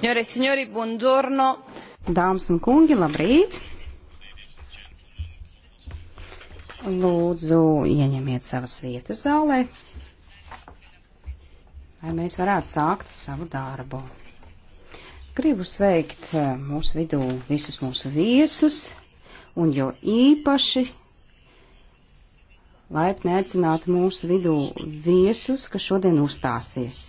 Signore e signori, buongiorno. Dāmas un kungi, labrīt! Lūdzu, ieņemiet savas vietas zālē, lai mēs varētu sākt savu darbu. Gribu sveikt eh, mūsu vidū visus mūsu viesus, un jo īpaši laipni aicināt mūsu vidū viesus, kas šodien uzstāsies.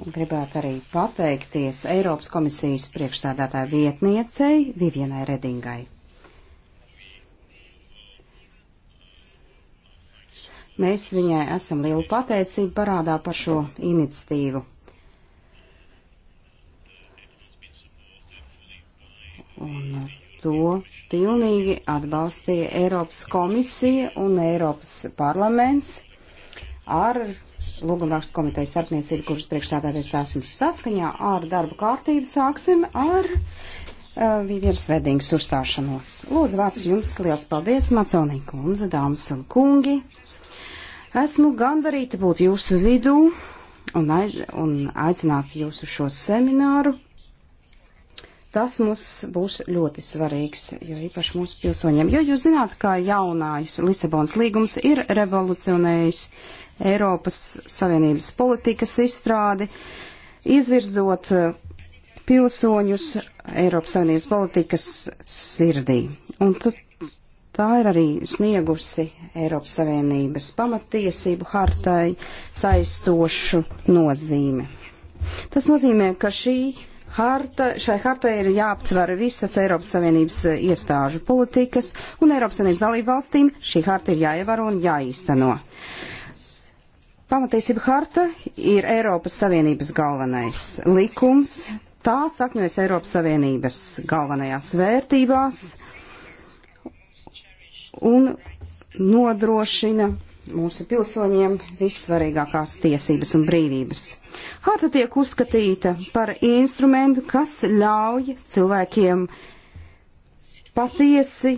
Un gribētu arī pateikties Eiropas komisijas priekšsādātāja vietniecei Vivienai Redingai. Mēs viņai esam lielu pateicību parādā par šo iniciatīvu. Un to pilnīgi atbalstīja Eiropas komisija un Eiropas parlaments ar lūgumrakstu komitejas starpniecību, kuras priekšstādātais esmu saskaņā ar darbu kārtību, sāksim ar uh, Vīvieras redīgas uzstāšanos. Lūdzu, vārds jums liels paldies, Maconī kundze, dāmas un kungi. Esmu gandarīta būt jūsu vidū un, aiz, un aicināt jūsu šo semināru Tas mums būs ļoti svarīgs, jo īpaši mūsu pilsoņiem. Jo jūs zināt, kā jaunājs Lisabonas līgums ir revolucionējis Eiropas Savienības politikas izstrādi, izvirzot eh, pilsoņus Eiropas Savienības politikas sirdī. Un tā ir arī sniegusi Eiropas Savienības pamatiesību hartai saistošu nozīmi. Tas nozīmē, ka šī Harta, šai hartai ir jāaptver visas Eiropas Savienības eh, iestāžu politikas, un Eiropas Savienības dalību valstīm šī harta ir jāievēro un jāīsteno. Pamatiesība harta ir Eiropas Savienības galvenais likums, tā sakņojas Eiropas Savienības galvenajās vērtībās un nodrošina mūsu pilsoņiem vissvarīgākās tiesības un brīvības. Harta tiek uzskatīta par instrumentu, kas ļauj cilvēkiem patiesi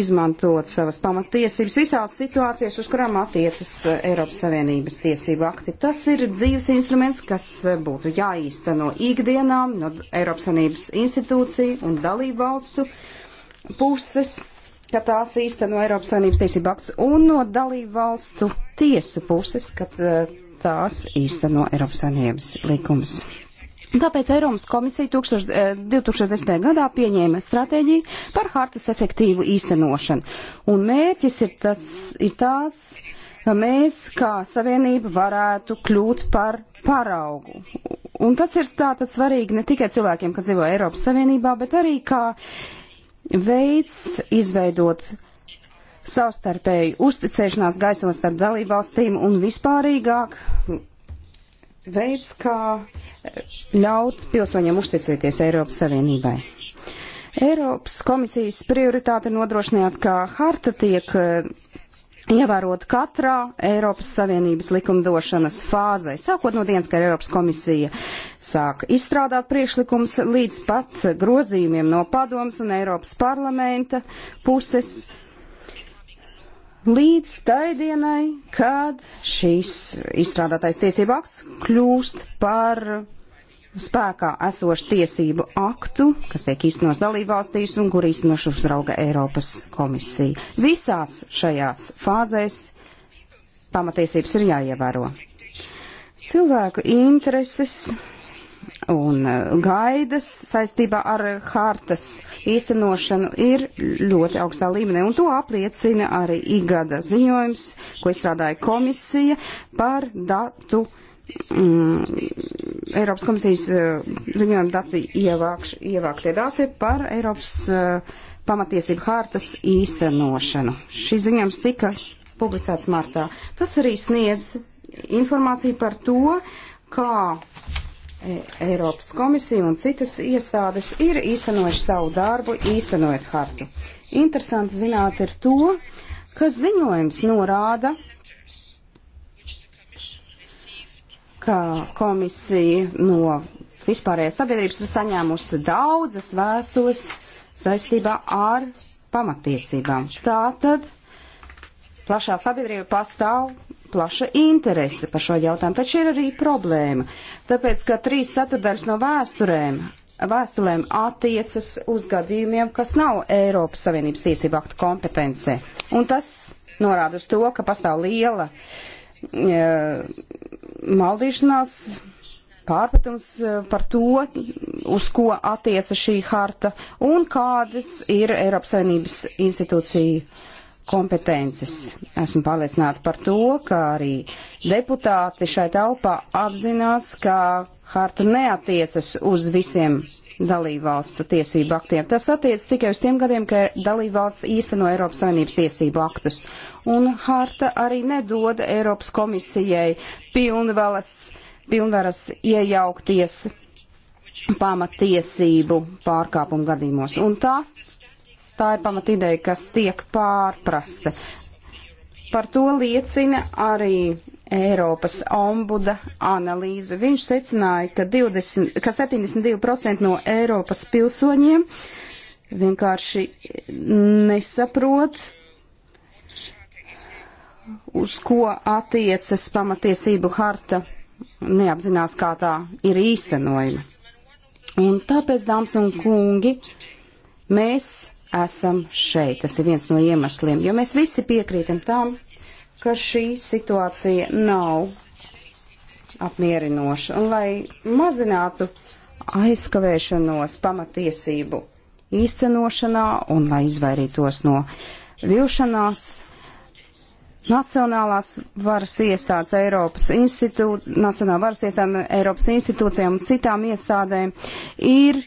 izmantot savas pamatiesības visās situācijās, uz kurām attiecas eh, Eiropas Savienības tiesību akti. Tas ir dzīves instruments, kas eh, būtu jāīsteno ikdienām no Eiropas Savienības institūciju un dalību valstu puses ka tās īsteno Eiropas Savienības tiesību aktus un no dalību valstu tiesu puses, ka tās īsteno Eiropas Savienības likumus. Tāpēc Eiropas komisija 2000, 2010. Eh, gadā pieņēma stratēģiju par hartas efektīvu īstenošanu. Un mērķis ir, tas, ir tās, ka mēs kā savienība varētu kļūt par paraugu. Un tas ir tātad svarīgi ne tikai cilvēkiem, kas dzīvo Eiropas Savienībā, bet arī kā uh, veids izveidot savstarpēju uzticēšanās gaisot starp dalībvalstīm un vispārīgāk veids, kā ļaut pilsoņiem uzticēties Eiropas Savienībai. Eiropas komisijas prioritāte nodrošināt, ka harta tiek ievērot katrā Eiropas Savienības likumdošanas fāzē, sākot no dienas, kad Eiropas komisija sāk izstrādāt priekšlikums līdz pat grozījumiem no padomas un Eiropas parlamenta puses. Līdz tai dienai, kad šīs izstrādātais tiesība akts kļūst par uh, spēkā esošu tiesību aktu, kas tiek īstenos dalībvalstīs un kur īstenošu uzrauga Eiropas komisija. Visās šajās fāzēs pamatiesības ir jāievēro. Cilvēku intereses un e, gaidas saistībā ar hartas īstenošanu ir ļoti augstā līmenī, un to apliecina arī igada ziņojums, ko izstrādāja komisija par datu Mm, Eiropas komisijas eh, ziņojuma dati ievākš, ievāktie dati par Eiropas eh, pamatiesību hārtas īstenošanu. Šī ziņojums tika publicēts martā. Tas arī sniedz informāciju par to, kā eh, Eiropas komisija un citas iestādes ir īstenojuši savu darbu, īstenojot hartu. Interesanti zināt ir to, ka ziņojums norāda, ka komisija no vispārējās sabiedrības ir saņēmusi daudzas vēstules saistībā ar pamatiesībām. Tātad plašā sabiedrība pastāv plaša interese par šo jautājumu, taču ir arī problēma, tāpēc, ka trīs ceturdaļas no vēsturēm vēstulēm attiecas uz gadījumiem, kas nav Eiropas Savienības tiesību aktu kompetencē. Un tas norāda uz to, ka pastāv liela uh, maldīšanās, pārpratums par to, uz ko attieca šī harta un kādas ir Eiropas Savienības institūciju kompetences. Esmu pārliecināta par to, ka arī deputāti šai telpā apzinās, ka harta neatiecas uz visiem dalībvalstu tiesību aktiem. Tas attiec tikai uz tiem gadiem, ka dalībvalsts īsteno Eiropas Savienības tiesību aktus. Un harta arī nedod Eiropas komisijai pilnvaras, pilnvaras iejaukties pamatiesību pārkāpumu gadījumos. Un tā, tā ir pamatideja, kas tiek pārprasta. Par to liecina arī Eiropas ombuda analīzi. Viņš secināja, ka, 20, ka 72% no Eiropas pilsoņiem vienkārši nesaprot, uz ko attiecas pamatiesību harta, neapzinās, kā tā ir īstenojama. Un tāpēc, dāmas un kungi, mēs esam šeit. Tas ir viens no iemesliem, jo mēs visi piekrītam tam, ka šī situācija nav apmierinoša. Un lai mazinātu aizkavēšanos pamatiesību īstenošanā un lai izvairītos no vilšanās, nacionālās varas iestādes, Eiropas institūcija, nacionālā varas iestādēm, Eiropas institūcijām un citām iestādēm ir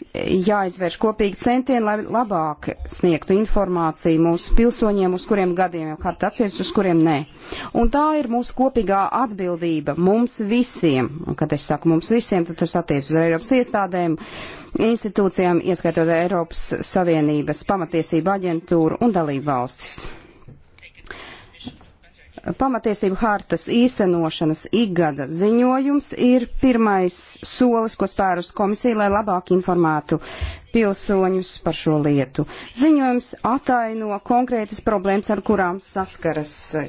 jāizvērš kopīgi centieni, lai labāk sniegtu informāciju mūsu pilsoņiem, uz kuriem gadiem jau kārt atsies, uz kuriem nē. Un tā ir mūsu kopīgā atbildība mums visiem. Un, kad es saku mums visiem, tad tas attiec uz Eiropas iestādēm, institūcijām, ieskaitot Eiropas Savienības pamatiesību aģentūru un dalību valstis pamatiesību hartas īstenošanas igada ziņojums ir pirmais solis, ko spērus komisija, lai labāk informētu pilsoņus par šo lietu. Ziņojums ataino konkrētas problēmas, ar kurām saskaras eh,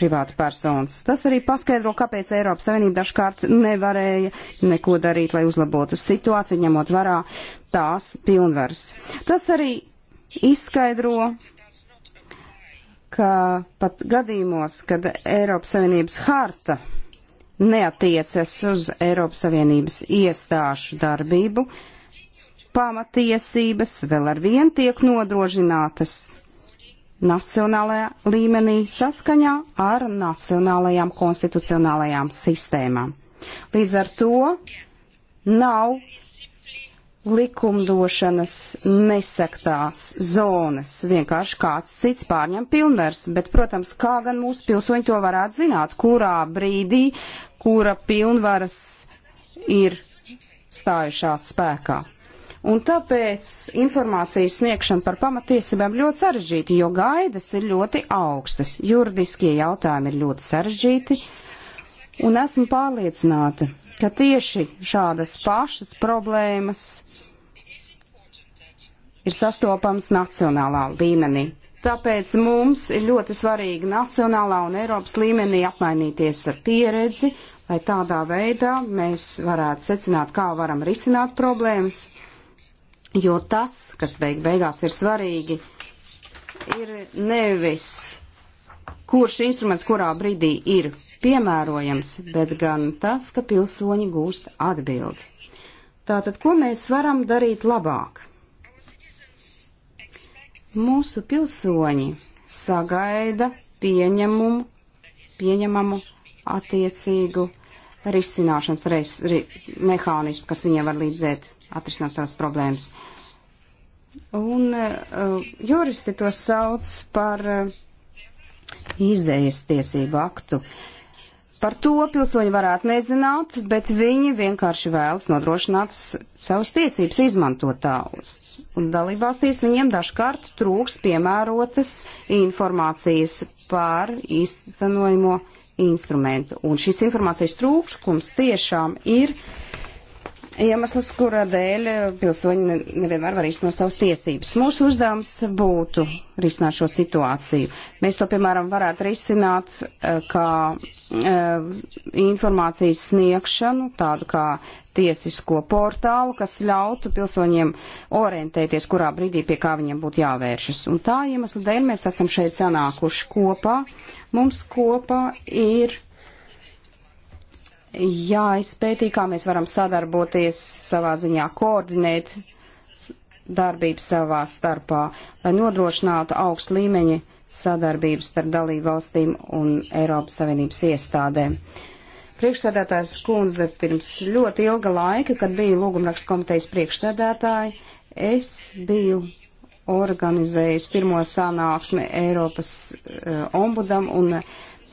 privāta personas. Tas arī paskaidro, kāpēc Eiropas Savienība dažkārt nevarēja neko darīt, lai uzlabotu situāciju, ņemot varā tās pilnvaras. Tas arī izskaidro ka pat gadījumos, kad Eiropas Savienības harta neatiecas uz Eiropas Savienības iestāšu darbību, pamatiesības vēl ar vien tiek nodrošinātas nacionālajā līmenī saskaņā ar nacionālajām konstitucionālajām sistēmām. Līdz ar to nav likumdošanas nesaktās zonas. Vienkārši kāds cits pārņem pilnvers, bet, protams, kā gan mūsu pilsoņi to varētu zināt, kurā brīdī, kura pilnvaras ir stājušās spēkā. Un tāpēc informācijas sniegšana par pamatiesībām ļoti sarežģīta, jo gaidas ir ļoti augstas, juridiskie jautājumi ir ļoti sarežģīti, un esmu pārliecināta, ka tieši šādas pašas problēmas ir sastopams nacionālā līmenī. Tāpēc mums ir ļoti svarīgi nacionālā un Eiropas līmenī apmainīties ar pieredzi, lai tādā veidā mēs varētu secināt, kā varam risināt problēmas, jo tas, kas beig beigās ir svarīgi, ir nevis kurš instruments kurā brīdī ir piemērojams, bet gan tas, ka pilsoņi gūst atbildi. Tātad, ko mēs varam darīt labāk? Mūsu pilsoņi sagaida pieņemumu, pieņemamu attiecīgu risināšanas reis, ri, mehānismu, kas viņiem var līdzēt atrisināt savas problēmas. Un uh, juristi to sauc par uh, izējas tiesību aktu. Par to pilsoņi varētu nezināt, bet viņi vienkārši vēlas nodrošināt savas tiesības izmantot tās. Un dalībvalstīs viņiem dažkārt trūks piemērotas informācijas par īstenojamo instrumentu. Un šis informācijas trūkums tiešām ir uh, iemesls, kura dēļ pilsoņi nevienmēr var īstenot savas tiesības. Mūsu uzdevums būtu risināt šo situāciju. Mēs to, piemēram, varētu risināt eh, kā eh, informācijas sniegšanu, tādu kā tiesisko portālu, kas ļautu pilsoņiem orientēties, kurā brīdī pie kā viņiem būtu jāvēršas. Un tā iemesla dēļ mēs esam šeit sanākuši kopā. Mums kopā ir jāizpētī, kā mēs varam sadarboties savā ziņā, koordinēt darbību savā starpā, lai nodrošinātu augstu līmeņu sadarbību starp dalību valstīm un Eiropas Savienības iestādēm. Priekšstādātājs kundze pirms ļoti ilga laika, kad biju lūgumrakstu komitejas priekšstādātāji, es biju organizējis pirmo sanāksmi Eiropas uh, ombudam un uh,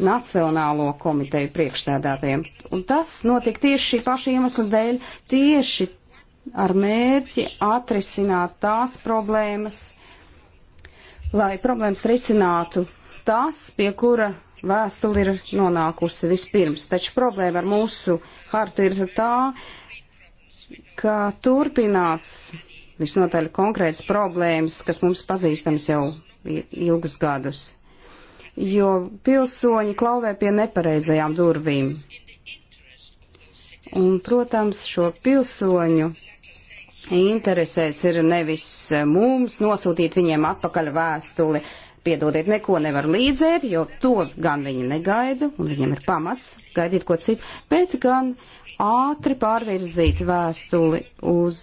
Nacionālo komiteju priekšsēdētājiem. Un tas notika tieši šī paša iemesla dēļ, tieši ar mērķi atrisināt tās problēmas, lai problēmas risinātu tas, pie kura vēstuli ir nonākusi vispirms. Taču problēma ar mūsu hartu ir tā, ka turpinās visnotaļ konkrētas problēmas, kas mums pazīstams jau ilgus gadus jo pilsoņi klauvē pie nepareizajām durvīm. Un, protams, šo pilsoņu interesēs ir nevis mums nosūtīt viņiem atpakaļ vēstuli, piedodiet, neko nevar līdzēt, jo to gan viņi negaida, un viņiem ir pamats gaidīt ko citu, bet gan ātri pārvirzīt vēstuli uz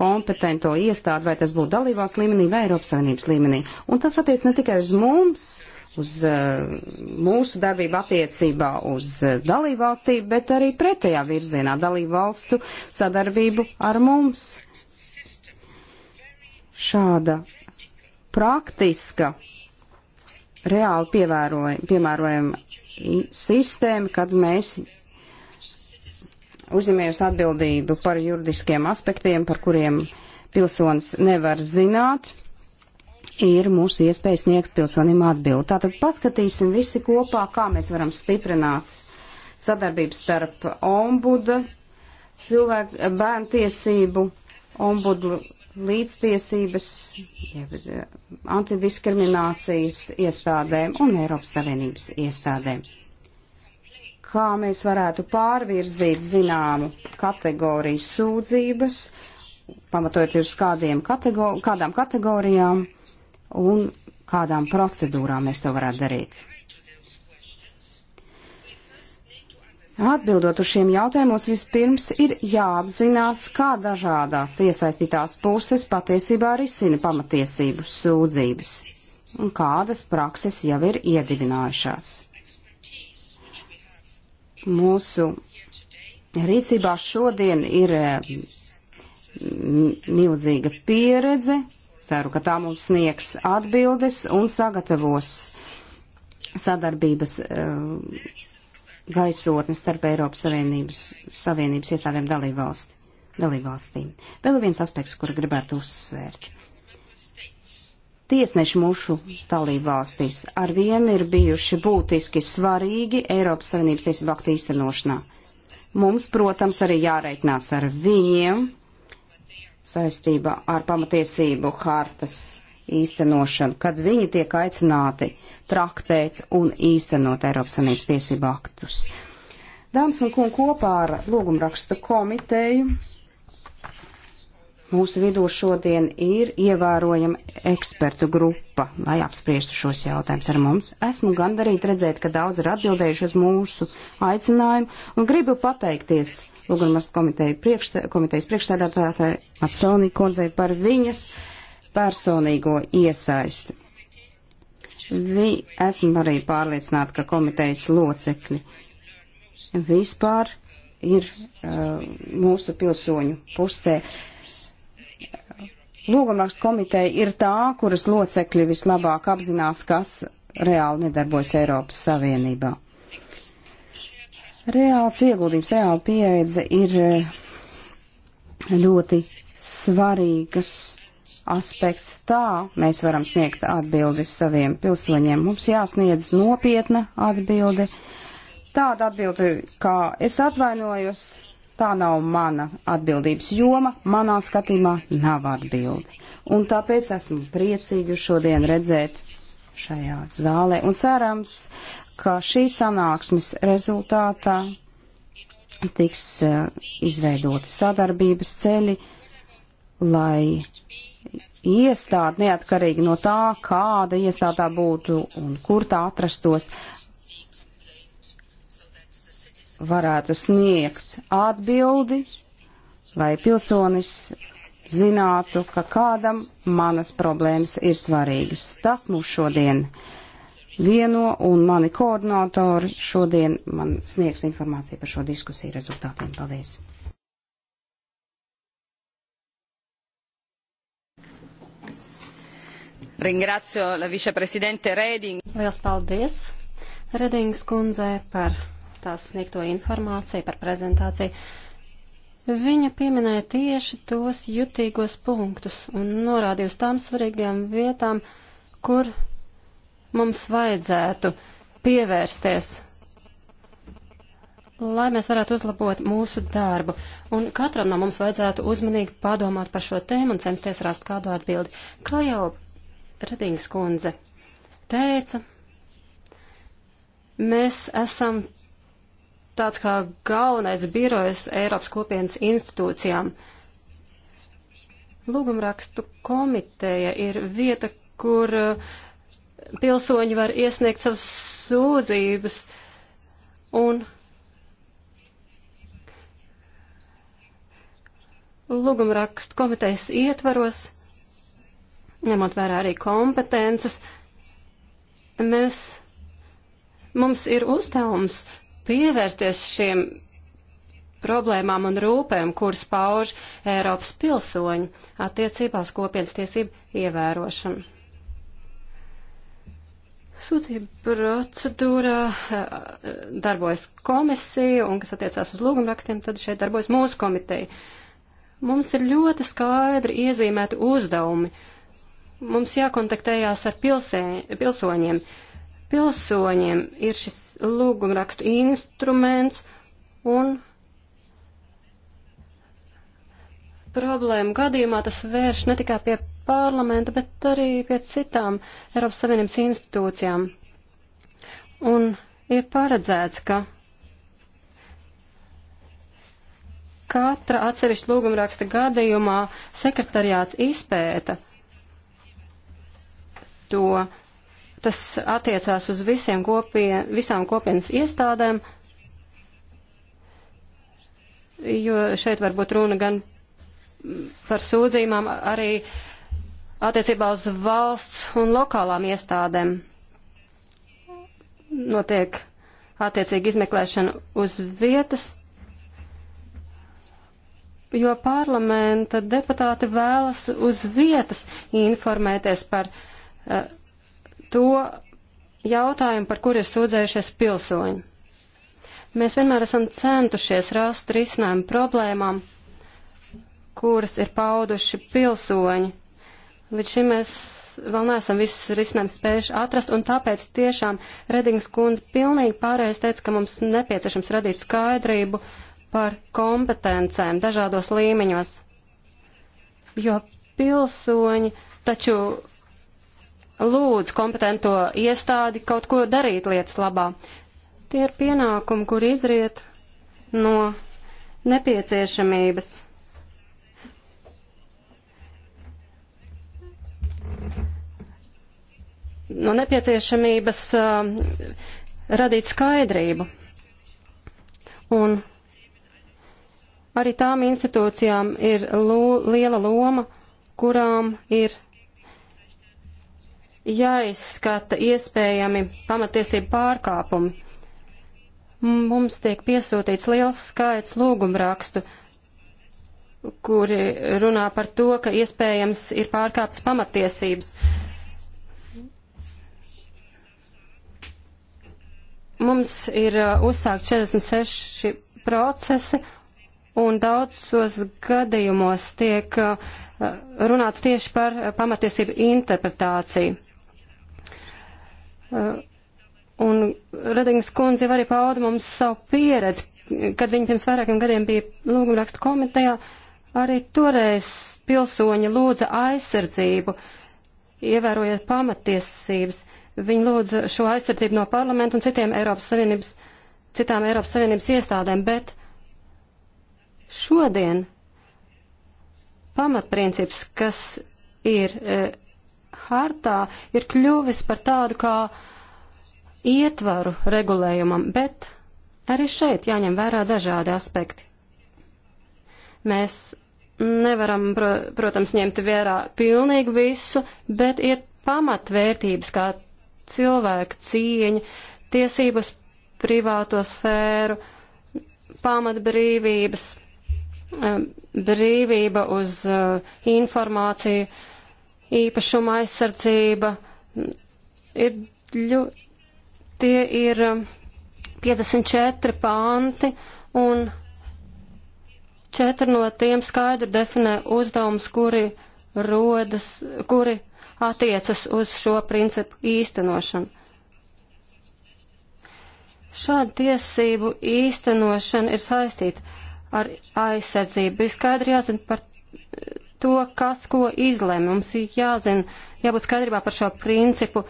kompetento iestādi, vai tas būtu dalībās līmenī vai Eiropas Savienības līmenī. Un tas attiec ne tikai uz mums, uh, uz eh, mūsu darbību attiecībā uz eh, dalību valstī, bet arī pretējā virzienā dalību valstu sadarbību ar mums. Šāda praktiska, reāli piemērojama sistēma, kad mēs uzņemies atbildību par juridiskiem aspektiem, par kuriem pilsonis nevar zināt, ir mūsu iespēja sniegt pilsonim atbildi. Tātad paskatīsim visi kopā, kā mēs varam stiprināt sadarbību starp ombuda, cilvēku, bērnu tiesību, ombudu līdztiesības, eh, antidiskriminācijas iestādēm un Eiropas Savienības iestādēm. Kā mēs varētu pārvirzīt zināmu kategoriju sūdzības, pamatojot uz kādiem kategor kādām kategorijām un kādām procedūrām mēs to varētu darīt. Atbildot uz šiem jautājumos, vispirms ir jāapzinās, kā dažādās iesaistītās puses patiesībā risina pamatiesību sūdzības un kādas prakses jau ir iedibinājušās. Mūsu rīcībā šodien ir mm, milzīga pieredze Ceru, ka tā mums sniegs atbildes un sagatavos sadarbības uh, eh, gaisotni starp Eiropas Savienības, Savienības iestādēm dalībvalsti, dalībvalstīm. Vēl viens aspekts, kuru gribētu uzsvērt. Tiesneši mūsu dalībvalstīs ar vienu ir bijuši būtiski svarīgi Eiropas Savienības tiesību aktu īstenošanā. Mums, protams, arī jāreitinās ar viņiem, saistībā ar pamatiesību hartas īstenošanu, kad viņi tiek aicināti traktēt un īstenot Eiropas Sanības tiesību aktus. Dāmas un kungi kopā ar lūgumraksta komiteju mūsu vidū šodien ir ievērojama ekspertu grupa, lai apspriestu šos jautājumus ar mums. Esmu gandarīta redzēt, ka daudz ir atbildējuši uz mūsu aicinājumu un gribu pateikties Lūgumas priekš, komitejas priekšsēdētātāja Matsonī kundzei par viņas personīgo iesaisti. Vi, esmu arī pārliecināta, ka komitejas locekļi vispār ir uh, mūsu pilsoņu pusē. Lūgumrakstu komiteja ir tā, kuras locekļi vislabāk apzinās, kas reāli nedarbojas Eiropas Savienībā. Reāls ieguldījums, reāla pieredze ir eh, ļoti svarīgas aspekts. Tā mēs varam sniegt atbildi saviem pilsoņiem. Mums jāsniedz nopietna atbildi. Tāda atbildi, kā es atvainojos, tā nav mana atbildības joma, manā skatījumā nav atbildi. Un tāpēc esmu priecīgi šodien redzēt šajā zālē un cerams, ka šīs sanāksmes rezultātā tiks eh, izveidoti sadarbības ceļi, lai iestāde, neatkarīgi no tā, kāda iestādā būtu un kur tā atrastos, varētu sniegt atbildi, lai pilsonis zinātu, ka kādam manas problēmas ir svarīgas. Tas mūs šodien vieno, un mani koordinātori šodien man sniegs informāciju par šo diskusiju rezultātiem. Paldies! Ringrazio la viceprezidente Reding. Lielas paldies Redings kundzē par tās sniegto informāciju, par prezentāciju. Viņa pieminēja tieši tos jutīgos punktus un norādīja uz tām svarīgajām vietām, kur mums vajadzētu pievērsties, lai mēs varētu uzlabot mūsu darbu. Un katram no mums vajadzētu uzmanīgi padomāt par šo tēmu un censties rast kādu atbildi. Kā jau Redings kundze teica, mēs esam tāds kā galvenais birojs Eiropas kopienas institūcijām. Lūgumrakstu komiteja ir vieta, kur uh, pilsoņi var iesniegt savas sūdzības un lūgumrakstu komitejas ietvaros, ņemot vērā arī kompetences, mēs, mums ir uzdevums pievērsties šiem problēmām un rūpēm, kuras pauž Eiropas pilsoņi attiecībā uz kopienas tiesību ievērošanu. Sūdzību procedūrā eh, darbojas komisija, un kas attiecās uz lūgumrakstiem, tad šeit darbojas mūsu komiteja. Mums ir ļoti skaidri iezīmēti uzdevumi. Mums jākontaktējās ar pilsē, pilsoņiem. Pilsoņiem ir šis lūgumrakstu instruments, un problēmu gadījumā tas vērš ne tikai pie parlamenta, bet arī pie citām Eiropas Savienības institūcijām. Un ir paredzēts, ka katra atsevišķa lūgumraksta gadījumā sekretariāts izpēta to. Tas attiecās uz visiem kopien, visām kopienas iestādēm, jo šeit varbūt runa gan par sūdzībām arī attiecībā uz valsts un lokālām iestādēm. Notiek attiecīgi izmeklēšana uz vietas, jo parlamenta deputāti vēlas uz vietas informēties par uh, to jautājumu, par kur ir sūdzējušies pilsoņi. Mēs vienmēr esam centušies rast risinājumu problēmām, uh, kuras ir pauduši pilsoņi. Līdz šim mēs vēl neesam visus risinājumus spējuši atrast, un tāpēc tiešām Redings kundze pilnīgi pārējais teica, ka mums nepieciešams radīt skaidrību par kompetencēm dažādos līmeņos. Jo pilsoņi taču lūdz kompetento iestādi kaut ko darīt lietas labā. Tie ir pienākumi, kur izriet no nepieciešamības no nepieciešamības uh, radīt skaidrību. Un arī tām institūcijām ir lo, liela loma, kurām ir jāizskata iespējami pamatiesību pārkāpumi. Mums tiek piesūtīts liels skaits lūgumrakstu, kuri runā par to, ka iespējams ir pārkāptas pamatiesības. Uh, Mums ir uh, uzsākt 46 procesi un daudzos gadījumos tiek uh, runāts tieši par uh, pamatiesību interpretāciju. Un Redingas kundze jau arī pauda mums savu pieredzi, kad viņa pirms vairākiem gadiem bija lūgumrakstu komitejā, arī toreiz pilsoņi lūdza aizsardzību, ievērojot pamatiesības. Viņi lūdza šo aizsardzību no parlamenta un citiem Eiropas Savienības, citām Eiropas Savienības iestādēm, bet šodien pamatprincips, kas ir e, hartā, ir kļuvis par tādu kā ietvaru regulējumam, bet arī šeit jāņem vērā dažādi aspekti. Mēs nevaram, protams, ņemt vērā pilnīgi visu, bet ir pamatvērtības kā cilvēka cieņa, tiesības privāto sfēru, pamatbrīvības, eh, brīvība uz eh, informāciju, īpašuma aizsardzība. Ir ļu, tie ir 54 eh, panti un četri no tiem skaidri definē uzdevums, kuri rodas, kuri attiecas uz šo principu īstenošanu. Šāda tiesību īstenošana ir saistīta ar aizsardzību. Ir skaidri jāzina par to, kas ko izlēma. Mums ir jāzina, jābūt skaidrībā par šo principu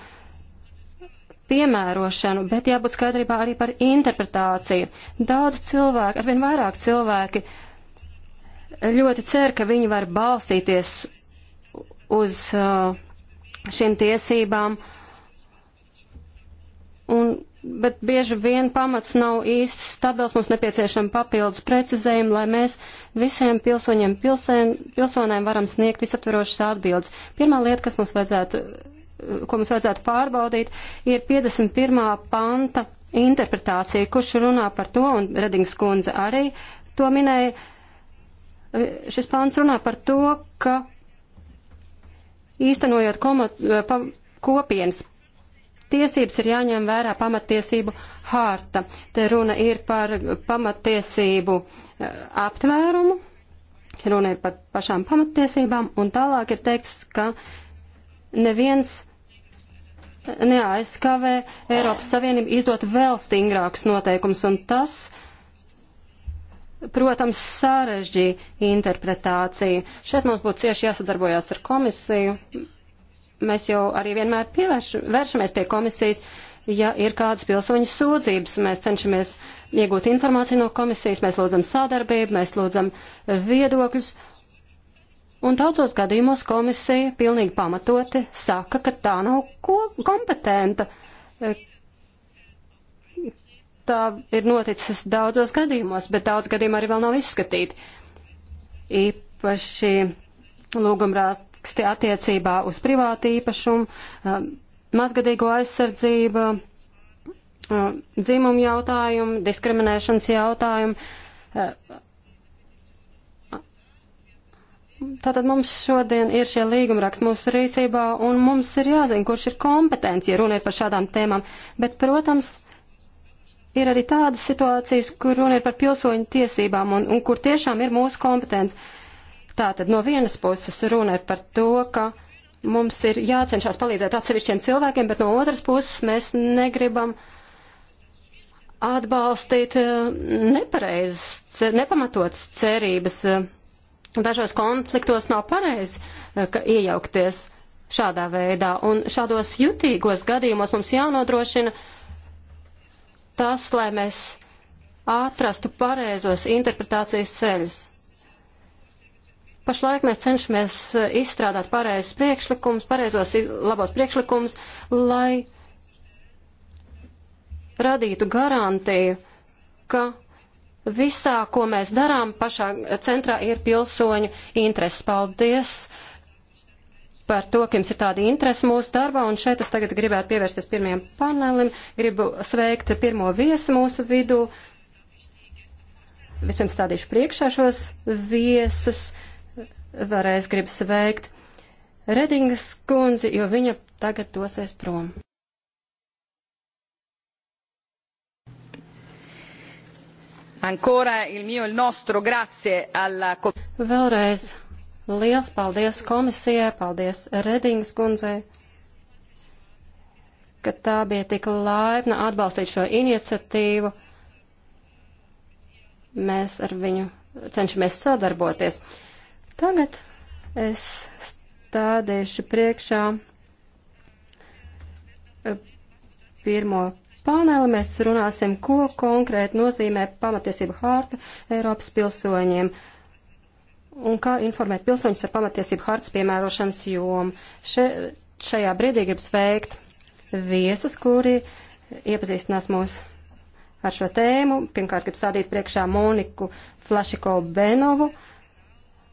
piemērošanu, bet jābūt skaidrībā arī par interpretāciju. Daudz cilvēku, arvien vairāk cilvēki ļoti cer, ka viņi var balstīties uz uh, šīm tiesībām. Un, bet bieži vien pamats nav īsti stabils, mums nepieciešama papildus precizējuma, lai mēs visiem pilsoņiem, pilsēn, pilsonēm varam sniegt visaptverošas atbildes. Pirmā lieta, kas mums vajadzētu, ko mums vajadzētu pārbaudīt, ir 51. panta interpretācija, kurš runā par to, un Redings kundze arī to minēja. Šis pants runā par to, ka īstenojot komot, eh, pa, kopienas tiesības ir jāņem vērā pamatiesību hārta. Te runa ir par pamatiesību eh, aptvērumu, runa ir par pašām pamatiesībām, un tālāk ir teikts, ka neviens eh, neaizskavē Eiropas Savienību izdot vēl stingrākus noteikumus, un tas uh, protams, sarežģīja interpretāciju. Šeit mums būtu cieši jāsadarbojas ar komisiju. Mēs jau arī vienmēr pievēršamies pie komisijas, ja ir kādas pilsoņu sūdzības. Mēs cenšamies iegūt informāciju no komisijas, mēs lūdzam sadarbību, mēs lūdzam viedokļus. Un daudzos gadījumos komisija pilnīgi pamatoti saka, ka tā nav kompetenta, tā ir noticis daudzos gadījumos, bet daudz gadījumu arī vēl nav izskatīti. Īpaši lūgumraksti attiecībā uz privātu īpašumu, mazgadīgo aizsardzību, dzimumu jautājumu, diskriminēšanas jautājumu. Tātad mums šodien ir šie līgumraksti mūsu rīcībā, un mums ir jāzina, kurš ir kompetents, ja runa ir par šādām tēmām. Bet, protams, ir arī tādas situācijas, kur runa ir par pilsoņu tiesībām un, un kur tiešām ir mūsu kompetence. Tātad no vienas puses runa ir par to, ka mums ir jācenšas palīdzēt atsevišķiem cilvēkiem, bet no otras puses mēs negribam atbalstīt eh, nepareizas, nepamatotas cerības. Eh, dažos konfliktos nav pareizi eh, iejaukties šādā veidā, un šādos jutīgos gadījumos mums jānodrošina, uh, tas, lai mēs atrastu pareizos interpretācijas ceļus. Pašlaik mēs cenšamies eh, izstrādāt pareizos priekšlikumus, pareizos labos priekšlikumus, lai radītu garantiju, ka visā, ko mēs darām, pašā centrā ir pilsoņu intereses. Paldies! Uh, par to, ka jums ir tāda interese mūsu darbā, un šeit es tagad gribētu pievērsties pirmiem panelim. Gribu sveikt pirmo viesu mūsu vidū. Vispirms stādīšu priekšā šos viesus. Varēs gribu sveikt Redingas kundzi, jo viņa tagad dosies prom. Ancora il mio, il nostro grazie alla... Vēlreiz Liels paldies komisijai, paldies Redingas kundzei, ka tā bija tik laipna atbalstīt šo iniciatīvu. Mēs ar viņu cenšamies sadarboties. Tagad es stādīšu priekšā eh, pirmo paneli. Mēs runāsim, ko konkrēti nozīmē pamatiesību hārta Eiropas pilsoņiem. Uh, un kā informēt pilsoņus par pamatiesību hartas piemērošanas jomu. Še, šajā brīdī gribu sveikt viesus, kuri iepazīstinās mūs ar šo tēmu. Pirmkārt, gribu stādīt priekšā Moniku Flašiko Benovu,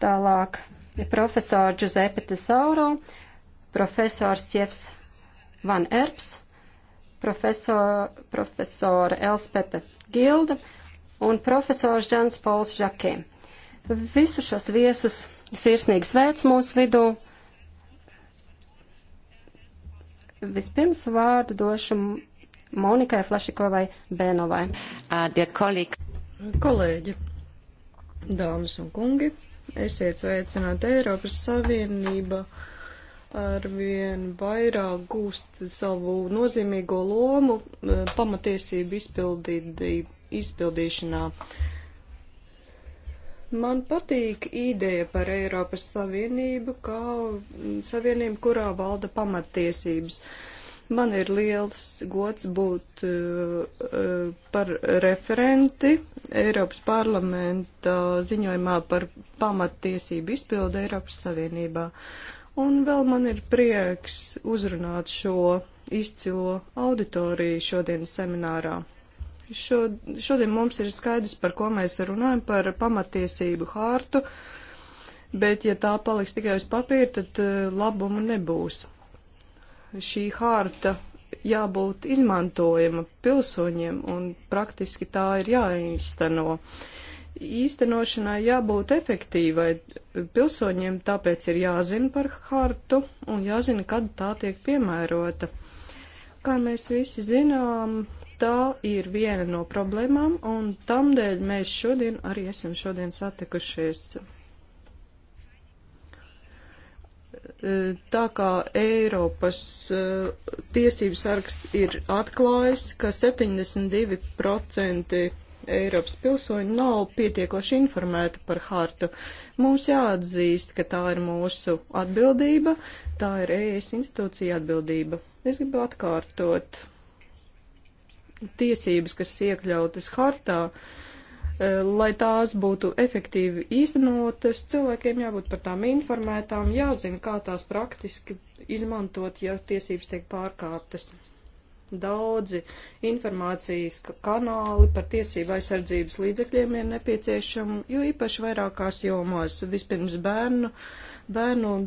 tālāk profesoru Giuseppe Tesauro, profesors Jefs Van Erps, profesor, profesora Elspete Gilda un profesors Džans Pols Žakē. Visu šos viesus sirsnīgi sveic mūsu vidū. Vispirms vārdu došu Monikai Flašikovai Bēnovai. Uh, Kolēģi, dāmas un kungi, esiet sveicināti Eiropas Savienība ar vien vairāk gūst savu nozīmīgo lomu uh, pamatiesību izpildī, izpildīšanā. Uh, Man patīk ideja par Eiropas Savienību, kā mm, savienību, kurā valda pamatiesības. Man ir liels gods būt uh, par referenti Eiropas parlamenta ziņojumā par pamatiesību izpildu Eiropas Savienībā. Un vēl man ir prieks uzrunāt šo izcilo auditoriju šodienas seminārā. Šo, šodien mums ir skaidrs, par ko mēs runājam, par pamatiesību hārtu, bet ja tā paliks tikai uz papīra, tad eh, labumu nebūs. Šī hārta jābūt izmantojama pilsoņiem un praktiski tā ir jāīsteno. Īstenošanai jābūt efektīvai. Pilsoņiem tāpēc ir jāzina par hartu un jāzina, kad tā tiek piemērota. Kā mēs visi zinām, tā ir viena no problēmām, un tamdēļ mēs šodien arī esam šodien satikušies. Tā kā Eiropas eh, tiesības sargs ir atklājis, ka 72% Eiropas pilsoņi nav pietiekoši informēti par hartu. Mums jāatzīst, ka tā ir mūsu atbildība, tā ir ES institūcija atbildība. Es gribu atkārtot tiesības, kas iekļautas hartā, eh, lai tās būtu efektīvi īstenotas, cilvēkiem jābūt par tām informētām, jāzina, kā tās praktiski izmantot, ja tiesības tiek pārkāptas. Daudzi informācijas kanāli par tiesību aizsardzības līdzekļiem ir nepieciešami, jo īpaši vairākās jomās. Vispirms bērnu, bērnu un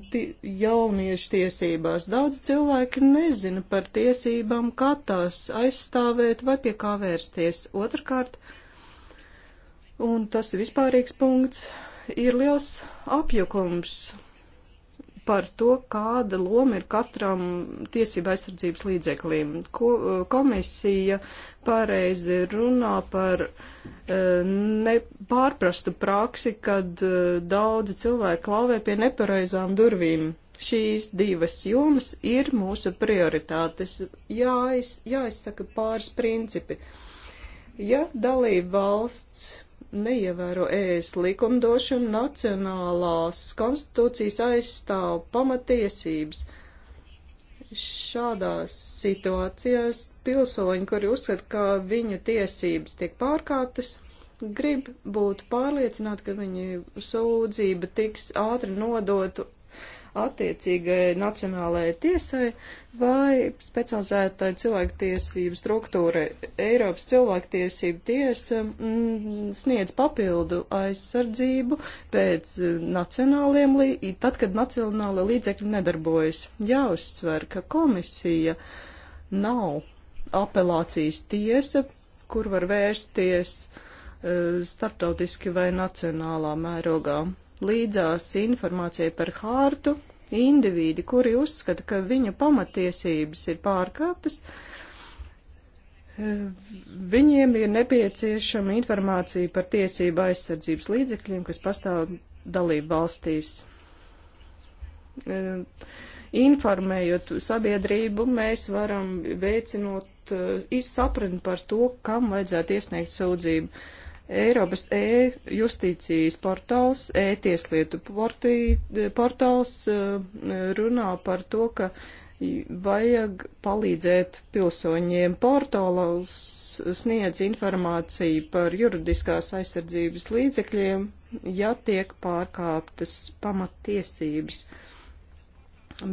jauniešu tiesībās. Daudz cilvēki nezina par tiesībām, kā tās aizstāvēt vai pie kā vērsties. Otrkārt, un tas ir vispārīgs punkts, ir liels apjukums par to, kāda loma ir katram tiesība aizsardzības līdzeklim. Ko, eh, komisija pareizi runā par eh, nepārprastu praksi, kad eh, daudzi cilvēki klauvē pie nepareizām durvīm. Šīs divas jomas ir mūsu prioritātes. Jāiz, jāizsaka pāris principi. Ja dalība valsts neievēro ēst e likumdošanu, nacionālās konstitūcijas aizstāv pamatiesības. Šādās situācijās pilsoņi, kuri uzskata, ka viņu tiesības tiek pārkāptas, grib būt pārliecināti, ka viņu sūdzība tiks ātri nodota attiecīgai nacionālajai tiesai vai specializētai cilvēktiesību struktūrai. Eiropas cilvēktiesību tiesa mm, sniedz papildu aizsardzību pēc eh, nacionāliem, tad, kad nacionāla līdzekļa nedarbojas. Jāuzsver, ka komisija nav apelācijas tiesa, kur var vērsties eh, starptautiski vai nacionālā mērogā līdzās informācija par hārtu, indivīdi, kuri uzskata, ka viņu pamatiesības ir pārkāptas, viņiem ir nepieciešama informācija par tiesību aizsardzības līdzekļiem, kas pastāv dalību valstīs. Informējot sabiedrību, mēs varam veicinot eh, izsapratni par to, kam vajadzētu iesniegt sūdzību Eiropas e-justīcijas portāls, e-tieslietu portāls eh, runā par to, ka vajag palīdzēt pilsoņiem. Portāls sniedz informāciju par juridiskās aizsardzības līdzekļiem, ja tiek pārkāptas pamattiesības.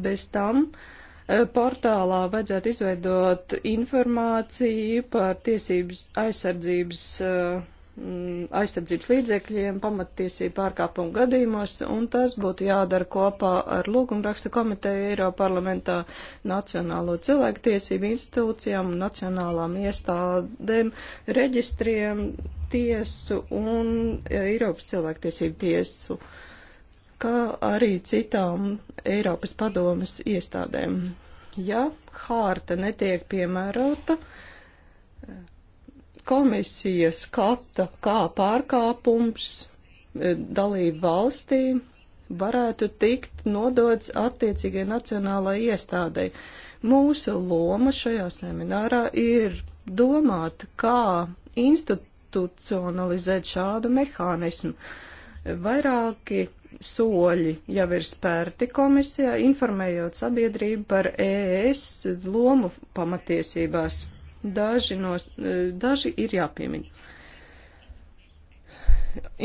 Bez tam eh, portālā vajadzētu izveidot informāciju par tiesības aizsardzības uh, Mm, aizsardzības līdzekļiem pamattiesību pārkāpumu gadījumos, un tas būtu jādara kopā ar Lūgumraksta komiteju Eiroparlamentā, Nacionālo cilvēktiesību institūcijām, nacionālām iestādēm, reģistriem, tiesu un e, Eiropas cilvēktiesību tiesu, kā arī citām Eiropas padomas iestādēm. Ja hārta netiek piemērota, uh, komisija skata, kā pārkāpums e, dalību valstī varētu tikt nodots attiecīgai nacionālai iestādei. Mūsu loma šajā seminārā ir domāt, kā institucionalizēt šādu mehānismu. Vairāki soļi jau ir spērti komisijā, informējot sabiedrību par ES lomu pamatiesībās daži, no, eh, daži ir jāpiemiņ.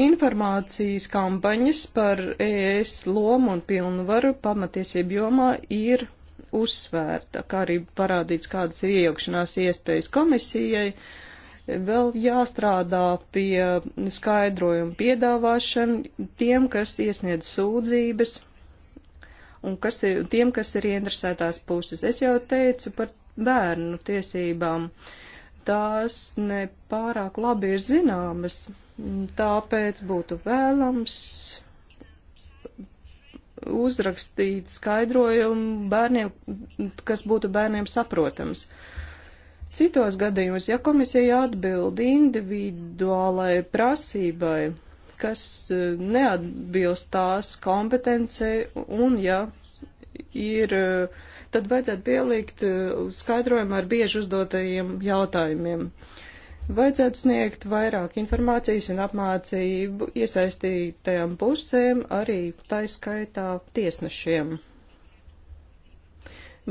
Informācijas kampaņas par ES lomu un pilnvaru pamatiesību jomā ir uzsvērta, kā arī parādīts, kādas ir iejaukšanās iespējas komisijai. Vēl jāstrādā pie skaidrojuma piedāvāšana tiem, kas iesniedz sūdzības un kas ir, tiem, kas ir interesētās puses. Es jau teicu par bērnu tiesībām. Tās nepārāk labi ir zināmas, tāpēc būtu vēlams uzrakstīt skaidrojumu bērniem, kas būtu bērniem saprotams. Citos gadījumos, ja komisija atbild individuālai prasībai, kas eh, neatbilst tās kompetencei, un ja ir, tad vajadzētu pielikt uh, skaidrojumu ar bieži uzdotajiem jautājumiem. Vajadzētu sniegt vairāk informācijas un apmācību iesaistītajām pusēm, arī taiskaitā tiesnešiem.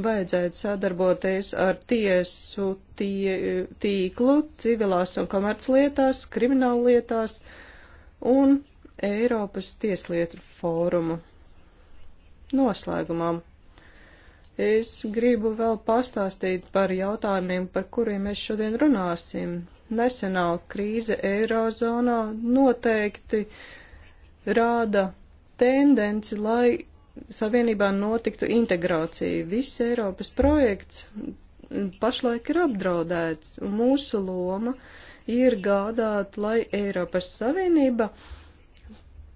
Vajadzētu sadarboties ar tiesu tie, tīklu civilās un komerclietās, krimināllietās un Eiropas tieslietu fórumu noslēgumam. Es gribu vēl pastāstīt par jautājumiem, par kuriem mēs šodien runāsim. Nesenā krīze Eirozonā noteikti rāda tendenci, lai savienībā notiktu integrācija. Viss Eiropas projekts pašlaik ir apdraudēts, un mūsu loma ir gādāt, lai Eiropas Savienība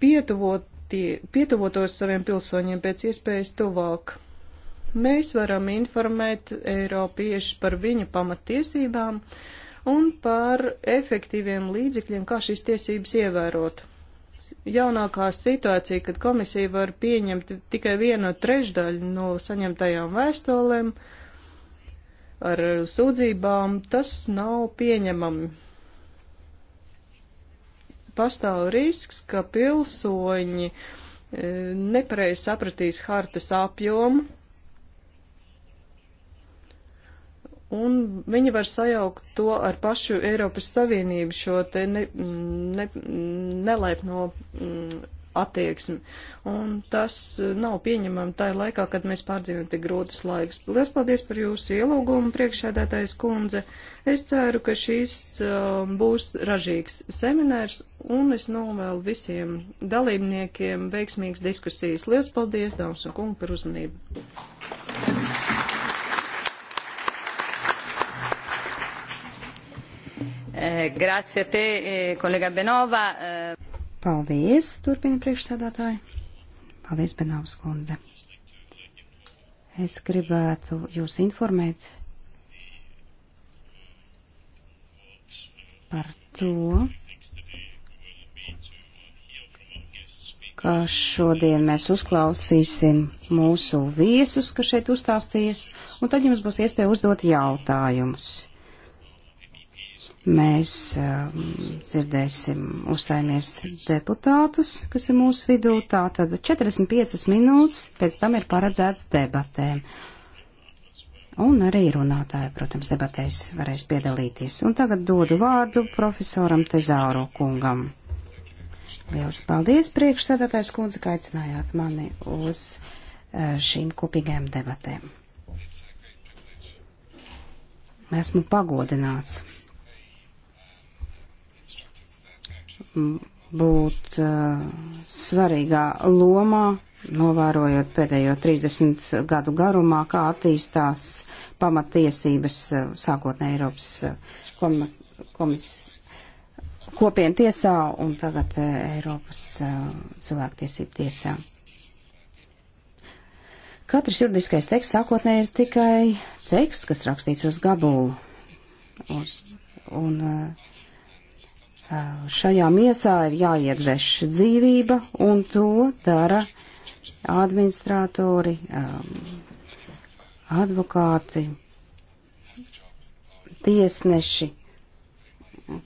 pietuvot, tie pietuvotos saviem pilsoņiem pēc iespējas tuvāk. Mēs varam informēt Eiropiešus par viņu pamatiesībām un par efektīviem līdzekļiem, kā šīs tiesības ievērot. Jaunākā situācija, kad komisija var pieņemt tikai vienu trešdaļu no saņemtajām vēstulēm ar sūdzībām, tas nav pieņemami pastāv risks, ka pilsoņi e, nepareiz sapratīs hartas apjomu, un viņi var sajaukt to ar pašu Eiropas Savienību šo te ne, ne, nelaipno mm, attieksmi. Un tas nav pieņemami tā laikā, kad mēs pārdzīvojam tik grūtus laikus. Lielas paldies par jūsu ielūgumu, priekšēdētājs kundze. Es ceru, ka šīs um, būs ražīgs seminārs un es novēlu visiem dalībniekiem veiksmīgas diskusijas. Lielas paldies, dāmas un kungi, par uzmanību! Eh, grazie te, kolega eh, Benova. Eh. Paldies, turpina priekšsēdātāji. Paldies, Benovas kundze. Es gribētu jūs informēt par to, ka šodien mēs uzklausīsim mūsu viesus, kas šeit uzstāsties, un tad jums būs iespēja uzdot jautājumus. Mēs um, dzirdēsim, uzstājamies deputātus, kas ir mūsu vidū, tātad 45 minūtes, pēc tam ir paredzēts debatēm. Un arī runātāji, protams, debatēs varēs piedalīties. Un tagad dodu vārdu profesoram Tezāro kungam. Lielas paldies priekšstādātais kundze, ka aicinājāt mani uz eh, šīm kopīgajām debatēm. Esmu pagodināts būt uh, svarīgā lomā, novērojot pēdējo 30 gadu garumā, kā attīstās pamatiesības uh, eh, sākotnē Eiropas uh, komis kopienu tiesā un tagad eh, Eiropas eh, cilvēktiesību tiesā. Katrs juridiskais teksts sākotnēji ir tikai teksts, kas rakstīts uz gabulu. Un, un eh, šajā miesā ir jāiedveš dzīvība, un to dara administratori, advokāti, tiesneši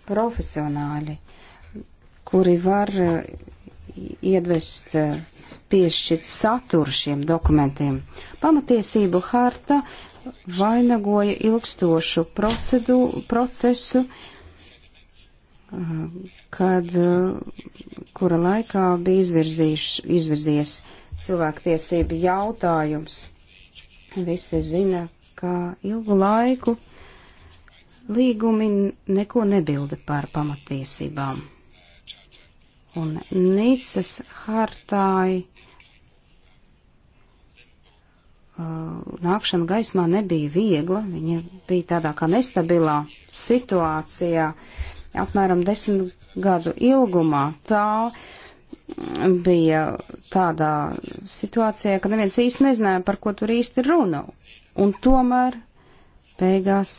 profesionāļi, kuri var eh, iedvest eh, piešķirt saturu šiem dokumentiem. Pamatiesību harta vainagoja ilgstošu procedu, procesu, eh, kad, kura laikā bija izvirzies cilvēktiesību jautājums. Visi zina, ka ilgu laiku Līgumi neko nebilda par pamatiesībām. Un Nīcas hartāji uh, nākšana gaismā nebija viegla, viņa bija tādā kā nestabilā situācijā, apmēram desmit gadu ilgumā. Tā mm, bija tādā situācijā, ka neviens īsti nezināja, par ko tur īsti runa, un tomēr beigās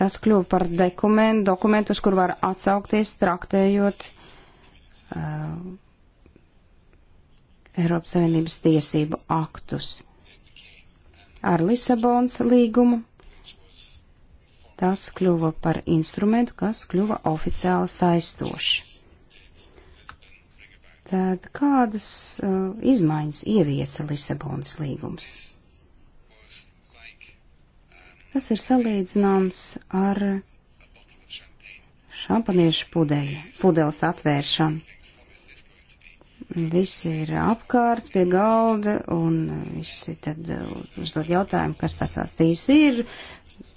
Tas kļuva par dokumentu, dokumentus, kur var atsaukties, traktējot uh, Eiropas Savienības tiesību aktus. Ar Lisabonas līgumu tas kļuva par instrumentu, kas kļuva oficiāli saistošs. Tad kādas uh, izmaiņas ieviesa Lisabonas līgums? Tas ir salīdzināms ar šampaniešu pudeļu, pudeles atvēršanu. Visi ir apkārt pie galda un visi tad uzdod jautājumu, kas tāds astīs ir.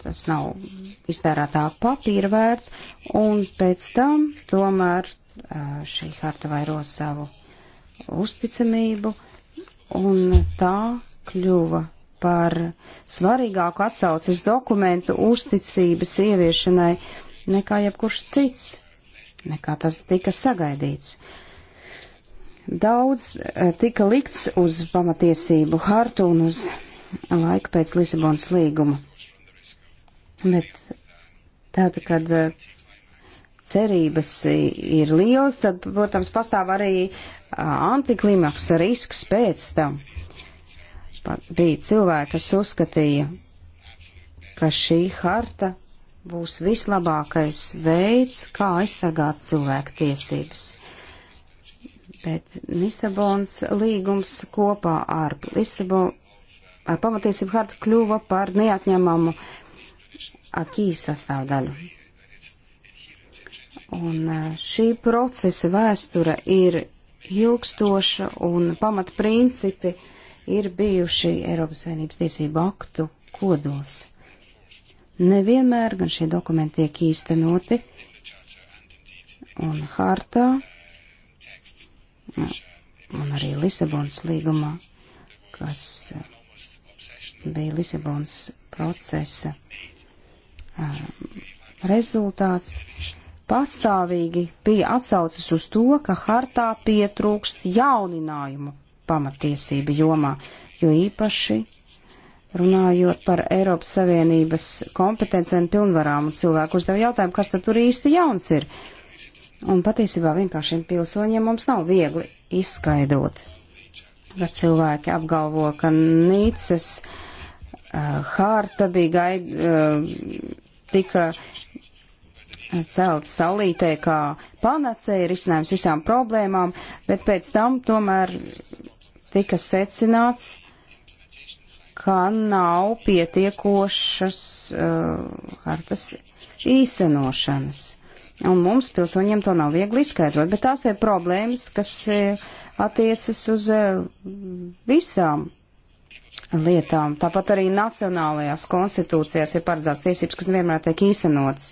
Tas nav iztērētā papīra vērts un pēc tam tomēr šī harta vairo savu uzticamību un tā kļuva par svarīgāku atsaucas dokumentu uzticības ieviešanai nekā jebkurš cits, nekā tas tika sagaidīts. Daudz eh, tika likts uz pamatiesību hartu un uz laiku pēc Lisabonas līguma. Bet tad, kad eh, cerības ir lielas, tad, protams, pastāv arī eh, antiklimaks risks pēc tam bija cilvēki, kas uzskatīja, ka šī harta būs vislabākais veids, kā aizsargāt cilvēku tiesības. Bet Lisabons līgums kopā ar Lisabonu, ar pamatiesību hartu kļuva par neatņemamu akī sastāvdaļu. Un e, šī procesa vēstura ir ilgstoša un pamatprincipi principi ir bijuši Eiropas Savienības tiesību aktu kodols. Nevienmēr gan šie dokumenti tiek īstenoti un hartā un arī Lisabonas līgumā, kas eh, bija Lisabonas procesa eh, rezultāts, pastāvīgi bija atsaucis uz to, ka hartā pietrūkst jauninājumu pamatiesību jomā, jo īpaši runājot par Eiropas Savienības kompetencēm pilnvarām un cilvēku uzdev jautājumu, kas tad tur īsti jauns ir. Un patiesībā vienkāršiem pilsoņiem mums nav viegli izskaidrot, ka cilvēki apgalvo, ka Nīcas uh, hārta bija gaid, uh, tika celt saulītē kā panacēja risinājums visām problēmām, bet pēc tam tomēr tika secināts, ka nav pietiekošas uh, hartas īstenošanas. Un mums pilsoņiem to nav viegli izskaidrot, bet tās ir problēmas, kas uh, attiecas uz uh, visām lietām. Tāpat arī nacionālajās konstitūcijās ir paredzēts tiesības, kas vienmēr tiek īstenotas.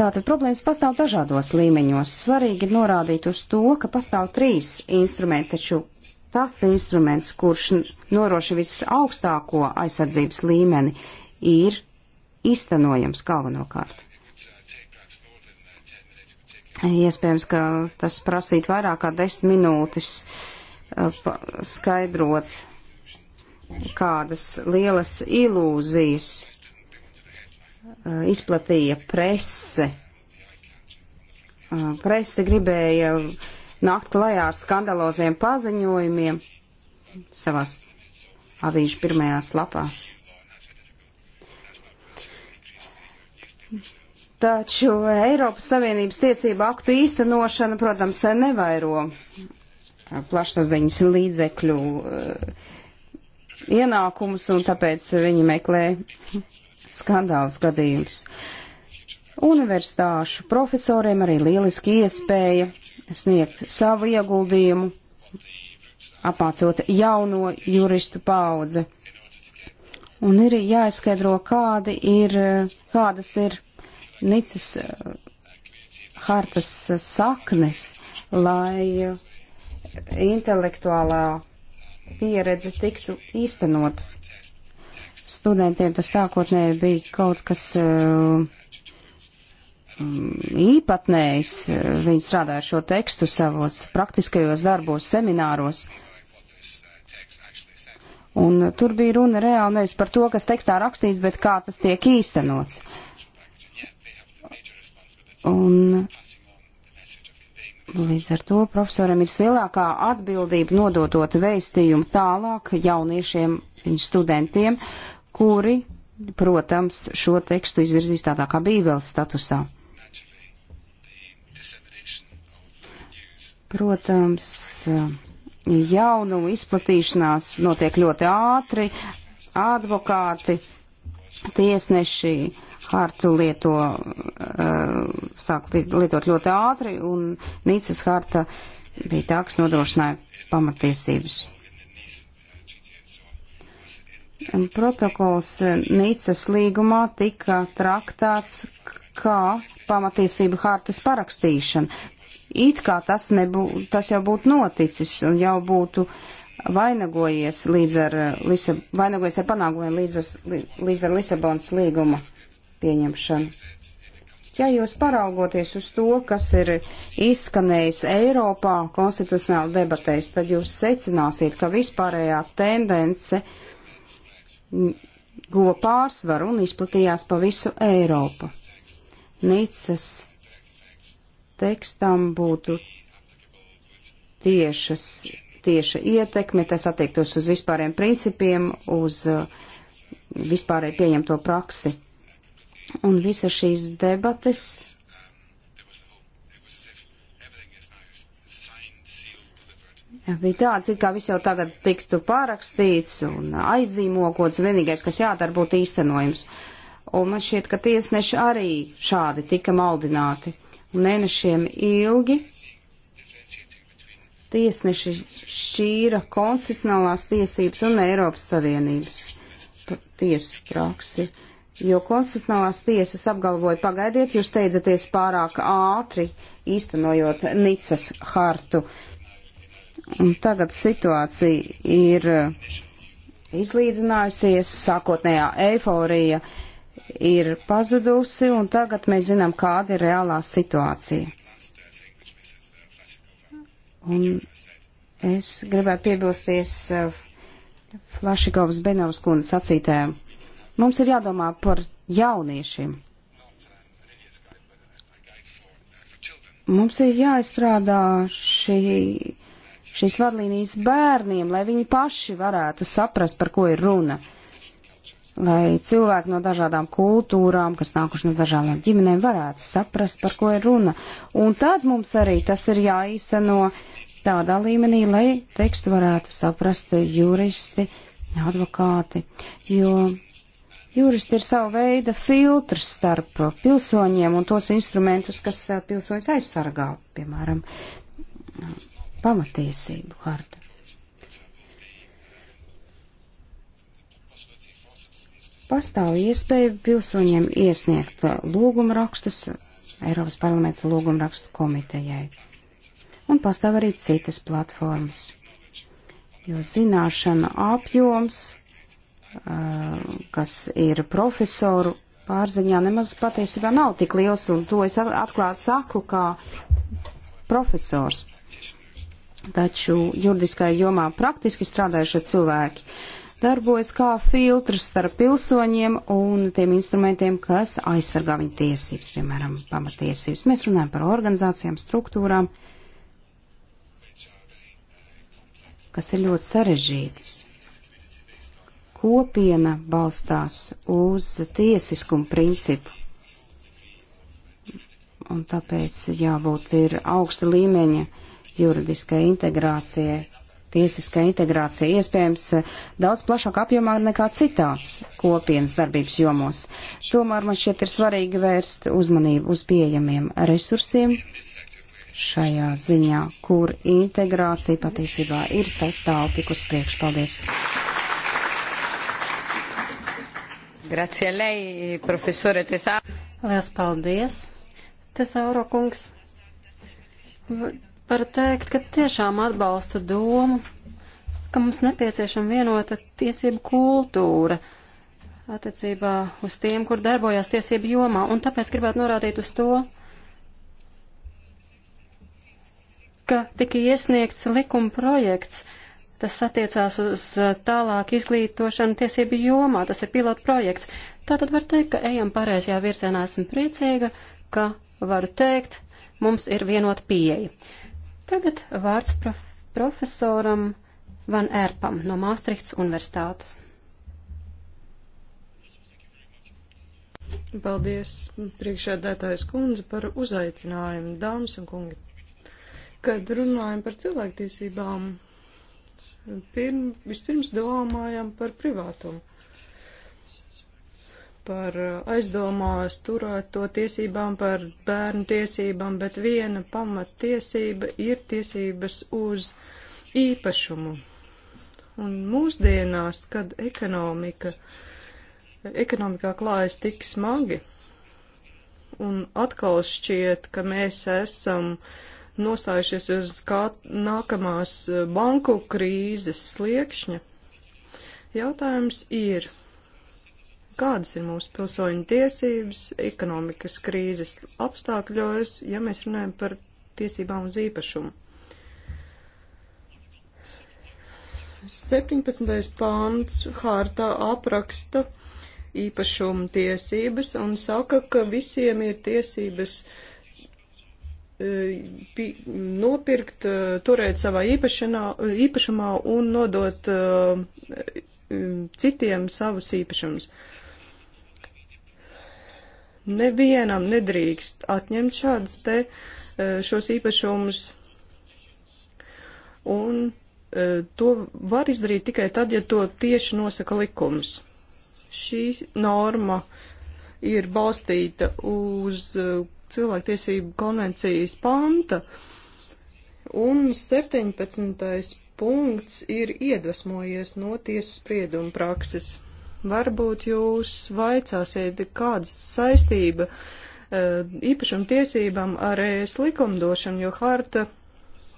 Tātad problēmas pastāv dažādos līmeņos. Svarīgi ir norādīt uz to, ka pastāv trīs instrumenti, taču tas instruments, kurš noroši visaugstāko aizsardzības līmeni, ir iztenojams galvenokārt. Iespējams, ka tas prasītu vairāk kā desmit minūtes uh, skaidrot, kādas lielas ilūzijas uh, izplatīja prese. Uh, prese gribēja uh, nākt klajā ar skandaloziem paziņojumiem savās avīžu pirmajās lapās. Taču Eiropas Savienības tiesību aktu īstenošana, protams, nevairo plašsaziņas līdzekļu eh, ienākumus, un tāpēc viņi meklē skandāls gadījums. Universitāšu profesoriem arī lieliski iespēja sniegt savu ieguldījumu, apmācot jauno juristu paudzi. Un ir jāizskaidro, kādi ir, kādas ir Nicas eh, hartas saknes, lai intelektuālā pieredze tiktu īstenot. Studentiem tas sākotnēji bija kaut kas uh, Mm, īpatnējs. Eh, viņi strādāja šo tekstu savos praktiskajos darbos, semināros. Un eh, tur bija runa reāli nevis par to, kas tekstā rakstīts, bet kā tas tiek īstenots. Un līdz ar to profesoram ir lielākā atbildība nododot vēstījumu tālāk jauniešiem, viņu studentiem, kuri, protams, šo tekstu izvirzīs tādā kā bībeles statusā. Protams, jaunumu izplatīšanās notiek ļoti ātri, advokāti, tiesneši hartu lieto, eh, sāk lietot ļoti ātri, un Nīcas harta bija tā, kas nodrošināja pamatiesības. Protokols Nīcas līgumā tika traktāts kā pamatiesību hartas parakstīšana. It kā tas, nebū, tas jau būtu noticis un jau būtu vainagojies līdz ar, eh, Lisab, vainagojies ar panākumiem līdz, līdz ar Lisabonas līguma pieņemšanu. Ja jūs paraugoties uz to, kas ir izskanējis Eiropā konstitucionāli debatēs, tad jūs secināsiet, ka vispārējā tendence go pārsvaru un izplatījās pa visu Eiropu. Nīcas tekstam būtu tiešas, tieša ietekme, tas attiektos uz vispāriem principiem, uz uh, vispārēji pieņemto praksi. Un visa šīs debates bija tāds, it kā viss jau tagad tiktu pārakstīts un aizīmokots, vienīgais, kas jādara, būtu īstenojums. Un man šķiet, ka tiesneši arī šādi tika maldināti mēnešiem ilgi tiesneši šķīra konstitucionālās tiesības un Eiropas Savienības tiesu praksi. Jo konstitucionālās tiesas apgalvoja, pagaidiet, jūs steidzaties pārāk ātri īstenojot Nicas hartu. Un tagad situācija ir eh, izlīdzinājusies, sākotnējā eiforija uh, ir pazudusi, un tagad mēs zinām, kāda ir reālā situācija. Un es gribētu piebilsties eh, Flašikovas Benovas kundas sacītēm. Mums ir jādomā par jauniešiem. Mums ir jāizstrādā šī, šīs vadlīnijas bērniem, lai viņi paši varētu saprast, par ko ir runa. Uh, lai cilvēki no dažādām kultūrām, kas nākuši no dažādām ģimenēm, varētu saprast, par ko ir runa. Un tad mums arī tas ir jāīsteno tādā līmenī, lai tekstu varētu saprast juristi, advokāti, jo juristi ir sava veida filtrs starp pilsoņiem un tos instrumentus, kas pilsoņus aizsargā, piemēram, pamatiesību harta. pastāv iespēja pilsoņiem iesniegt uh, lūgumu rakstus Eiropas parlamenta lūgumu rakstu komitejai. Un pastāv arī citas platformas, jo zināšana apjoms, uh, kas ir profesoru pārziņā, nemaz patiesībā nav tik liels, un to es atklāti saku kā profesors. Taču juridiskajā jomā praktiski strādājušie cilvēki uh, darbojas kā filtrs starp pilsoņiem un tiem instrumentiem, kas aizsargā viņu tiesības, piemēram, pamatiesības. Mēs runājam par organizācijām, struktūrām, kas ir ļoti sarežģītas. Kopiena balstās uz tiesiskumu principu. Un tāpēc jābūt ir augsta līmeņa juridiskai integrācijai tiesiskā integrācija iespējams eh, daudz plašāk apjomā nekā citās kopienas darbības jomos. Tomēr man šķiet ir svarīgi vērst uzmanību uz pieejamiem resursiem šajā ziņā, kur integrācija patiesībā ir totāli tikus priekš. Paldies! Grazie lei, profesore Tesā. Lielas paldies, Tesāro kungs varu teikt, ka tiešām atbalstu domu, ka mums nepieciešama vienota tiesību kultūra attiecībā uz tiem, kur darbojās tiesību jomā, un tāpēc gribētu norādīt uz to, ka tika iesniegts likuma projekts, tas attiecās uz uh, tālāk izglītošanu tiesību jomā, tas ir pilota projekts. Tātad var teikt, ka ejam pareizajā virzienā, esmu priecīga, ka varu teikt, mums ir vienota pieeja. Tagad vārds prof profesoram Van Ērpam no Māstrihts universitātes. Paldies, priekšēdētājs kundze, par uzaicinājumu, dāmas un kungi. Kad runājam par cilvēktiesībām, pirm, vispirms domājam par privātumu par eh, aizdomās turēto tiesībām, par bērnu tiesībām, bet viena pamattiesība ir tiesības uz īpašumu. Un mūsdienās, kad ekonomika, ekonomikā klājas tik smagi, un atkal šķiet, ka mēs esam nostājušies uz kā nākamās eh, banku krīzes sliekšņa, jautājums ir, kādas ir mūsu pilsoņu tiesības ekonomikas krīzes apstākļos, ja mēs runājam par tiesībām uz īpašumu. 17. pāns hārtā apraksta īpašumu tiesības un saka, ka visiem ir tiesības e, nopirkt, e, turēt savā īpašanā, īpašumā un nodot e, citiem savus īpašumus. Uh, Nevienam nedrīkst atņemt šādas te e, šos īpašumus. Un e, to var izdarīt tikai tad, ja to tieši nosaka likums. Šī norma ir balstīta uz e, cilvēktiesību konvencijas panta, un 17. punkts ir iedvesmojies no tiesas sprieduma prakses. Varbūt jūs vaicāsiet, kāda saistība eh, īpašam tiesībām ar ES likumdošanu, jo harta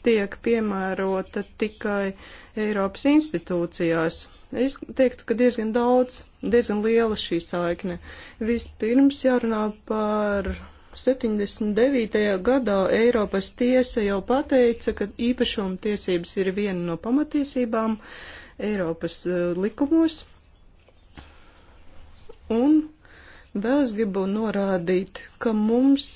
tiek piemērota tikai Eiropas institūcijās. Es teiktu, ka diezgan daudz, diezgan liela šī saikne. Vispirms jārunā par 79. gadā Eiropas tiesa jau pateica, ka īpašuma tiesības ir viena no pamatiesībām Eiropas eh, likumos, Un vēl es gribu norādīt, ka mums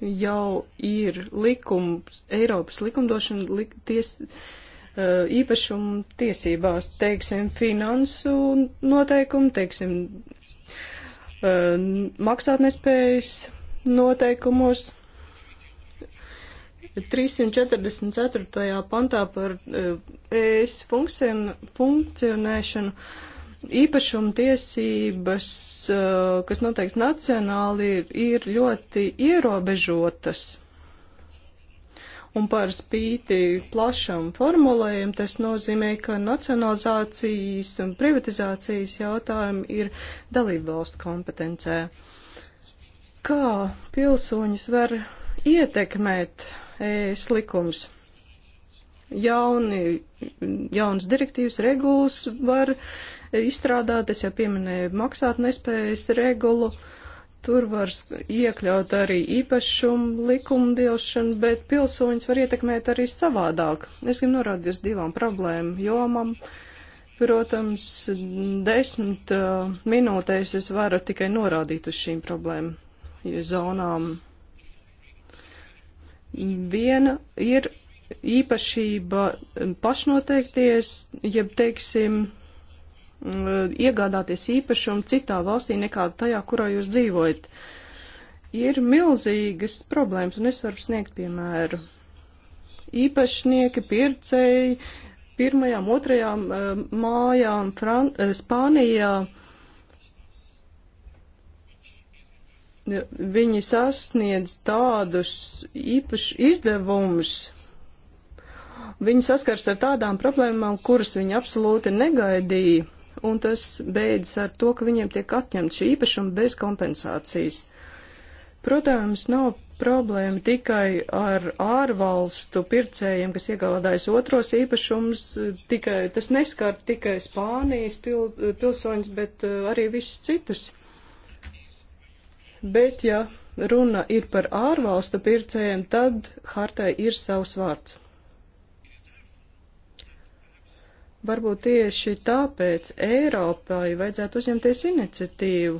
jau ir likums, Eiropas likumdošana lik, ties, uh, īpašumu tiesībās, teiksim, finansu noteikumi, teiksim, uh, maksātnespējas noteikumos. 344. pantā par uh, ES funkcionēšanu īpašumtiesības, eh, kas noteikti nacionāli ir, ir ļoti ierobežotas. Un par spīti plašam formulējumu tas nozīmē, ka nacionalizācijas un privatizācijas jautājumi ir dalību valstu kompetencē. Kā pilsoņus var ietekmēt ES likums? Jauni, jaunas direktīvas regulas var uh, izstrādāt, es jau pieminēju maksāt nespējas regulu, tur var iekļaut arī īpašumu likumdošanu, bet pilsoņus var ietekmēt arī savādāk. Es gribu norādīt uz divām problēmu jomām. Protams, desmit uh, minūtēs es varu tikai norādīt uz šīm problēmu zonām. Viena ir īpašība pašnoteikties, jeb, teiksim, iegādāties īpašumu citā valstī nekā tajā, kurā jūs dzīvojat. Ir milzīgas problēmas, un es varu sniegt piemēru. Īpašnieki, pircēji, pirmajām, otrajām eh, mājām Fran eh, Spānijā. Viņi sasniedz tādus īpašus izdevumus, viņi saskars ar tādām problēmām, kuras viņi absolūti negaidīja un tas beidzas ar to, ka viņiem tiek atņemta šī īpašuma bez kompensācijas. Protams, nav problēma tikai ar ārvalstu pircējiem, kas iegādājas otros īpašumus. Tikai, tas neskar tikai Spānijas pil, pilsoņus, bet eh, arī visus citus. Bet, ja runa ir par ārvalstu pircējiem, tad hartai ir savs vārds. Varbūt tieši tāpēc Eiropai vajadzētu uzņemties iniciatīvu,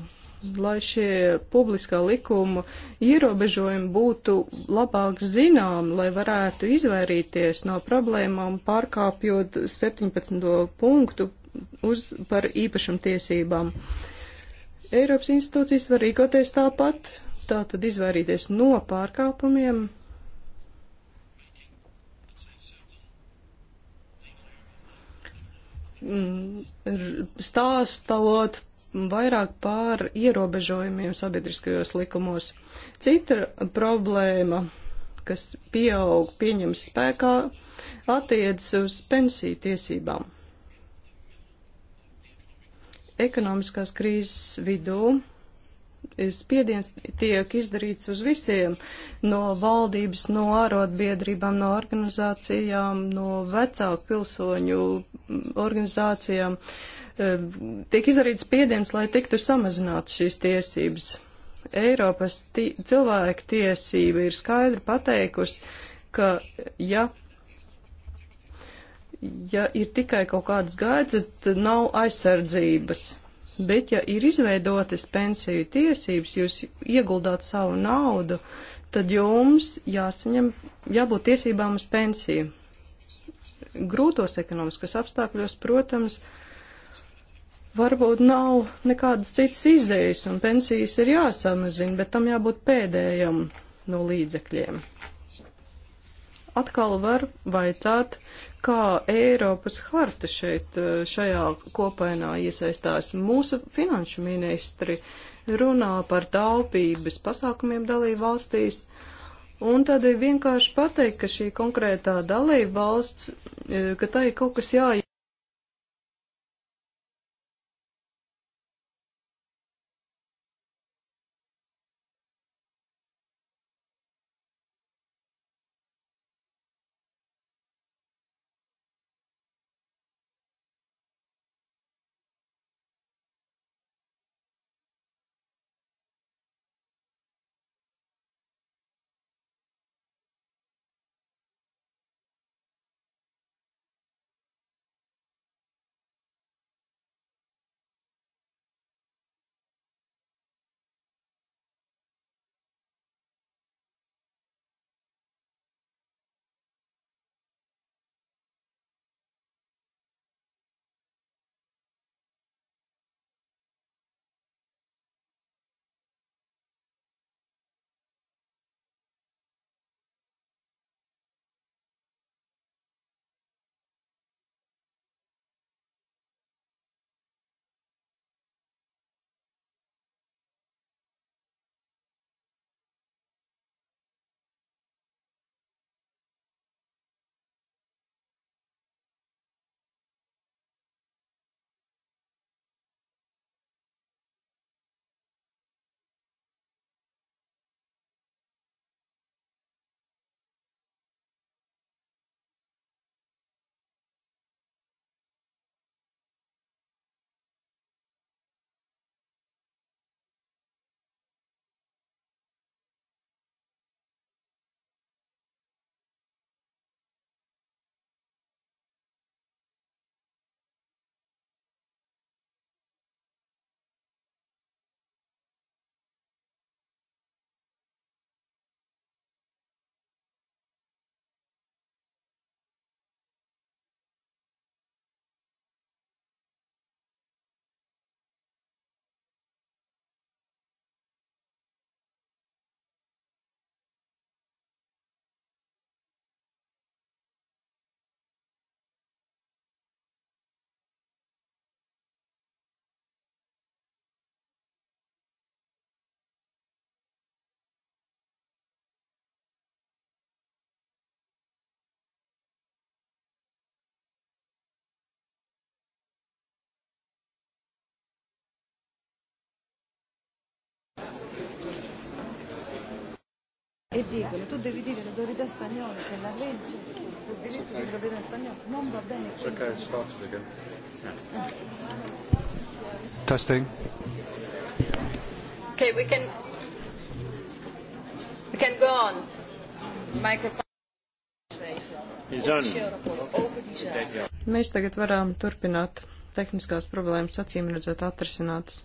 lai šie publiskā likuma ierobežojumi būtu labāk zinām, lai varētu izvairīties no problēmām pārkāpjot 17. punktu uz par īpašam tiesībām. Eiropas institūcijas var rīkoties tāpat, tātad izvairīties no pārkāpumiem Mm, stāstot vairāk pār ierobežojumiem sabiedriskajos likumos. Cita problēma, kas pieaug pieņems spēkā, attiecas uz pensiju tiesībām. Ekonomiskās krīzes vidū spiediens tiek izdarīts uz visiem - no valdības, no ārotbiedrībām, no organizācijām, no vecāku pilsoņu organizācijām. E, tiek izdarīts spiediens, lai tiktu samazināts šīs tiesības. Eiropas cilvēku tiesība ir skaidri pateikusi, ka ja ja ir tikai kaut kādas gaidas, tad nav aizsardzības. Bet, ja ir izveidotas pensiju tiesības, jūs ieguldāt savu naudu, tad jums jāsaņem, jābūt tiesībām uz pensiju. Grūtos ekonomiskos apstākļos, protams, varbūt nav nekādas citas izējas, un pensijas ir jāsamazina, bet tam jābūt pēdējam no līdzekļiem. Atkal var vaicāt, kā Eiropas harta šeit eh, šajā kopainā iesaistās. Mūsu finanšu ministri runā par taupības pasākumiem dalību valstīs. Un tad ir vienkārši pateikt, ka šī konkrētā dalība valsts, eh, ka tai kaut kas jāiet. e dicono tu devi dire all'autorità spagnola che la legge il diritto okay. dell'autorità spagnola non va bene It's okay, it started again. Testing. Okay, we can we can go on. Microphone. Mēs tagad varam turpināt tehniskās problēmas acīm redzot atrisinātas.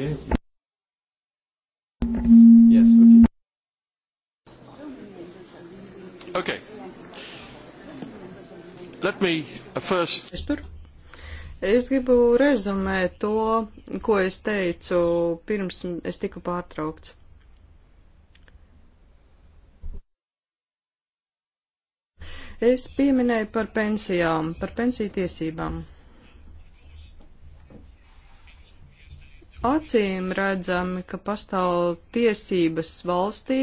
Okay. Yes, okay. Okay. Let me uh, first. Es gribu rezumēt to, ko es teicu pirms es tiku pārtraukts. Es pieminēju par pensijām, par pensiju tiesībām. acīm redzami, ka pastāv tiesības valstī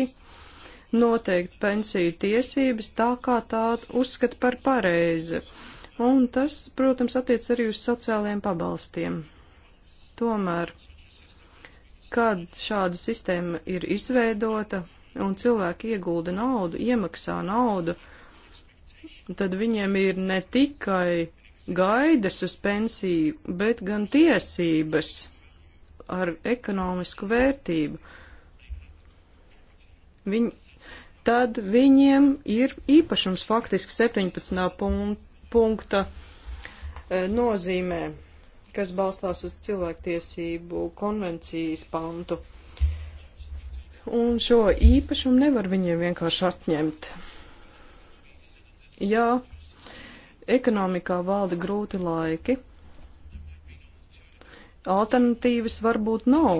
noteikt pensiju tiesības tā, kā tā uzskata par pareizi. Un tas, protams, attiec arī uz sociālajiem pabalstiem. Tomēr, kad šāda sistēma ir izveidota un cilvēki iegulda naudu, iemaksā naudu, tad viņiem ir ne tikai gaidas uz pensiju, bet gan tiesības ar ekonomisku vērtību. Viņ, tad viņiem ir īpašums faktiski 17. punkta e, nozīmē, kas balstās uz cilvēktiesību konvencijas pantu. Un šo īpašumu nevar viņiem vienkārši atņemt. Jā, ekonomikā valda grūti laiki, Alternatīvas varbūt nav,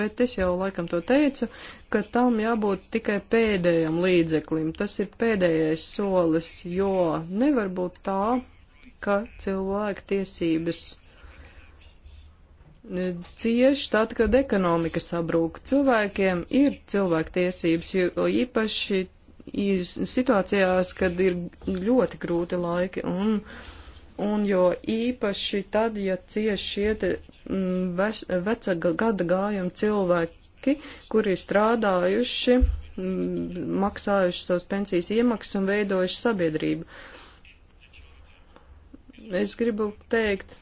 bet es jau laikam to teicu, ka tam jābūt tikai pēdējam līdzeklim. Tas ir pēdējais solis, jo nevar būt tā, ka cilvēku tiesības e, cieši tad, kad ekonomika sabrūk. Cilvēkiem ir cilvēktiesības, jo īpaši ir situācijās, kad ir ļoti grūti laiki un uh, un jo īpaši tad, ja cieši šie te mm, veca gada gājumi cilvēki, kuri ir strādājuši, mm, maksājuši savus pensijas iemaksas un veidojuši sabiedrību. Es gribu teikt,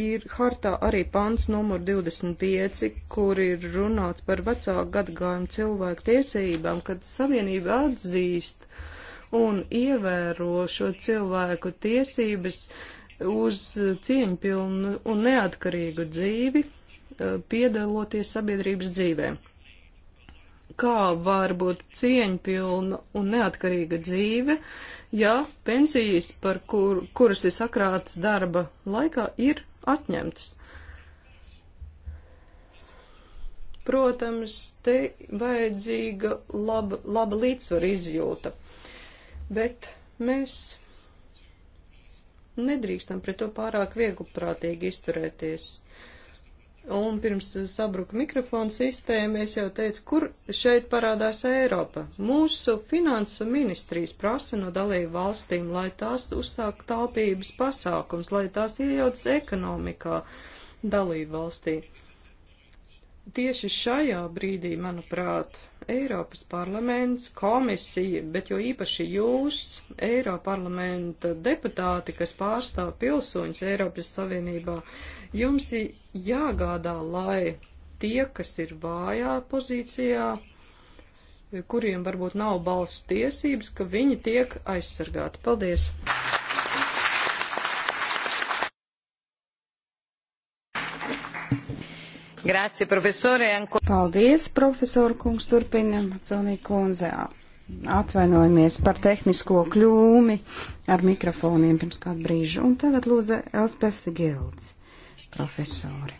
ir hartā arī pants numur 25, kur ir runāts par vecāku gadagājumu cilvēku tiesībām, kad savienība atzīst un ievēro šo cilvēku tiesības uz cieņpilnu un neatkarīgu dzīvi, eh, piedaloties sabiedrības dzīvē. Kā var būt cieņpilna un neatkarīga dzīve, ja pensijas, par kur, kuras ir sakrātas darba laikā, ir atņemtas? Protams, te vajadzīga laba, laba līdzsvara izjūta bet mēs nedrīkstam pret to pārāk viegli prātīgi izturēties. Un pirms sabruka mikrofona sistēma, es jau teicu, kur šeit parādās Eiropa. Mūsu finansu ministrijas prasa no dalību valstīm, lai tās uzsāk taupības pasākums, lai tās iejaucas ekonomikā dalību valstī. Tieši šajā brīdī, manuprāt, Eiropas parlaments, komisija, bet jo īpaši jūs, Eiroparlamenta deputāti, kas pārstāv pilsoņus Eiropas Savienībā, jums ir jāgādā, lai tie, kas ir vājā pozīcijā, kuriem varbūt nav balsu tiesības, ka viņi tiek aizsargāti. Paldies! Grācija, profesore. Anko... Paldies, profesora kungs, turpina Zonija kundze. Atvainojamies par tehnisko kļūmi ar mikrofoniem pirms kādu brīžu. Un tagad lūdzu Elspeth Gilds, profesori.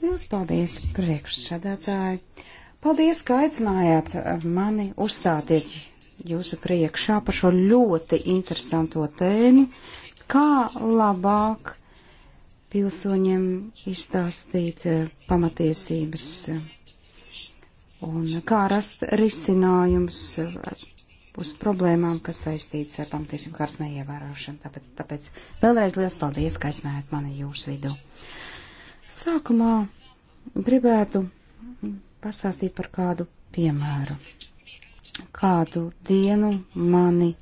Liels paldies, priekšsādātāji. Paldies, ka aicinājāt mani uzstāties jūsu priekšā par šo ļoti interesanto tēmu, kā labāk pilsoņiem izstāstīt eh, pamatiesības eh, un kā rast risinājums eh, uz problēmām, kas saistīts ar pamatiesību kārs neievērošanu. Tāpēc, tāpēc vēlreiz liels paldies, ka aicinājāt mani jūsu vidū. Sākumā gribētu pastāstīt par kādu piemēru. Kādu dienu mani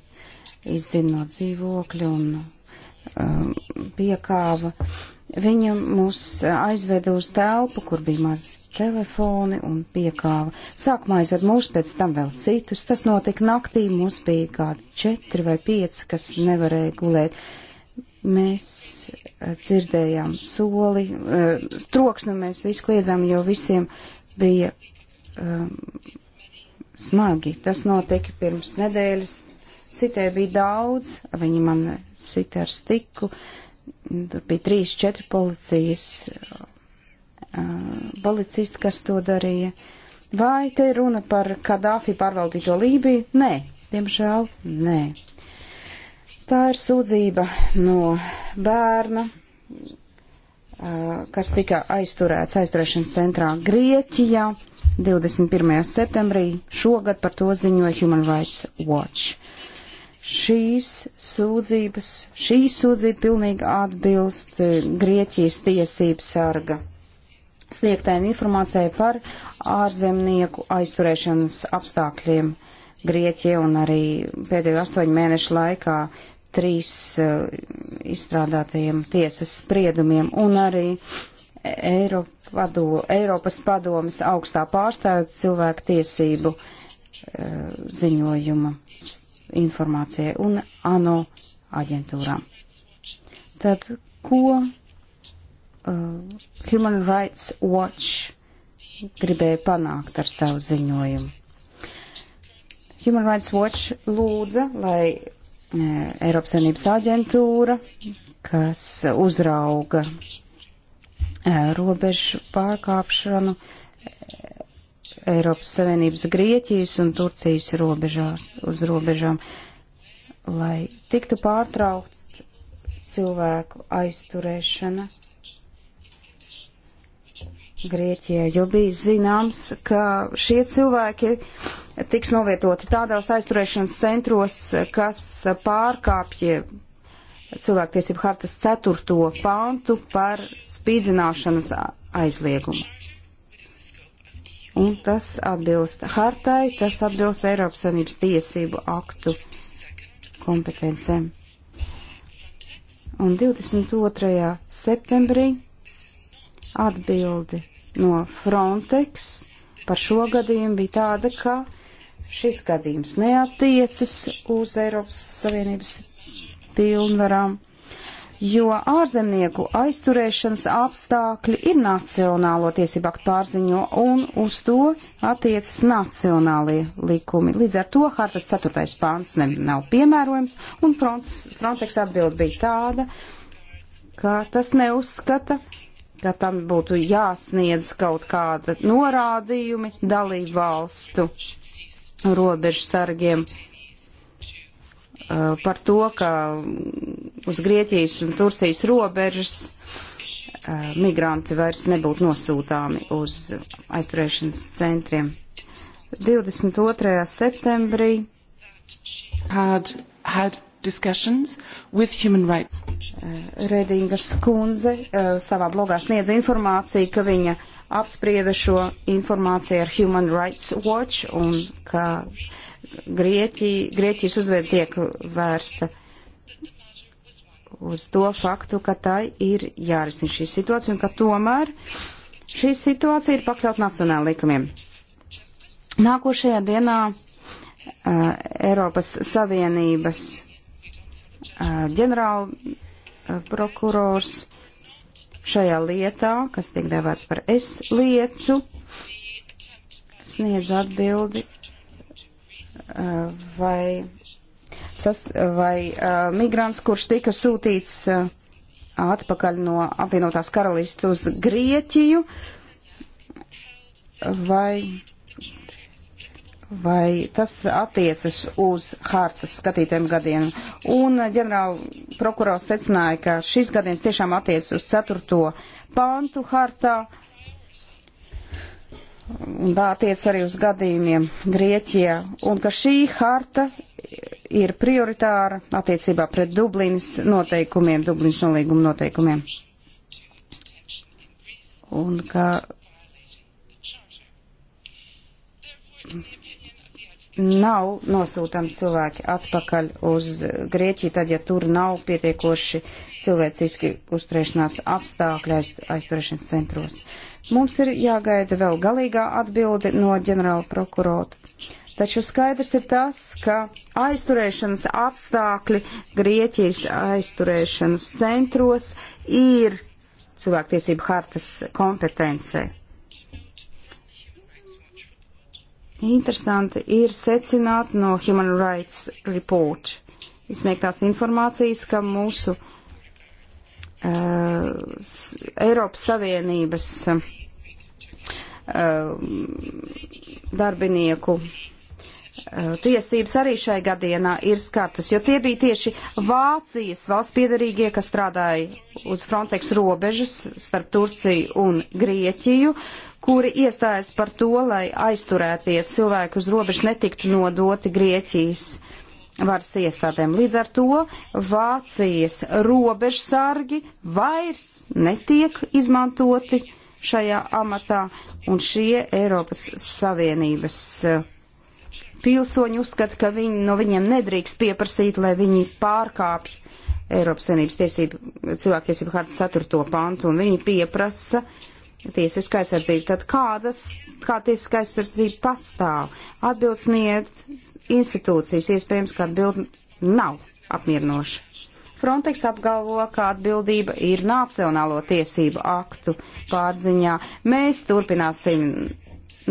izzina no dzīvokļa un um, piekāva uh, Viņa mūs eh, aizveda uz telpu, kur bija mazi telefoni un piekāva. Sākumā aizved mūs, pēc tam vēl citus. Tas notika naktī, mums bija kādi četri vai pieci, kas nevarēja gulēt. Mēs eh, dzirdējām soli, eh, troksni mēs visi kliedzām, jo visiem bija um, smagi. Tas notika pirms nedēļas. Sitē bija daudz, viņi man sita ar stiku. Uh, Tur bija trīs, četri policijas, policisti, kas to darīja. Vai te runa par Kadāfi pārvaldīto Lībiju? Nē, diemžēl nē. Tā ir sūdzība no bērna, kas tika aizturēts aizturēšanas centrā Grieķijā 21. septembrī. Šogad par to ziņoja Human Rights Watch šīs sūdzības, šī sūdzība pilnīgi atbilst eh, Grieķijas tiesības sarga sniegtai informācijai par ārzemnieku aizturēšanas apstākļiem Grieķijā un arī pēdējo astoņu mēnešu laikā trīs uh, izstrādātajiem tiesas spriedumiem un arī Eiro, pado, Eiropas padomas augstā pārstāvja cilvēku tiesību uh, ziņojuma informācijai un ANO aģentūrām. Tad, ko uh, Human Rights Watch gribēja panākt ar savu ziņojumu? Human Rights Watch lūdza, lai uh, Eiropas Savienības aģentūra, kas uzrauga uh, robežu pārkāpšanu, uh, Eiropas Savienības Grieķijas un Turcijas robežās, uz robežām, lai tiktu pārtraukts cilvēku aizturēšana Grieķijā, jo bija zināms, ka šie cilvēki tiks novietoti tādās aizturēšanas centros, kas pārkāpja cilvēktiesību hartas 4. pāntu par spīdzināšanas aizliegumu un tas atbilst hartai, tas atbilst Eiropas Savienības tiesību aktu kompetencēm. Un 22. septembrī atbildi no Frontex par šo gadījumu bija tāda, ka šis gadījums neatiecas uz Eiropas Savienības pilnvarām jo ārzemnieku aizturēšanas apstākļi ir nacionālo tiesību aktu pārziņo un uz to attiecas nacionālie likumi. Līdz ar to hartas 4. pāns ne, nav piemērojams un Frontex atbild bija tāda, ka tas neuzskata, ka tam būtu jāsniedz kaut kāda norādījumi dalību valstu robežu sargiem. Uh, par to, ka uz Grieķijas un Turcijas robežas uh, migranti vairs nebūtu nosūtāmi uz aizturēšanas centriem. 22. septembrī had, had uh, Redingas kundze savā blogā sniedz informāciju, ka viņa apsprieda šo informāciju ar Human Rights Watch un ka Grieķi, Grieķijas uzvedi tiek vērsta uz to faktu, ka tai ir jārisina šī situācija un ka tomēr šī situācija ir pakļaut nacionāla likumiem. Nākošajā dienā uh, Eiropas Savienības uh, ģenerāla uh, prokurors šajā lietā, kas tiek devēts par es lietu, sniedz atbildi Eh, vai, sas, vai eh, migrants, kurš tika sūtīts eh, atpakaļ no apvienotās karalistes uz Grieķiju, vai, vai tas attiecas uz hartas skatītiem gadiem. Un ģenerāla prokurors secināja, ka šis gadiens tiešām attiecas uz 4. pāntu hartā un tā attiec arī uz gadījumiem Grieķijā, un ka šī harta ir prioritāra attiecībā pret Dublinas noteikumiem, Dublinas nolīguma noteikumiem. Un ka nav nosūtami cilvēki atpakaļ uz Grieķiju, tad, ja tur nav pietiekoši cilvēciski uzturēšanās apstākļi aiz, aizturēšanas centros. Mums ir jāgaida vēl galīgā atbilde no ģenerāla prokurora. Taču skaidrs ir tas, ka aizturēšanas apstākļi Grieķijas aizturēšanas centros ir cilvēktiesību hartas kompetencē. Interesanti ir secināt no Human Rights Report izsniegtās informācijas, ka mūsu uh, Eiropas Savienības uh, darbinieku eh, tiesības arī šai gadienā ir skartas, jo tie bija tieši Vācijas valsts piedarīgie, kas strādāja uz Frontex robežas starp Turciju un Grieķiju, kuri iestājas par to, lai aizturētie cilvēki uz robežas netiktu nodoti Grieķijas varas iestādēm. Līdz ar to Vācijas robežsargi vairs netiek izmantoti šajā amatā, un šie Eiropas Savienības eh, pilsoņi uzskata, ka viņi, no viņiem nedrīkst pieprasīt, lai viņi pārkāpj Eiropas Savienības tiesību, cilvēktiesību hartas 4. pantu, un viņi pieprasa uh, tiesiskā aizsardzība. Tad kādas, kā tiesiskā aizsardzība pastāv? Atbildes niet institūcijas, iespējams, ka atbild nav apmierinoša. Frontex apgalvo, ka atbildība ir nacionālo tiesību aktu pārziņā. Mēs turpināsim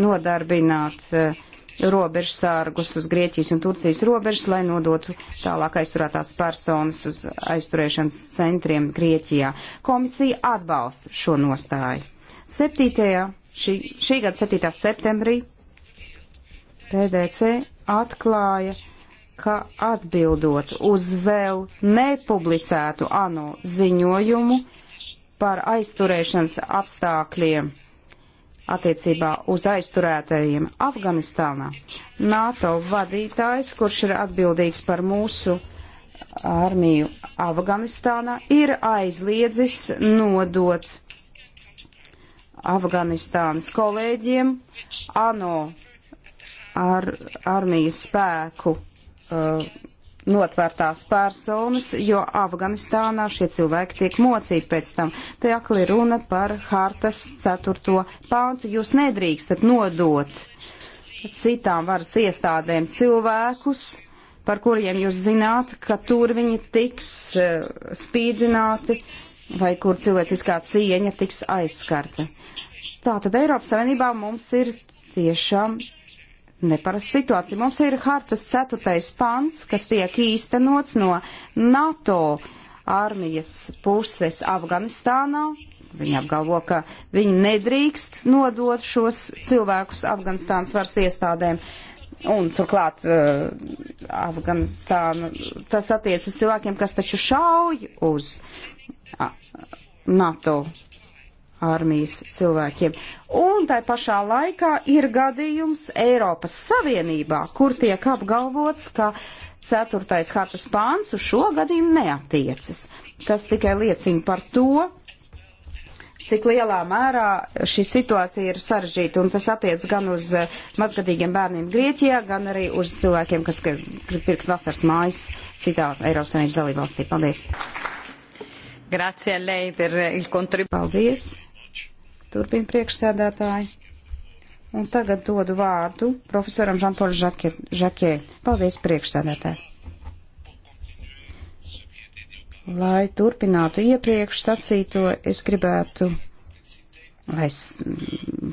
nodarbināt uh, eh, robežsārgus uz Grieķijas un Turcijas robežas, lai nodotu tālāk aizturētās personas uz aizturēšanas centriem Grieķijā. Komisija atbalsta šo nostāju. 7. Šī, šī gada 7. septembrī PDC atklāja, ka atbildot uz vēl nepublicētu ANO ziņojumu par aizturēšanas apstākļiem attiecībā uz aizturētajiem Afganistānā, NATO vadītājs, kurš ir atbildīgs par mūsu armiju Afganistānā, ir aizliedzis nodot Afganistānas kolēģiem ANO ar armijas spēku uh, notvērtās personas, jo Afganistānā šie cilvēki tiek mocīti pēc tam. Te akli runa par hartas ceturto pāntu. Jūs nedrīkstat nodot citām varas iestādēm cilvēkus, par kuriem jūs zināt, ka tur viņi tiks uh, spīdzināti. Uh, vai kur cilvēciskā cieņa tiks aizskarta. Tātad Eiropas Savienībā mums ir tiešām neparasta situācija. Mums ir hartas ceturtais pants, kas tiek īstenots no NATO armijas puses Afganistānā. Viņi apgalvo, ka viņi nedrīkst nodot šos cilvēkus Afganistānas varas iestādēm. Un turklāt uh, Afganistāna tas attiec uz cilvēkiem, kas taču šauj uz NATO armijas cilvēkiem. Un tai pašā laikā ir gadījums Eiropas Savienībā, kur tiek apgalvots, ka 4. hartas pāns uz šo gadījumu neatiecas. Tas tikai liecina par to, cik lielā mērā šī situācija ir sarežģīta, un tas attiec gan uz eh, mazgadīgiem bērniem Grieķijā, gan arī uz cilvēkiem, kas grib pirkt vasaras mājas citā Eiropas Savienības dalībvalstī. Paldies! Grazie a lei per il contributo. Paldies. Turpin priekšsēdētāji. Un tagad dodu vārdu profesoram Žanpoļu Žakē. Paldies priekšsēdētāji. Lai turpinātu iepriekš sacīto, es gribētu, lai es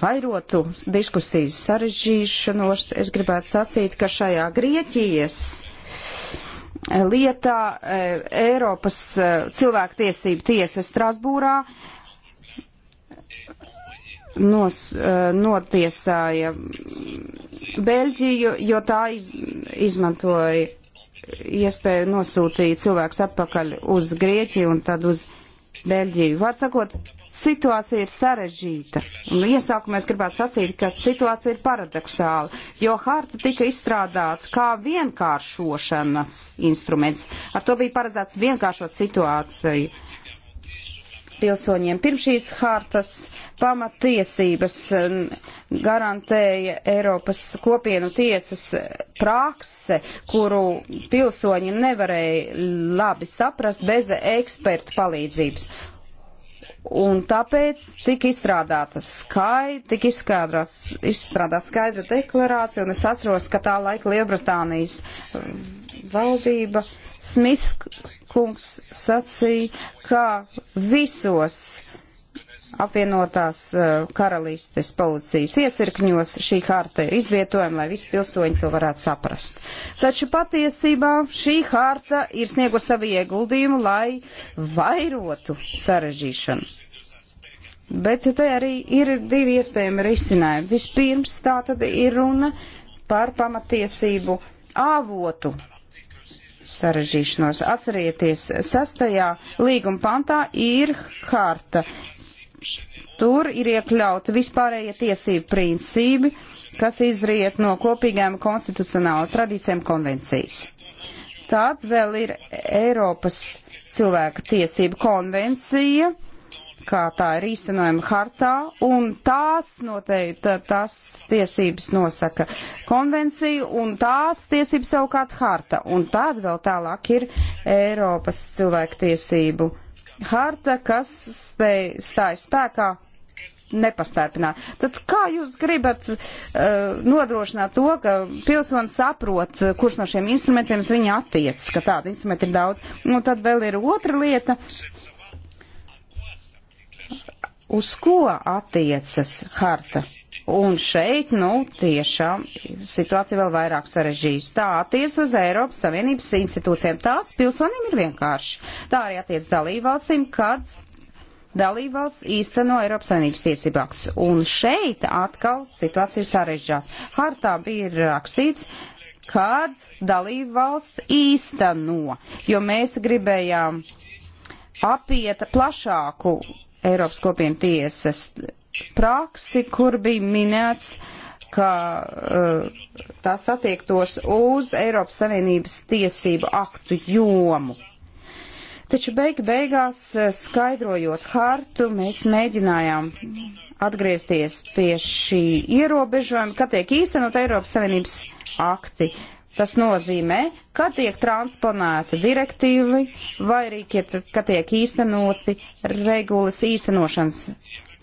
vairotu diskusijas sarežģīšanos, es gribētu sacīt, ka šajā Grieķijas lietā e, Eiropas e, cilvēktiesība tiesa Strasbūrā nos, e, notiesāja Beļģiju, jo tā iz, izmantoja iespēju nosūtīt cilvēks atpakaļ uz Grieķiju un tad uz Beļģiju. Var sakot, situācija ir sarežģīta. Un iesākumā es gribētu sacīt, ka situācija ir paradoxāla, jo harta tika izstrādāta kā vienkāršošanas instruments. Ar to bija paredzēts vienkāršot situāciju pilsoņiem. Pirms šīs hartas pamatiesības garantēja Eiropas kopienu tiesas prakse, kuru pilsoņi nevarēja labi saprast bez ekspertu palīdzības. Un tāpēc tika izstrādāta skaidra, tika izstrādāta skaidra deklarācija, un es atceros, ka tā laika Lielbritānijas um, valdība Smith kungs sacīja, ka visos apvienotās eh, karalistes policijas iecirkņos šī harta ir izvietojama, lai visi pilsoņi to varētu saprast. Taču patiesībā šī harta ir sniegu savu ieguldījumu, lai vairotu sarežģīšanu. Bet te arī ir divi iespējami risinājumi. Vispirms tā tad ir runa par pamatiesību avotu sarežģīšanos. Atcerieties, sastajā līguma pantā ir harta. Tur ir iekļauti vispārējie tiesību principi, kas izriet no kopīgām konstitucionāla tradīcijām konvencijas. Tad vēl ir Eiropas cilvēka tiesību konvencija, kā tā ir īstenojama hartā, un tās noteikti tās tiesības nosaka konvencija, un tās tiesības savukārt harta. Un tad vēl tālāk ir Eiropas cilvēktiesību harta, kas spēj stājas spēkā nepastarpināt. Tad kā jūs gribat uh, nodrošināt to, ka pilsonis saprot, uh, kurš no šiem instrumentiem viņa attiecas, ka tādu instrumentu ir daudz? Un nu, tad vēl ir otra lieta. Uz ko attiecas harta? Un šeit, nu, tiešām situācija vēl vairāk sarežģījus. Tā attiec uz Eiropas Savienības institūcijiem. Tās pilsonim ir vienkārši. Tā arī attiec dalībvalstīm, kad dalībvalsts īsteno Eiropas Savienības tiesību aktus. Un šeit atkal situācija ir sarežģās. Hartā bija rakstīts, kad dalībvalsts īsteno, jo mēs gribējām apiet plašāku Eiropas kopienu tiesas praksi, kur bija minēts, ka uh, tas attiektos uz Eiropas Savienības tiesību aktu jomu. Taču beig beigās, eh, skaidrojot hartu, mēs mēģinājām atgriezties pie šī ierobežojuma, ka tiek īstenot Eiropas Savienības akti. Tas nozīmē, ka tiek transponēta direktīvi vai arī, ka tiek īstenoti regulas īstenošanas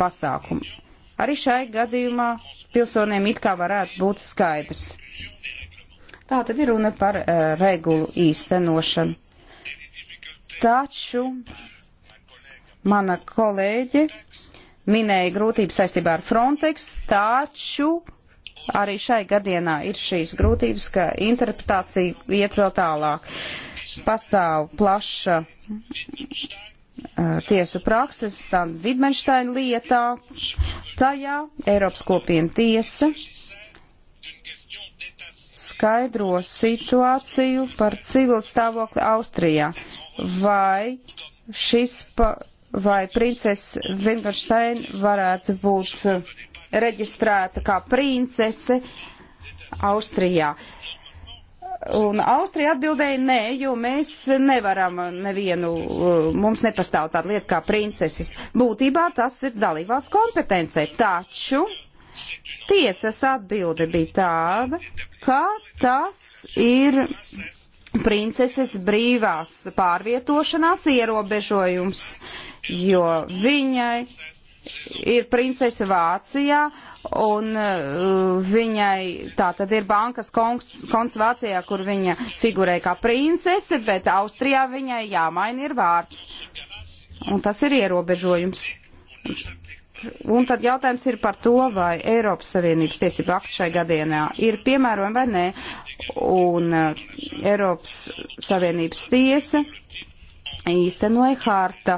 pasākumi. Arī šai gadījumā pilsoniem it kā varētu būt skaidrs. Tā tad ir runa par uh, regulu īstenošanu. Taču mana kolēģe minēja grūtības saistībā ar Frontex, taču arī šai gadienā ir šīs grūtības, ka interpretācija iet vēl tālāk. Pastāv plaša eh, tiesu prakses Vidmenštaina lietā. Tajā Eiropas kopiena tiesa skaidro situāciju par civilu stāvokli Austrijā vai šis, pa, vai princese Vingersteina varētu būt reģistrēta kā princese Austrijā. Un Austrija atbildēja nē, jo mēs nevaram nevienu, uh, mums nepastāv tāda lieta kā princeses. Būtībā tas ir dalībās kompetencē, taču tiesas atbilde bija tāda, ka tas ir princeses brīvās pārvietošanās ierobežojums, jo viņai ir princese Vācijā, un uh, viņai tā tad ir bankas konks, konts Vācijā, kur viņa figurē kā princese, bet Austrijā viņai jāmaina ir vārds. Un tas ir ierobežojums. Un tad jautājums ir par to, vai Eiropas Savienības tiesība akti šai gadienā ir piemērojami vai nē. Un eh, Eiropas Savienības tiesa īstenoja harta,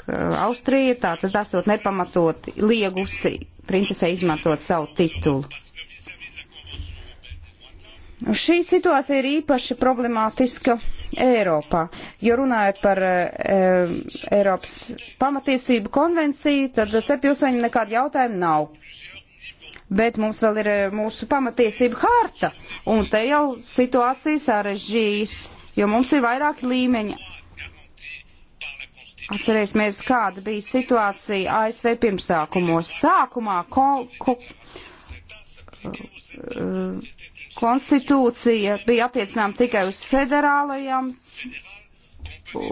ka Austrija tā tad esot nepamatot liegusi princesei izmantot savu titulu. Un nu, šī situācija ir īpaši problemātiska Eiropā. Jo runājot par uh, Eiropas pamatiesību konvenciju, tad te pilsoņi nekādu jautājumu nav. Bet mums vēl ir eh, mūsu pamatiesība harta, un te jau situācija sarežģījis, jo mums ir vairāki līmeņi. Atcerēsimies, kāda bija situācija ASV pirmsākumos. Sākumā ko, ko, uh, konstitūcija bija attiecināma tikai uz federālajām,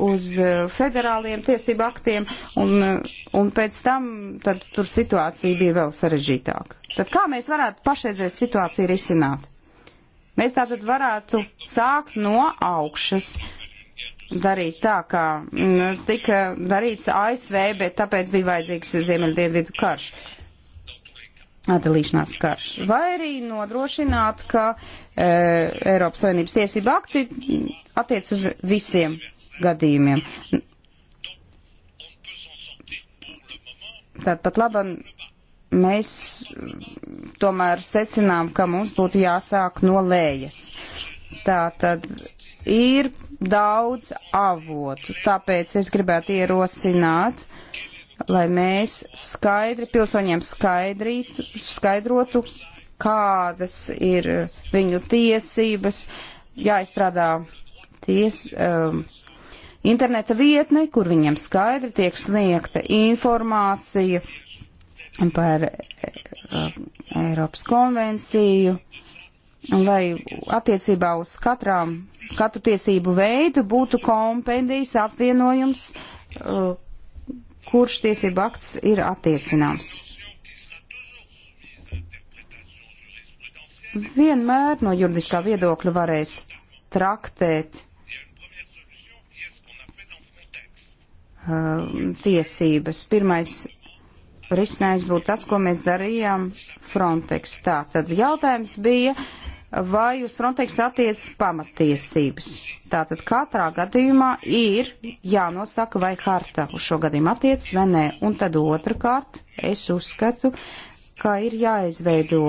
uz eh, federāliem tiesību aktiem, un, eh, un pēc tam tad tur situācija bija vēl sarežģītāka. Tad kā mēs varētu pašreizēju situāciju risināt? Mēs tātad varētu sākt no augšas, darīt tā, kā mm, tika darīts ASV, bet tāpēc bija vajadzīgs Ziemeļdienvidu karš atdalīšanās karš, vai arī nodrošināt, ka e, Eiropas Savienības tiesība akti attiec uz visiem gadījumiem. Tad pat laban mēs tomēr secinām, ka mums būtu jāsāk no lējas. Tā tad ir daudz avotu, tāpēc es gribētu ierosināt lai mēs skaidri pilsoņiem skaidrītu, skaidrotu, kādas ir viņu tiesības, jāizstrādā ties, um, interneta vietne, kur viņiem skaidri tiek sniegta informācija par um, Eiropas konvenciju, lai attiecībā uz katrām, katru tiesību veidu būtu kompendijas apvienojums, uh, kurš tiesība akts ir attiecināms. Vienmēr no juridiskā viedokļa varēs traktēt uh, tiesības. Pirmais risinājums būtu tas, ko mēs darījām Frontex. Tā tad jautājums bija, uh, vai uz Frontex attiecas pamatiesības. Tātad katrā gadījumā ir jānosaka, vai harta uz šo gadījumu attiecas vai nē. Un tad otrkārt, es uzskatu, ka ir jāizveido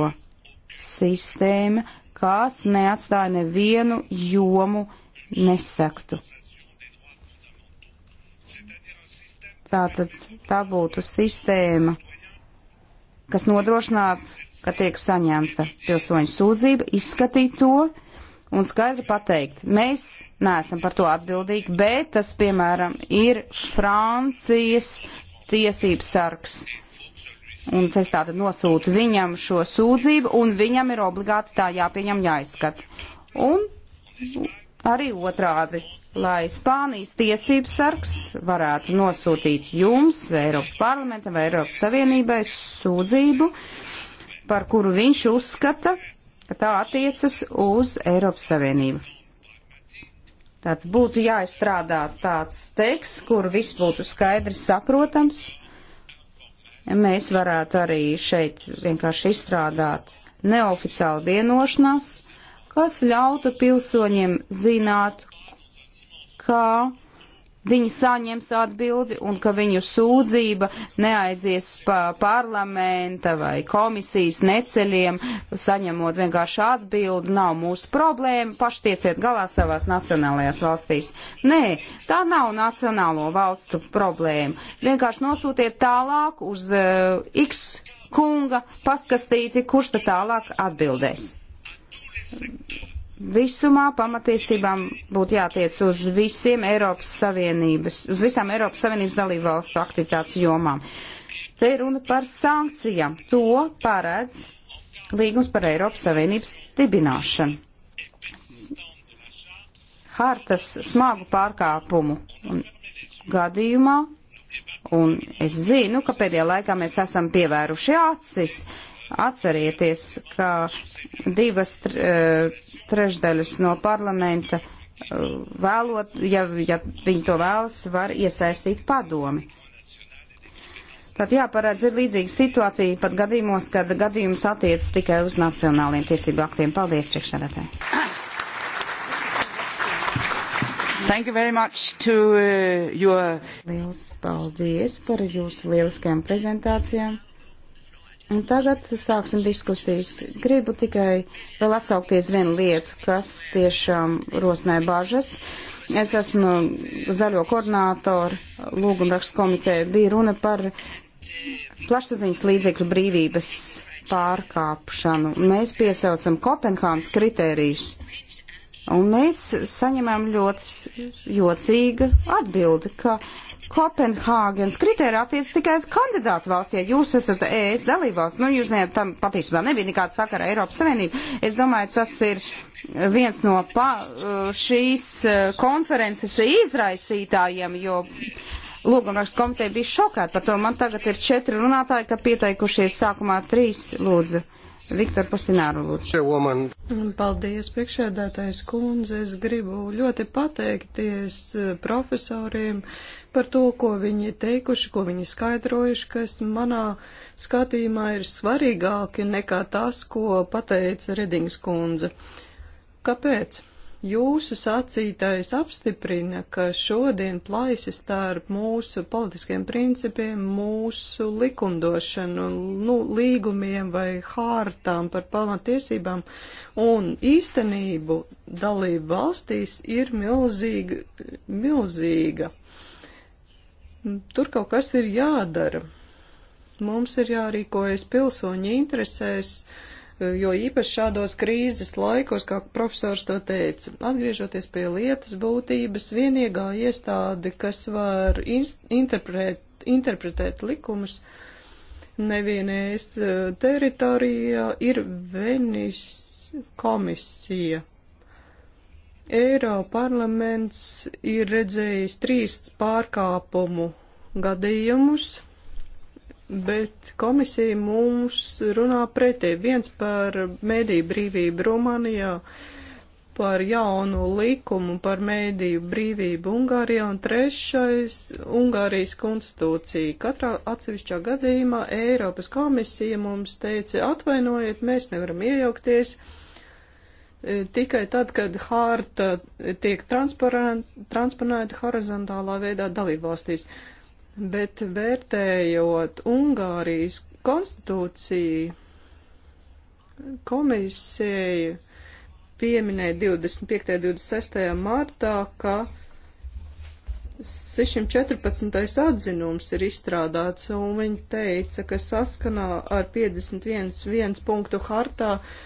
sistēma, kas neatstāja nevienu jomu nesektu. Tātad tā būtu sistēma, kas nodrošinātu ka tiek saņemta pilsoņu sūdzība, izskatīt to un skaidri pateikt, mēs neesam par to atbildīgi, bet tas, piemēram, ir Francijas tiesības sargs. Un es tātad nosūtu viņam šo sūdzību, un viņam ir obligāti tā jāpieņem, jāizskata. Un arī otrādi, lai Spānijas tiesības sargs varētu nosūtīt jums, Eiropas parlamentam vai Eiropas Savienībai sūdzību, uh, par kuru viņš uzskata, ka tā attiecas uz Eiropas Savienību. Tātad būtu jāizstrādā tāds teksts, kur viss būtu skaidrs, saprotams. Mēs varētu arī šeit vienkārši izstrādāt neoficiālu vienošanās, kas ļautu pilsoņiem zināt, kā viņi saņems atbildi un ka viņu sūdzība neaizies pa parlamenta vai komisijas neceļiem, saņemot vienkārši atbildi, nav mūsu problēma, paši tieciet galā savās nacionālajās valstīs. Nē, tā nav nacionālo valstu problēma. Vienkārši nosūtiet tālāk uz uh, X kunga pastkastīti, kurš tad tālāk atbildēs visumā pamatiesībām būtu jātiec uz visiem Eiropas Savienības, uz visām Eiropas Savienības dalību valstu aktivitātes jomām. Te ir runa par sankcijām. To paredz līgums par Eiropas Savienības dibināšanu. Hartas smagu pārkāpumu un gadījumā, un es zinu, ka pēdējā laikā mēs esam pievēruši acis Atcerieties, ka divas e, trešdaļas no parlamenta e, vēlot, ja, ja viņi to vēlas, var iesaistīt padomi. Tad jāparādz ir līdzīga situācija pat gadījumos, kad gadījums attiec tikai uz nacionāliem tiesību aktiem. Paldies, priekšsēdētāji! To, uh, your... Liels paldies par jūsu lieliskajām prezentācijām! Un tagad sāksim diskusijas. Gribu tikai vēl atsaukties vienu lietu, kas tiešām rosināja bažas. Es esmu zaļo koordinātoru lūgumrakstu komiteja. Bija runa par plašsaziņas līdzekļu brīvības pārkāpšanu. Mēs piesaucam Kopenhānas kritērijus. Un mēs saņemam ļoti jocīgu atbildi, ka Kopenhāgens kriterija attiec tikai kandidātu valsts. Ja jūs esat ES dalībvalsts, nu jūs zināt, tam patiesībā nebija nekāda sakara Eiropas Savienība. Es domāju, tas ir viens no pa, uh, šīs uh, konferences izraisītājiem, jo lūgumrakstu komiteja bija šokēta par to. Man tagad ir četri runātāji, ka pieteikušies sākumā trīs lūdzu. Viktor Postināru lūdzu. Paldies, priekšēdētājs kundze. Es gribu ļoti pateikties eh, profesoriem par to, ko viņi teikuši, ko viņi skaidrojuši, kas manā skatījumā ir svarīgāki nekā tas, ko pateica Redings kundze. Kāpēc? Jūsu sacītais apstiprina, ka šodien plaisa starp mūsu politiskiem principiem, mūsu likumdošanu, nu, līgumiem vai hārtām par pamatiesībām un īstenību dalību valstīs ir milzīga, milzīga. Tur kaut kas ir jādara mums ir jārīkojas pilsoņu interesēs, uh, jo īpaši šādos krīzes laikos, kā profesors to teica, atgriežoties pie lietas būtības, vienīgā iestāde, kas var interpret, interpretēt likumus nevienais e, teritorijā, ir Venis komisija. Eiroparlaments ir redzējis trīs pārkāpumu gadījumus bet komisija mums runā pretī. Viens par mēdīju brīvību Rumānijā, par jaunu likumu par mēdīju brīvību Ungārijā un trešais Ungārijas konstitūcija. Katrā atsevišķā gadījumā Eiropas komisija mums teica atvainojiet, mēs nevaram iejaukties. E, tikai tad, kad hārta tiek transponēta horizontālā veidā dalībvalstīs. valstīs bet vērtējot Ungārijas konstitūciju, komisēja pieminēja 25. un 26. martā, ka 614. atzinums ir izstrādāts, un viņi teica, ka saskanā ar 51.1 punktu hartā uh,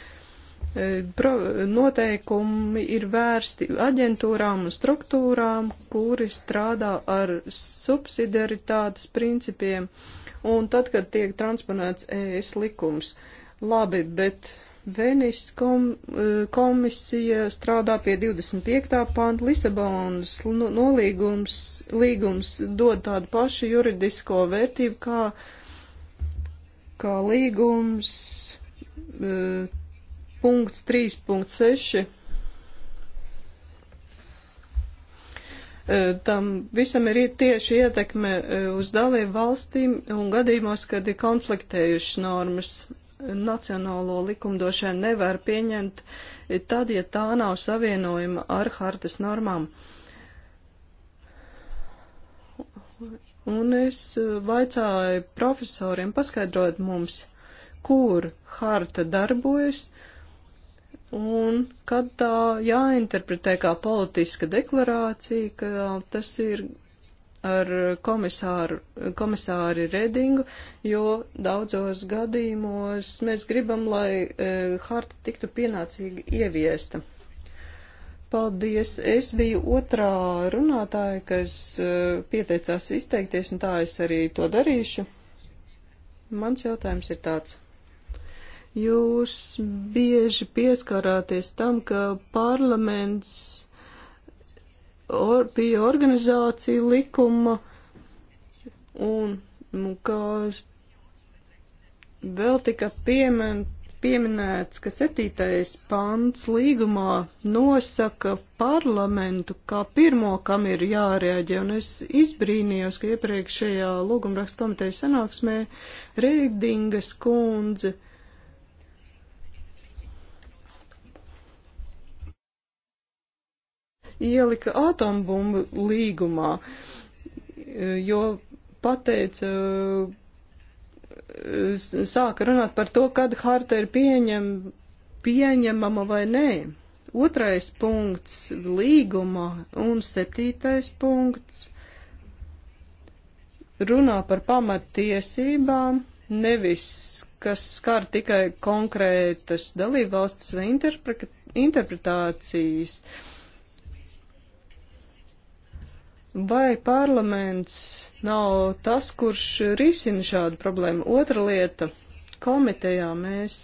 noteikumi ir vērsti aģentūrām un struktūrām, kuri strādā ar subsidiaritātes principiem, un tad, kad tiek transponēts ES likums. Labi, bet Venis kom, eh, komisija strādā pie 25. pānta Lisabonas nolīgums, līgums dod tādu pašu juridisko vērtību kā, kā līgums. Uh, punkts 3.6. Eh, tam visam ir tieši ietekme eh, uz dalību valstīm un gadījumos, kad ir konfliktējušas normas. Nacionālo likumdošanu nevar pieņemt eh, tad, ja tā nav savienojama ar hartas normām. Un es vaicāju profesoriem paskaidrot mums, kur harta darbojas, uh, un kad tā jāinterpretē kā politiska deklarācija, ka tas ir ar komisāru, komisāri Redingu, jo daudzos gadījumos mēs gribam, lai e, harta tiktu pienācīgi ieviesta. Paldies! Es biju otrā runātāja, kas e, pieteicās izteikties, un tā es arī to darīšu. Mans jautājums ir tāds. Jūs bieži pieskarāties tam, ka parlaments or, bija organizācija likuma un, nu, kā vēl tika piemin, pieminēts, ka septītais pants līgumā nosaka parlamentu kā pirmo, kam ir jārēģē, un es izbrīnījos, ka iepriekšējā lūgumrakstu komitejas sanāksmē Rēgdingas kundze ielika atombumbu līgumā, e, jo pateica, e, sāka runāt par to, kad harta ir pieņem, pieņemama vai nē. Otrais punkts līgumā un septītais punkts runā par pamattiesībām, nevis, kas skar tikai konkrētas dalībvalstis vai interpretācijas. Uh, vai parlaments nav tas, kurš risina šādu problēmu. Otra lieta - komitejā mēs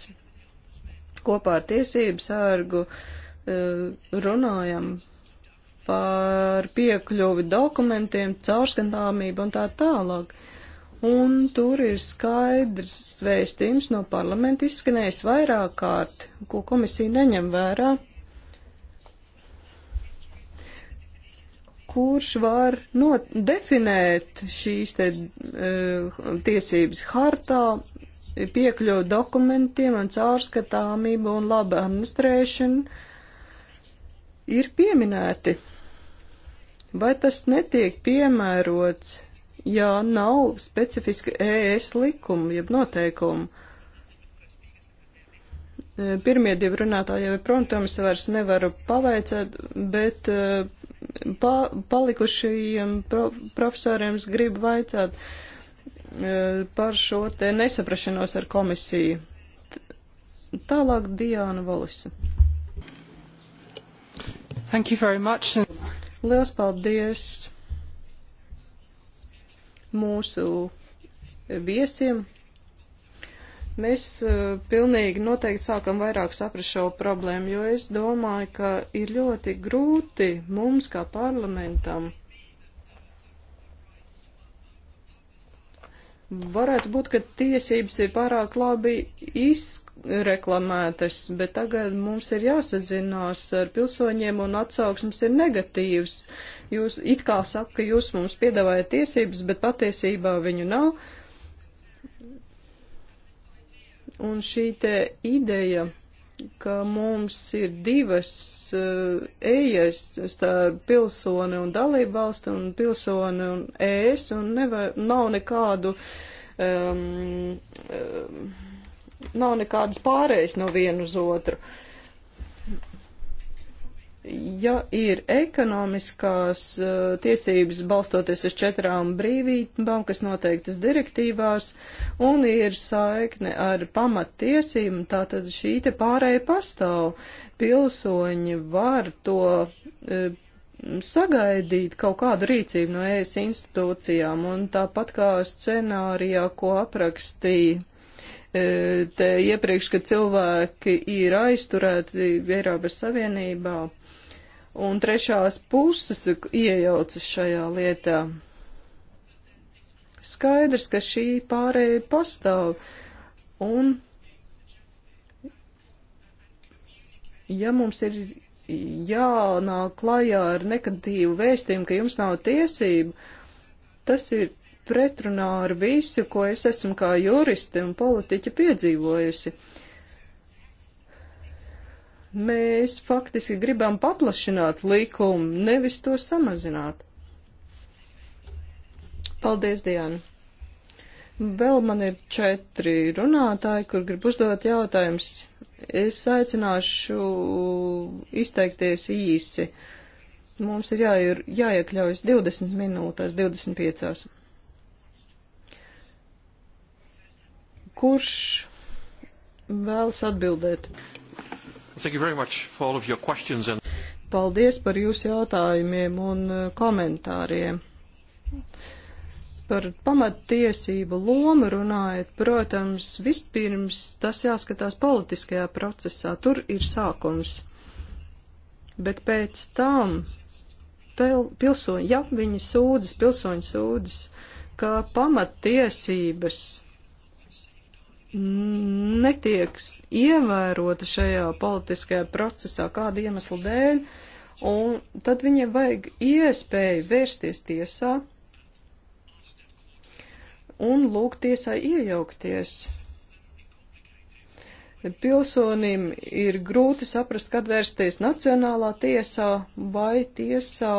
kopā ar tiesību sārgu e, runājam par piekļuvi dokumentiem, caurskatāmību un tā tālāk. Un tur ir skaidrs vēstījums no parlamenta izskanējis vairāk kārt, ko komisija neņem vērā, kurš var definēt šīs te uh, tiesības hartā, piekļuvu dokumentiem un caurskatāmību un labu administrēšanu ir pieminēti. Vai tas netiek piemērots, ja nav specifiski ES likumu, jeb noteikumu? Eh, pirmie divi runātāji jau, protams, vairs nevaru paveicēt, bet uh, pa, palikušajiem pro, profesoriem es gribu vaicāt e, par šo te nesaprašanos ar komisiju. Tālāk Diāna Volisa. Thank you very much. Liels paldies mūsu viesiem. Mēs uh, pilnīgi noteikti sākam vairāk saprast šo problēmu, jo es domāju, ka ir ļoti grūti mums kā parlamentam Varētu būt, ka tiesības ir pārāk labi izreklamētas, bet tagad mums ir jāsazinās ar pilsoņiem un atsauksmes ir negatīvs. Jūs it kā saka, ka jūs mums piedāvājat tiesības, bet patiesībā viņu nav Un šī te ideja, ka mums ir divas uh, ejas starp pilsoni un dalību valsti un pilsoni un ēs, un nevar, nav nekādu. Um, um, nav nekādas pārējas no vienu uz otru. Uh, ja ir ekonomiskās uh, tiesības balstoties uz četrām brīvībām, kas noteiktas direktīvās, un ir saikne ar pamattiesībām, tātad šī te pārēja pastāv. Pilsoņi var to uh, sagaidīt kaut kādu rīcību no ES institūcijām, un tāpat kā scenārijā, ko aprakstīja eh, te iepriekš, ka cilvēki ir aizturēti Eiropas Savienībā un trešās puses iejaucas šajā lietā. Skaidrs, ka šī pārēja pastāv, un ja mums ir jānāk klajā ar negatīvu vēstījumu, ka jums nav tiesību, tas ir pretrunā ar visu, ko es esmu kā juristi un politiķi piedzīvojusi. Uh, Mēs faktiski gribam paplašināt likumu, nevis to samazināt. Paldies, Diana! Vēl man ir četri runātāji, kur grib uzdot jautājumus. Es aicināšu izteikties īsi. Mums ir jāier, jāiekļaujas 20 minūtēs, 25. Kurš vēlas atbildēt? Thank you very much for all of your questions and Paldies par jūsu jautājumiem un uh, komentāriem. Par pamattiesību lomu runājot, protams, vispirms tas jāskatās politiskajā procesā, tur ir sākums. Bet pēc tam pilsoņi, ja viņi sūdzas, pilsoņi sūdzas, ka pamattiesības netiek ievērota šajā politiskajā procesā kāda iemesla dēļ, un tad viņiem vajag iespēju vērsties tiesā un lūgt tiesai iejaukties. Pilsonim ir grūti saprast, kad vērsties nacionālā tiesā vai tiesā,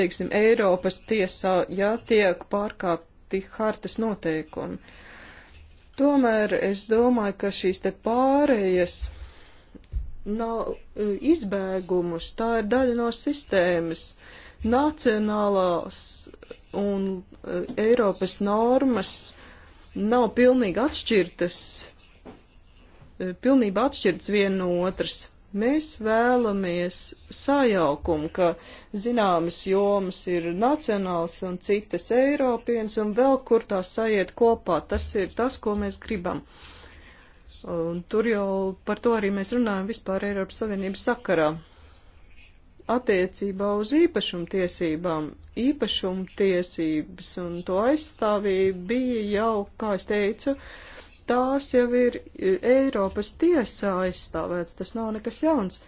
teiksim, Eiropas tiesā, ja tiek pārkāpti hartas noteikumi. Uh, Tomēr es domāju, ka šīs te pārējas nav e, izbēgumus, tā ir daļa no sistēmas. Nacionālās un e, Eiropas normas nav pilnīgi atšķirtas, e, pilnībā atšķirtas viena no otras. Mēs vēlamies sajaukumu, ka zināmas jomas ir nacionāls un citas Eiropienas un vēl kur tās sajiet kopā. Tas ir tas, ko mēs gribam. Un tur jau par to arī mēs runājam vispār Eiropas Savienības sakarā. Attiecībā uz īpašumtiesībām, īpašumtiesības un to aizstāvību bija jau, kā es teicu, uh, tās jau ir Eiropas tiesā aizstāvēts, tas nav nekas jauns.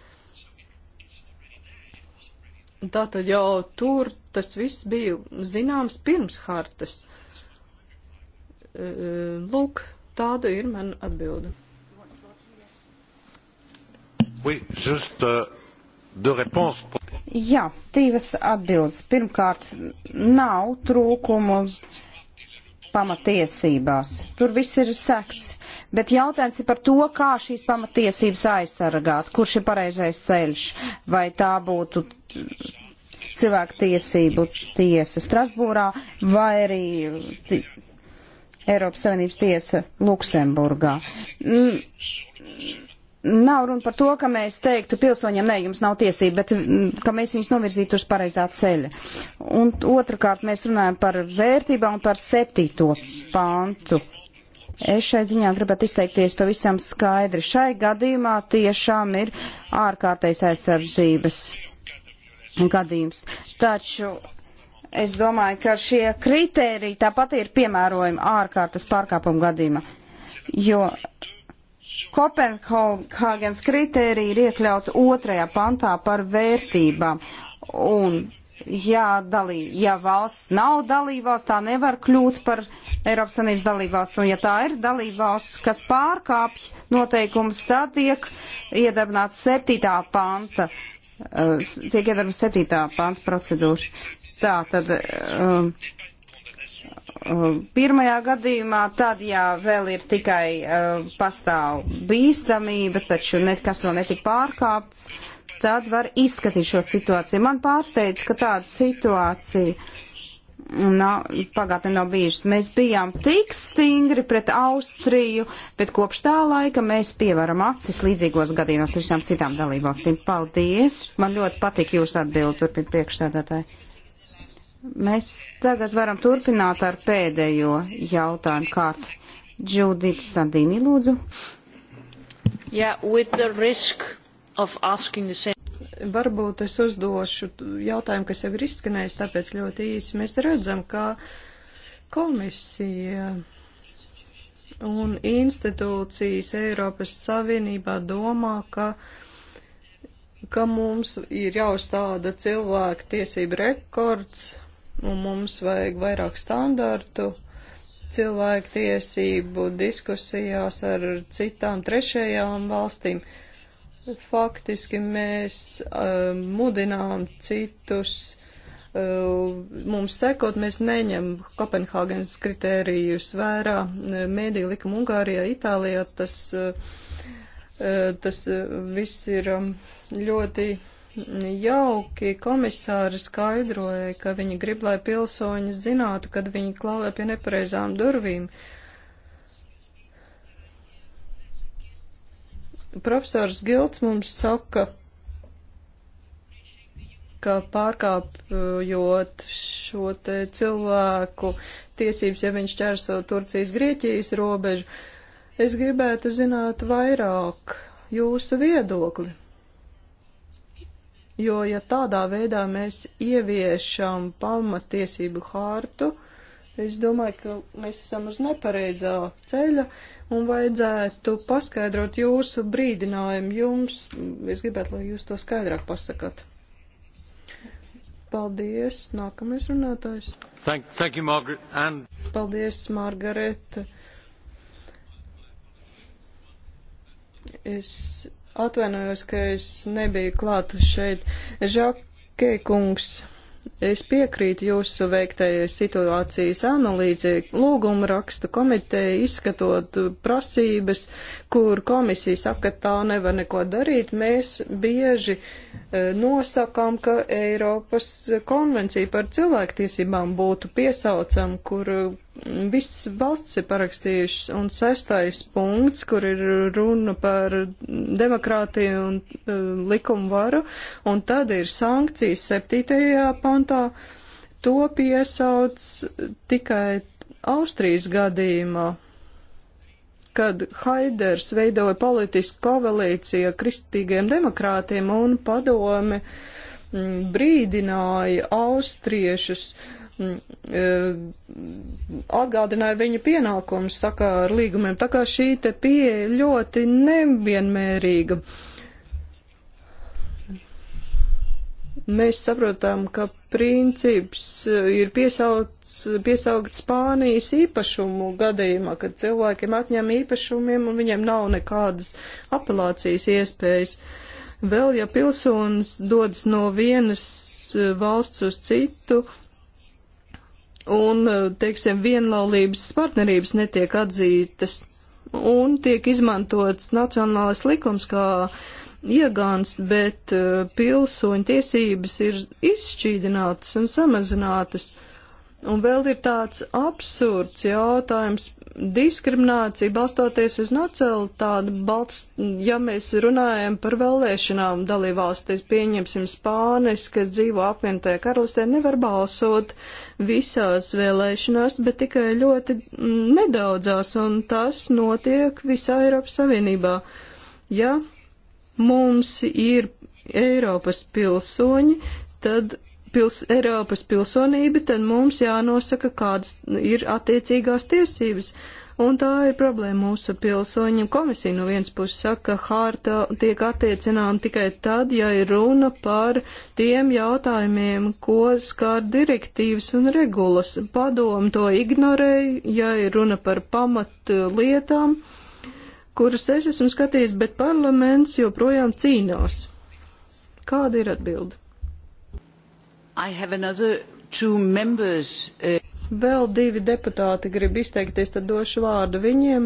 Tātad jau tur tas viss bija zināms pirms hartas. E, e, lūk, tāda ir man atbilde. Oui, just, uh, Jā, divas atbildes. Pirmkārt, nav trūkumu pamatiesībās. Tur viss ir sekts. Bet jautājums ir par to, kā šīs pamatiesības aizsargāt, kurš ir pareizais ceļš, vai tā būtu cilvēku tiesību tiesa Strasbūrā vai arī Eiropas Savienības tiesa Luksemburgā. Mm. Nav runa par to, ka mēs teiktu pilsoņiem, nē, jums nav tiesība, bet ka mēs viņus novirzītu uz pareizā ceļa. Un otrkārt, mēs runājam par vērtībām un par septīto pāntu. Es šai ziņā gribētu izteikties pavisam skaidri. Šai gadījumā tiešām ir ārkārtais aizsardzības gadījums. Taču es domāju, ka šie kritēriji tāpat ir piemērojami ārkārtas pārkāpuma gadījumā. Jo Kopenhāgens kritērija ir iekļauta otrajā pantā par vērtībām. Un, ja, dalī, ja valsts nav dalībvalsts, tā nevar kļūt par Eiropas Savienības dalībvalsts. Un, ja tā ir dalībvalsts, kas pārkāpj noteikumus, tad tiek iedarbināts septītā panta, eh, tiek iedarbināts septītā panta procedūras. Tā tad. Um, uh, Pirmajā gadījumā tad, ja vēl ir tikai uh, pastāv bīstamība, taču nekas vēl netika pārkāpts, tad var izskatīt šo situāciju. Man pārsteidz, ka tāda situācija nav, pagātnē nav bijušas. Mēs bijām tik stingri pret Austriju, bet kopš tā laika mēs pievaram acis līdzīgos gadījumos visām citām dalībvalstīm. Paldies! Man ļoti patīk jūsu atbildi, turpin priekšsēdētāji. Mēs tagad varam turpināt ar pēdējo jautājumu kārtu. Džudita Sandīni, lūdzu. Yeah, same... Varbūt es uzdošu jautājumu, kas jau ir izskanējis, tāpēc ļoti īsi. Mēs redzam, ka komisija un institūcijas Eiropas Savienībā domā, ka ka mums ir jāuzstāda cilvēku tiesību rekords un nu, mums vajag vairāk standartu cilvēktiesību diskusijās ar citām trešajām valstīm. Faktiski mēs uh, mudinām citus uh, mums sekot, mēs neņem Kopenhāgenes kritērijus vērā. Mēdī likuma Ungārijā, Itālijā tas, uh, uh tas uh, viss ir um, ļoti Jauki komisāri skaidroja, ka viņi grib, lai pilsoņi zinātu, kad viņi klauvē pie nepareizām durvīm. Profesors Gilts mums saka, ka pārkāpjot šo te cilvēku tiesības, ja viņš ķerso Turcijas Grieķijas robežu, es gribētu zināt vairāk jūsu viedokli jo ja tādā veidā mēs ieviešam pamatiesību hārtu, es domāju, ka mēs esam uz nepareizā ceļa un vajadzētu paskaidrot jūsu brīdinājumu jums. Es gribētu, lai jūs to skaidrāk pasakat. Paldies, nākamais runātājs. Thank, thank you, Margaret. And... Paldies, Margaret. Es Atvainojos, ka es nebiju klāta šeit. Žakē kungs, es piekrītu jūsu veiktajai situācijas analīzē. Lūguma rakstu komiteja izskatot prasības, kur komisija saka, ka tā nevar neko darīt. Mēs bieži e, nosakām, ka Eiropas konvencija par cilvēktiesībām būtu piesaucam, kur Viss valsts ir parakstījušas, un sestais punkts, kur ir runa par demokrātiju un uh, likumu varu, un tad ir sankcijas septītajā pantā. To piesauc tikai Austrijas gadījumā, kad Haiders veidoja politisku koalīciju kristīgiem demokrātiem un padomi brīdināja austriešus uh, Mm, e, atgādināja viņa pienākumus sakā ar līgumiem. Tā kā šī te pieeja ļoti nevienmērīga. Mēs saprotam, ka princips ir piesauc, piesaukt Spānijas īpašumu gadījumā, kad cilvēkiem atņem īpašumiem un viņiem nav nekādas apelācijas iespējas. Vēl ja pilsonis dodas no vienas valsts uz citu, uh, un, eh, teiksim, vienlaulības partnerības netiek atzītas un tiek izmantots nacionālais likums kā iegāns, bet uh, pilsoņu tiesības ir izšķīdinātas un samazinātas. Un vēl ir tāds absurds jautājums diskriminācija balstoties uz nacionalitāti, balst, ja mēs runājam par vēlēšanām dalībvalstīs, pieņemsim Spānis, kas dzīvo apvienotajā karalistē, nevar balsot visās vēlēšanās, bet tikai ļoti mm, nedaudzās, un tas notiek visā Eiropas Savienībā. Ja mums ir Eiropas pilsoņi, tad pils, Eiropas pilsonība, tad mums jānosaka, kādas ir attiecīgās tiesības. Un tā ir problēma mūsu pilsoņiem. Komisija no viens puses saka, ka hārta tiek attiecinām tikai tad, ja ir runa par tiem jautājumiem, ko skār direktīvas un regulas. Padomu to ignorēja, ja ir runa par pamat lietām, kuras es esmu skatījis, bet parlaments joprojām cīnās. Kāda ir atbilde? Uh, vēl divi deputāti grib izteikties, tad došu vārdu viņiem.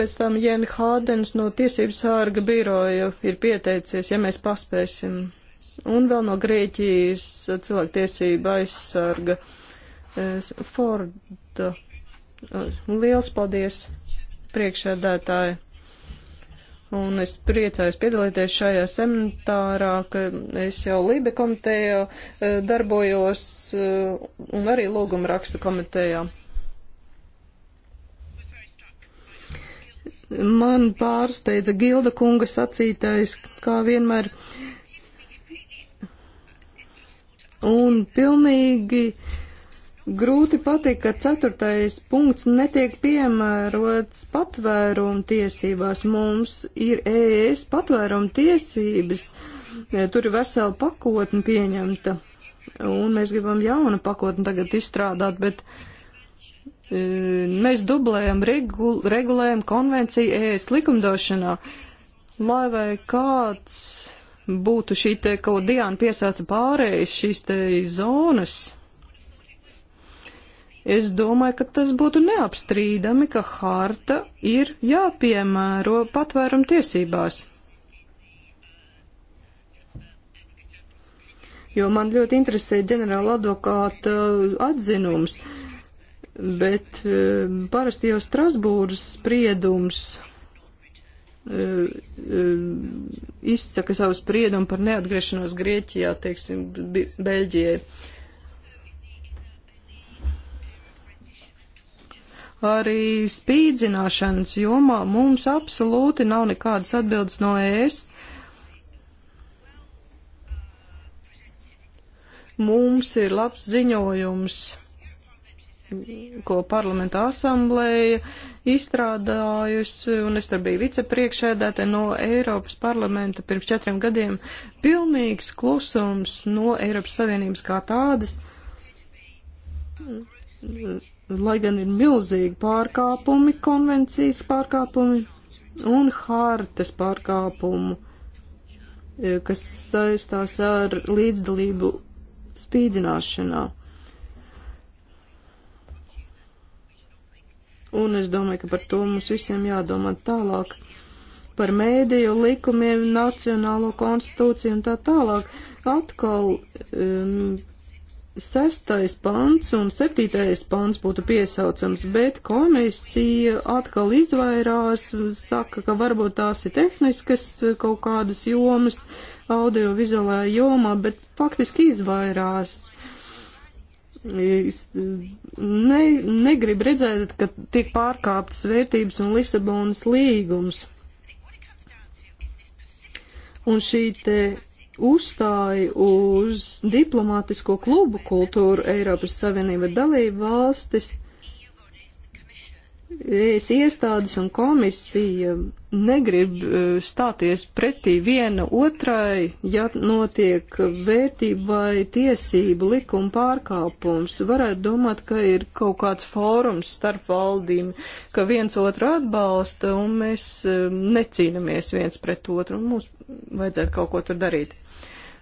Pēc tam Jēna Hādens no Tiesības sārga biroja ir pieteicies, ja mēs paspēsim. Un vēl no Grieķijas cilvēktiesība aizsarga Forda. Liels paldies, priekšēdētāji! un es priecājos piedalīties šajā seminārā, ka es jau Lībe komitejā e, darbojos e, un arī lūguma rakstu komitejā. Man pārsteidza Gilda kunga sacītais, kā vienmēr, un pilnīgi uh, Grūti patīk, ka ceturtais punkts netiek piemērots patvērumu tiesībās. Mums ir ES e patvērumu tiesības, e, tur ir vesela pakotne pieņemta, un mēs gribam jaunu pakotni tagad izstrādāt, bet e, mēs dublējam, regul, regulējam konvenciju ES likumdošanā, lai vai kāds būtu šī te kaut diāna piesāca pārējais šīs te zonas Es domāju, ka tas būtu neapstrīdami, ka harta ir jāpiemēro patvērum tiesībās. Jo man ļoti interesē ģenerāla advokāta uh, atzinums, bet uh, parasti jau Strasbūras spriedums uh, izsaka savu spriedumu par neatgriešanos Grieķijā, teiksim, Beļģijai. arī spīdzināšanas jomā mums absolūti nav nekādas atbildes no ES. Mums ir labs ziņojums, ko parlamenta asamblēja izstrādājusi, un es tur biju vicepriekšēdēte no Eiropas parlamenta pirms četriem gadiem. Pilnīgs klusums no Eiropas Savienības kā tādas lai gan ir milzīgi pārkāpumi, konvencijas pārkāpumi un hārtas pārkāpumu, e, kas saistās ar līdzdalību spīdzināšanā. Un es domāju, ka par to mums visiem jādomā tālāk par mēdīju likumiem, nacionālo konstitūciju un tā tālāk. Atkal um, Sestais pants un septītais pants būtu piesaucams, bet komisija atkal izvairās, saka, ka varbūt tās ir tehniskas kaut kādas jomas audiovizuālajā jomā, bet faktiski izvairās. Ne, negrib redzēt, ka tiek pārkāptas vērtības un Lisabonas līgums. Un šī te uzstāja uz diplomātisko klubu kultūru Eiropas Savienība dalību valstis, es iestādes un komisija negrib eh, stāties pretī viena otrai, ja notiek vērtība vai tiesību likuma pārkāpums. Varētu domāt, ka ir kaut kāds fórums starp valdīm, ka viens otru atbalsta un mēs eh, necīnamies viens pret otru un mums vajadzētu kaut ko tur darīt.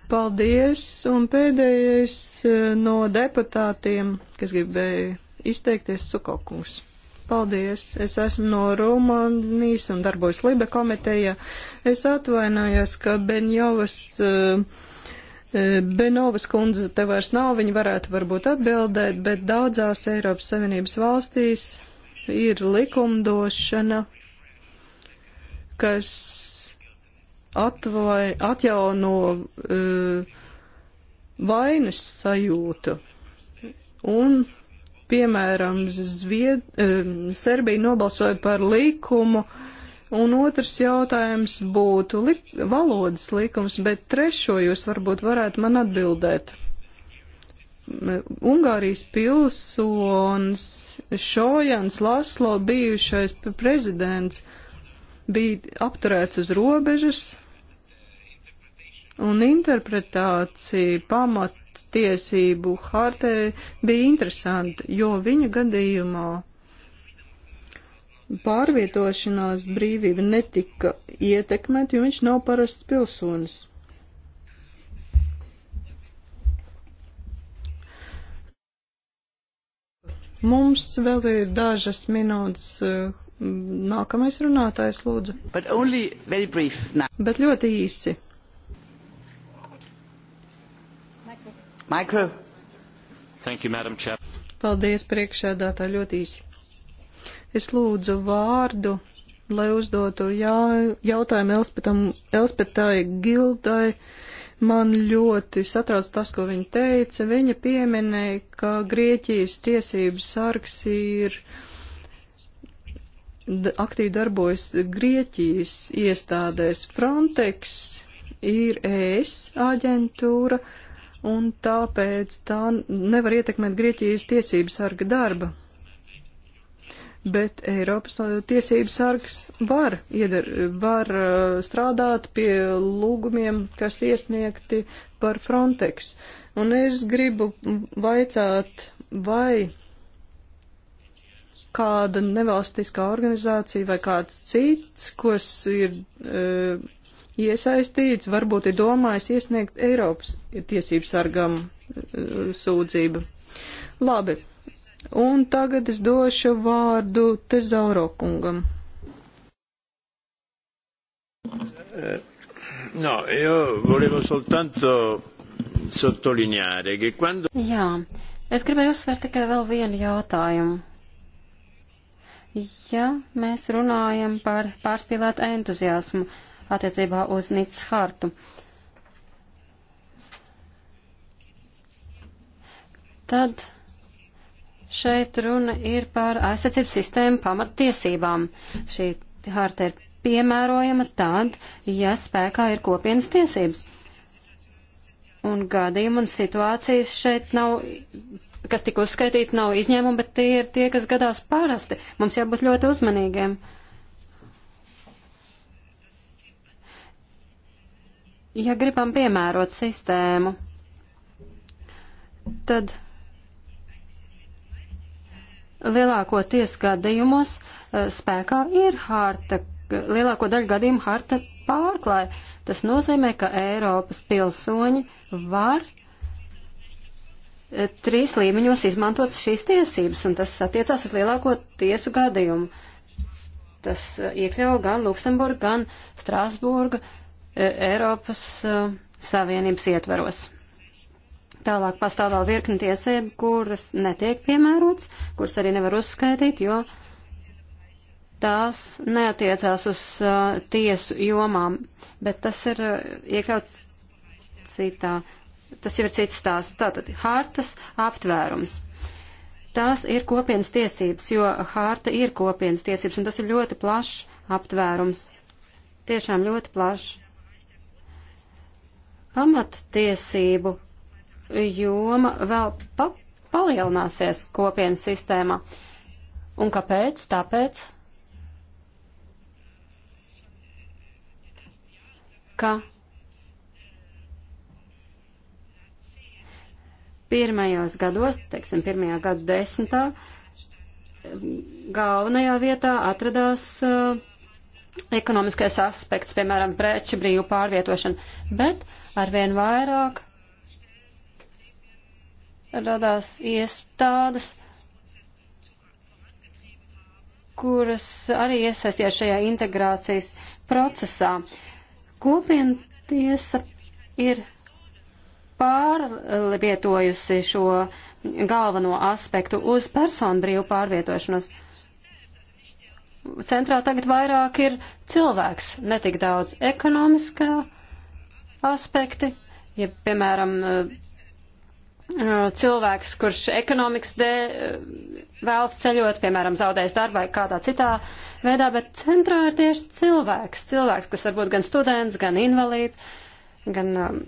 Paldies! Un pēdējais eh, no deputātiem, kas gribēja izteikties, Sukokungs paldies. Es esmu no Rumānijas un darbojos Libe komiteja. Es atvainojos, ka Benjovas. Uh, Benovas kundze te vairs nav, viņa varētu varbūt atbildēt, bet daudzās Eiropas Savienības valstīs ir likumdošana, kas atvai, atjauno uh, vainas sajūtu. Un Piemēram, Zvied... Eh, Serbija nobalsoja par likumu, un otrs jautājums būtu li... valodas likums, bet trešo jūs varbūt varētu man atbildēt. Ungārijas pilsonis Šojans Laslo, bijušais prezidents, bija apturēts uz robežas, un interpretācija pamat tiesību hartē bija interesanti, jo viņa gadījumā pārvietošanās brīvība netika ietekmēta, jo viņš nav parasts pilsonis. Mums vēl ir dažas minūtes. Eh, nākamais runātājs lūdzu. Bet ļoti īsi. Micro. Thank you, Madam Chair. Paldies, priekšēdātā, ļoti īsi. Es lūdzu vārdu, lai uzdotu jā, jautājumu Elspetai Gildai. Man ļoti satrauc tas, ko viņa teica. Viņa pieminēja, ka Grieķijas tiesības sargs ir aktīvi darbojas Grieķijas iestādēs. Frontex ir ES aģentūra, uh, un tāpēc tā nevar ietekmēt Grieķijas tiesības sarga darba. Bet Eiropas tiesības sargs var, iedar, var uh, strādāt pie lūgumiem, kas iesniegti par Frontex. Un es gribu vaicāt, vai kāda nevalstiskā organizācija vai kāds cits, kas ir. Uh, iesaistīts, varbūt ir domājis iesniegt Eiropas tiesību sargam eh, sūdzību. Labi, un tagad es došu vārdu Tezauro kungam. Eh, no, io volevo soltanto sottolineare che quando... Jā, es gribēju uzsvērt tikai vēl vienu jautājumu. Ja mēs runājam par pārspīlētu entuziasmu, uh, attiecībā uz Nīcas hartu. Tad šeit runa ir par aizsardzības sistēmu pamattiesībām. Šī harta ir piemērojama tad, ja spēkā ir kopienas tiesības. Un gadījumi un situācijas šeit nav, kas tik uzskaitīti, nav izņēmumi, bet tie ir tie, kas gadās parasti. Mums jābūt ļoti uzmanīgiem. Uh, ja gribam piemērot sistēmu, tad lielākoties gadījumos eh, spēkā ir harta, lielāko daļu gadījumu harta pārklāja. Tas nozīmē, ka Eiropas pilsoņi var eh, trīs līmeņos izmantot šīs tiesības, un tas attiecās uz lielāko tiesu gadījumu. Tas eh, iekļauj gan Luksemburgu, gan Strāsburgu, E, Eiropas e, Savienības ietveros. Tālāk pastāv vēl virkni tiesību, kuras netiek piemērotas, kuras arī nevar uzskaitīt, jo tās neatiecās uz uh, tiesu jomām, bet tas ir uh, iekļauts citā, tas jau ir cits stāsts, tātad hārtas aptvērums. Tās ir kopienas tiesības, jo hārta ir kopienas tiesības, un tas ir ļoti plašs aptvērums. Tiešām ļoti plašs. Pamattiesību joma vēl pa palielināsies kopienas sistēmā. Un kāpēc? Tāpēc, ka pirmajos gados, teiksim, pirmajā gadu desmitā, galvenajā vietā atradās uh, ekonomiskais aspekts, piemēram, preču brīvu pārvietošanu. Bet uh, arvien vairāk radās iestādes, kuras arī iesaistījās šajā integrācijas procesā. Kopiena tiesa ir pārvietojusi šo galveno aspektu uz personu brīvu pārvietošanos. Centrā tagad vairāk ir cilvēks, netik daudz ekonomiskā aspekti, ja, piemēram, eh, eh, cilvēks, kurš ekonomikas dēļ eh, vēlas ceļot, piemēram, zaudējis darbu vai kādā citā veidā, bet centrā ir tieši cilvēks. Cilvēks, kas var būt gan students, gan invalīds, gan um,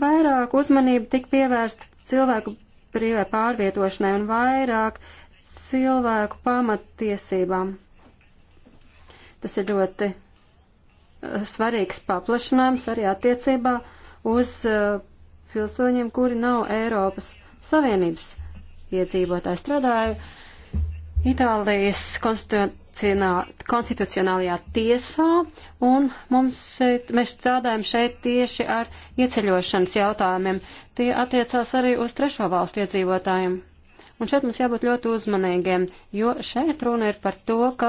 vairāk uzmanība tik pievērsta cilvēku brīvai pārvietošanai un vairāk cilvēku pamattiesībām. Tas ir ļoti svarīgs paplašinājums arī attiecībā uz uh, pilsoņiem, kuri nav Eiropas Savienības iedzīvotāji. Strādāju Itālijas konstitucionālajā tiesā, un mums šeit, mēs strādājam šeit tieši ar ieceļošanas jautājumiem. Tie attiecās arī uz trešo valstu iedzīvotājiem. Un šeit mums jābūt ļoti uzmanīgiem, jo šeit runa ir par to, ka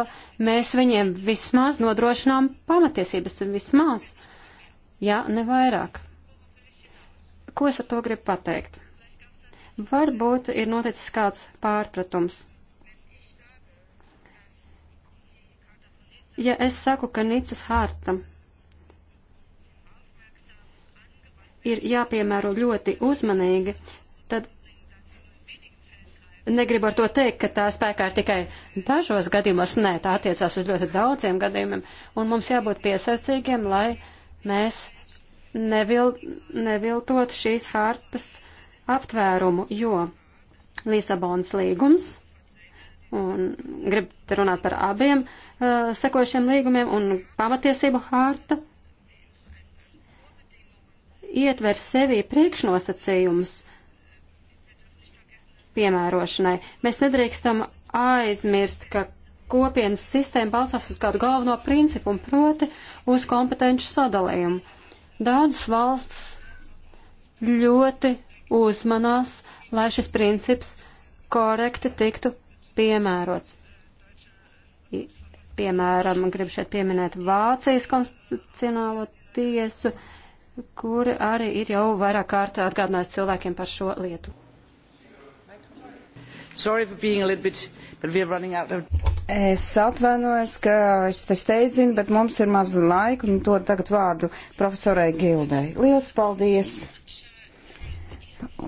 mēs viņiem vismaz nodrošinām pamatiesības, vismaz, ja ne vairāk. Ko es ar to gribu pateikt? Varbūt ir noticis kāds pārpratums. Ja es saku, ka Nicas harta ir jāpiemēro ļoti uzmanīgi, tad negribu ar to teikt, ka tā spēkā ir tikai dažos gadījumos, nē, tā attiecās uz ļoti daudziem gadījumiem, un mums jābūt piesacīgiem, lai mēs nevil, neviltot šīs hartas aptvērumu, jo Lisabonas līgums, un gribu te runāt par abiem uh, sekošiem līgumiem, un pamatiesību harta ietver sevī priekšnosacījumus, piemērošanai. Mēs nedrīkstam aizmirst, ka kopienas sistēma balstās uz kādu galveno principu un proti uz kompetenci sadalījumu. Daudzas valsts ļoti uzmanās, lai šis princips korekti tiktu piemērots. Piemēram, gribu šeit pieminēt Vācijas konstitucionālo tiesu, kuri arī ir jau vairāk kārt atgādinājis cilvēkiem par šo lietu. Sorry for being a little bit, but we are running out of. Es atvainojos, ka es te steidzinu, bet mums ir maz laika, un to tagad vārdu profesorai Gildai. Lielas paldies!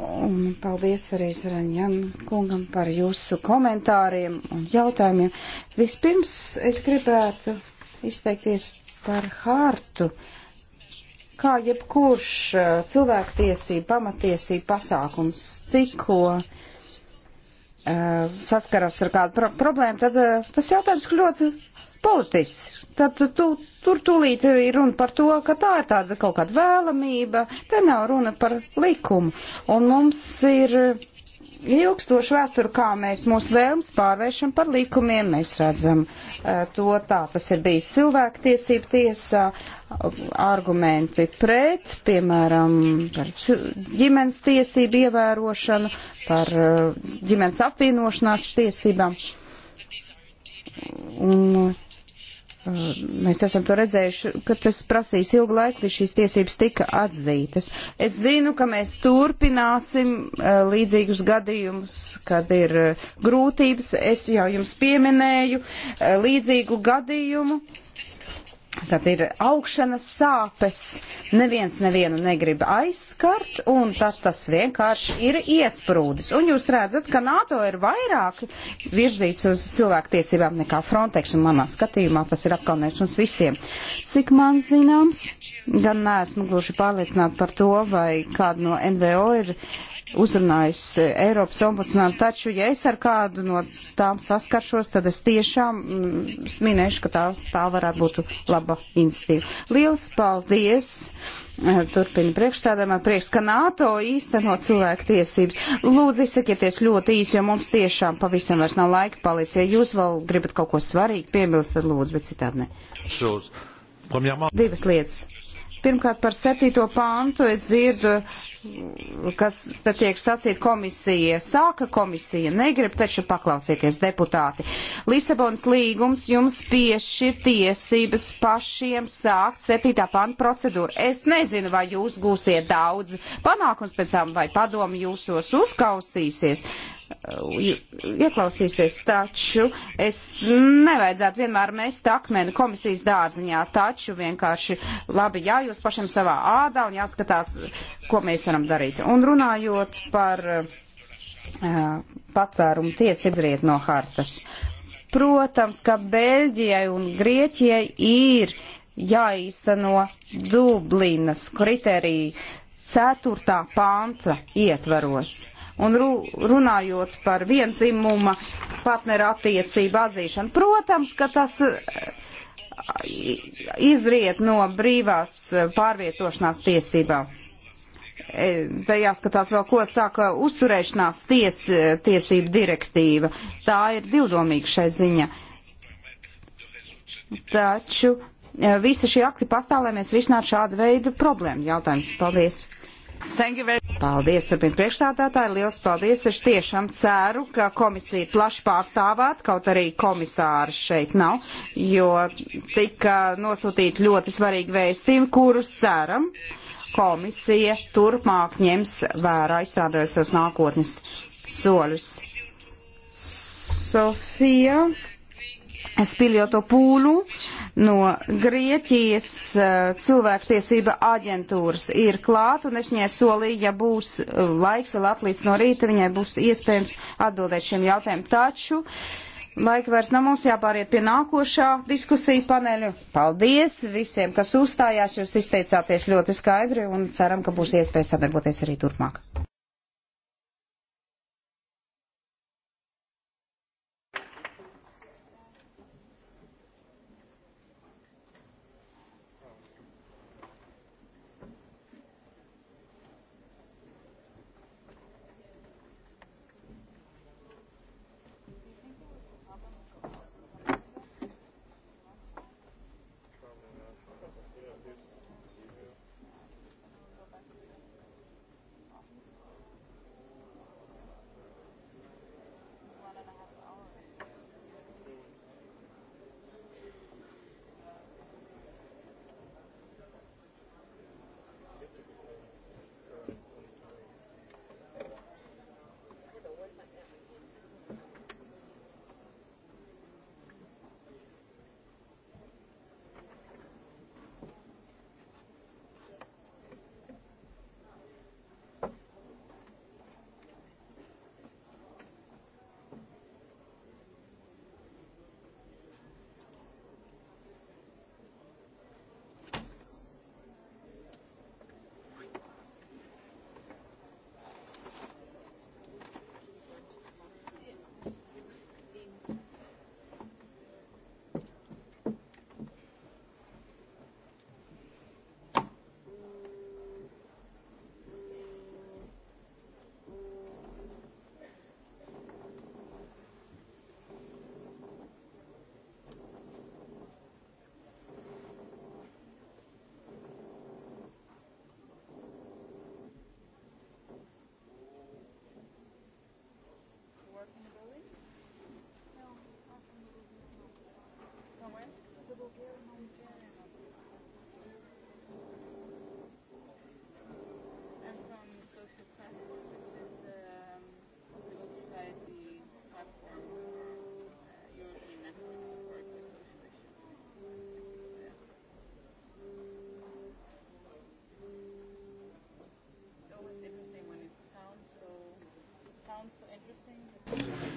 Un paldies arī Zraņam kungam par jūsu komentāriem un jautājumiem. Vispirms es gribētu izteikties par hārtu, kā jebkurš eh, cilvēktiesība, pamatiesība pasākums tikko Uh, saskaras ar kādu pro problēmu, tad uh, tas jautājums ļoti politisks. Tad tu, tur tūlīt ir runa par to, ka tā ir tāda kaut kāda vēlamība, te nav runa par likumu. Un mums ir ilgstoši vēsturi, kā mēs mūsu vēlmes pārvēršam par likumiem. Mēs redzam uh, to tā, tas ir bijis cilvēktiesību tiesā, argumenti pret, piemēram, par ģimenes tiesību ievērošanu, par eh, ģimenes apvienošanās tiesībām. Un eh, mēs esam to redzējuši, ka tas prasīs ilgu laiku, līdz šīs tiesības tika atzītas. Es zinu, ka mēs turpināsim eh, līdzīgus gadījumus, kad ir grūtības. Es jau jums pieminēju līdzīgu gadījumu Tad ir augšanas sāpes, neviens nevienu negrib aizskart, un tad tas vienkārši ir iesprūdis. Un jūs redzat, ka NATO ir vairāk virzīts uz cilvēku tiesībām nekā Frontex, un manā skatījumā tas ir apkaunēšanas visiem. Cik man zināms, gan neesmu gluži pārliecināta par to, vai kāda no NVO ir uh, uzrunājis Eiropas ombudsmanu, taču, ja es ar kādu no tām saskaršos, tad es tiešām mm, minēšu, ka tā, tā varētu būt laba institīva. Liels paldies! Eh, Turpina priekšstādāmā prieks, ka NATO īsteno cilvēku tiesības. Lūdzu, izsakieties ļoti īsi, jo mums tiešām pavisam vairs nav laika palicis. Ja jūs vēl gribat kaut ko svarīgu piebilst, tad lūdzu, bet citādi ne. Divas lietas. Pirmkārt, par septīto pāntu es dzirdu, kas tad tiek sacīt komisija. Sāka komisija, negrib taču paklausīties deputāti. Lisabons līgums jums piešķir tiesības pašiem sākt septītā pānta procedūru. Es nezinu, vai jūs gūsiet daudz panākums pēc tam, vai padomu jūsos uzkausīsies ieklausīsies, taču es nevajadzētu vienmēr mest akmeni komisijas dārziņā, taču vienkārši labi jājūs pašam savā ādā un jāskatās, ko mēs varam darīt. Un runājot par uh, patvērumu tiesa izriet no hartas. Protams, ka Beļģijai un Grieķijai ir jāīsteno Dublinas kriteriju ceturtā panta ietvaros un ru, runājot par vienzimuma partneru attiecību atzīšanu. Protams, ka tas eh, izriet no brīvās eh, pārvietošanās tiesībām. E, te jāskatās vēl, ko saka uzturēšanās ties, eh, tiesība direktīva. Tā ir divdomīga šai ziņa. Taču visi šie akti pastāv, lai mēs risinātu šādu veidu problēmu. Jautājums. Paldies. Paldies, turpin priekšstādātāji, liels paldies. Es tiešām ceru, ka komisija plaši pārstāvāt, kaut arī komisāri šeit nav, jo tika nosūtīti ļoti svarīgi vēstījumi, kurus ceram komisija turpmāk ņems vērā, izstrādājot savus nākotnes soļus. Sofija. Spiljotopūlu no Grieķijas eh, cilvēktiesība aģentūras ir klāt, un es viņai solīju, ja būs eh, laiks vēl atlīdz no rīta, viņai būs iespējams atbildēt šiem jautājumiem. Taču laika vairs nav mums jāpāriet pie nākošā diskusija paneļa. Paldies visiem, kas uzstājās, jūs izteicāties ļoti skaidri, un ceram, ka būs iespēja sadarboties arī turpmāk.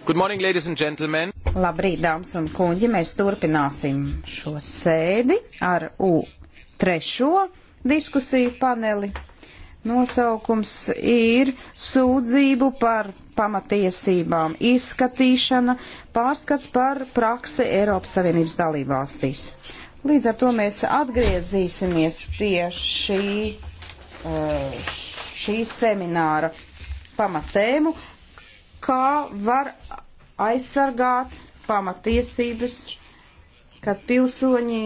Good morning, ladies and gentlemen. Labrīt, dāmas un kuņģi, mēs turpināsim šo sēdi ar U3 diskusiju paneli. Nosaukums ir sūdzību par pamatiesībām izskatīšana, pārskats par praksi Eiropas Savienības dalībvalstīs. Līdz ar to mēs atgriezīsimies pie šī, eh, šī semināra pamatēmu kā var aizsargāt pamatiesības, kad pilsoņi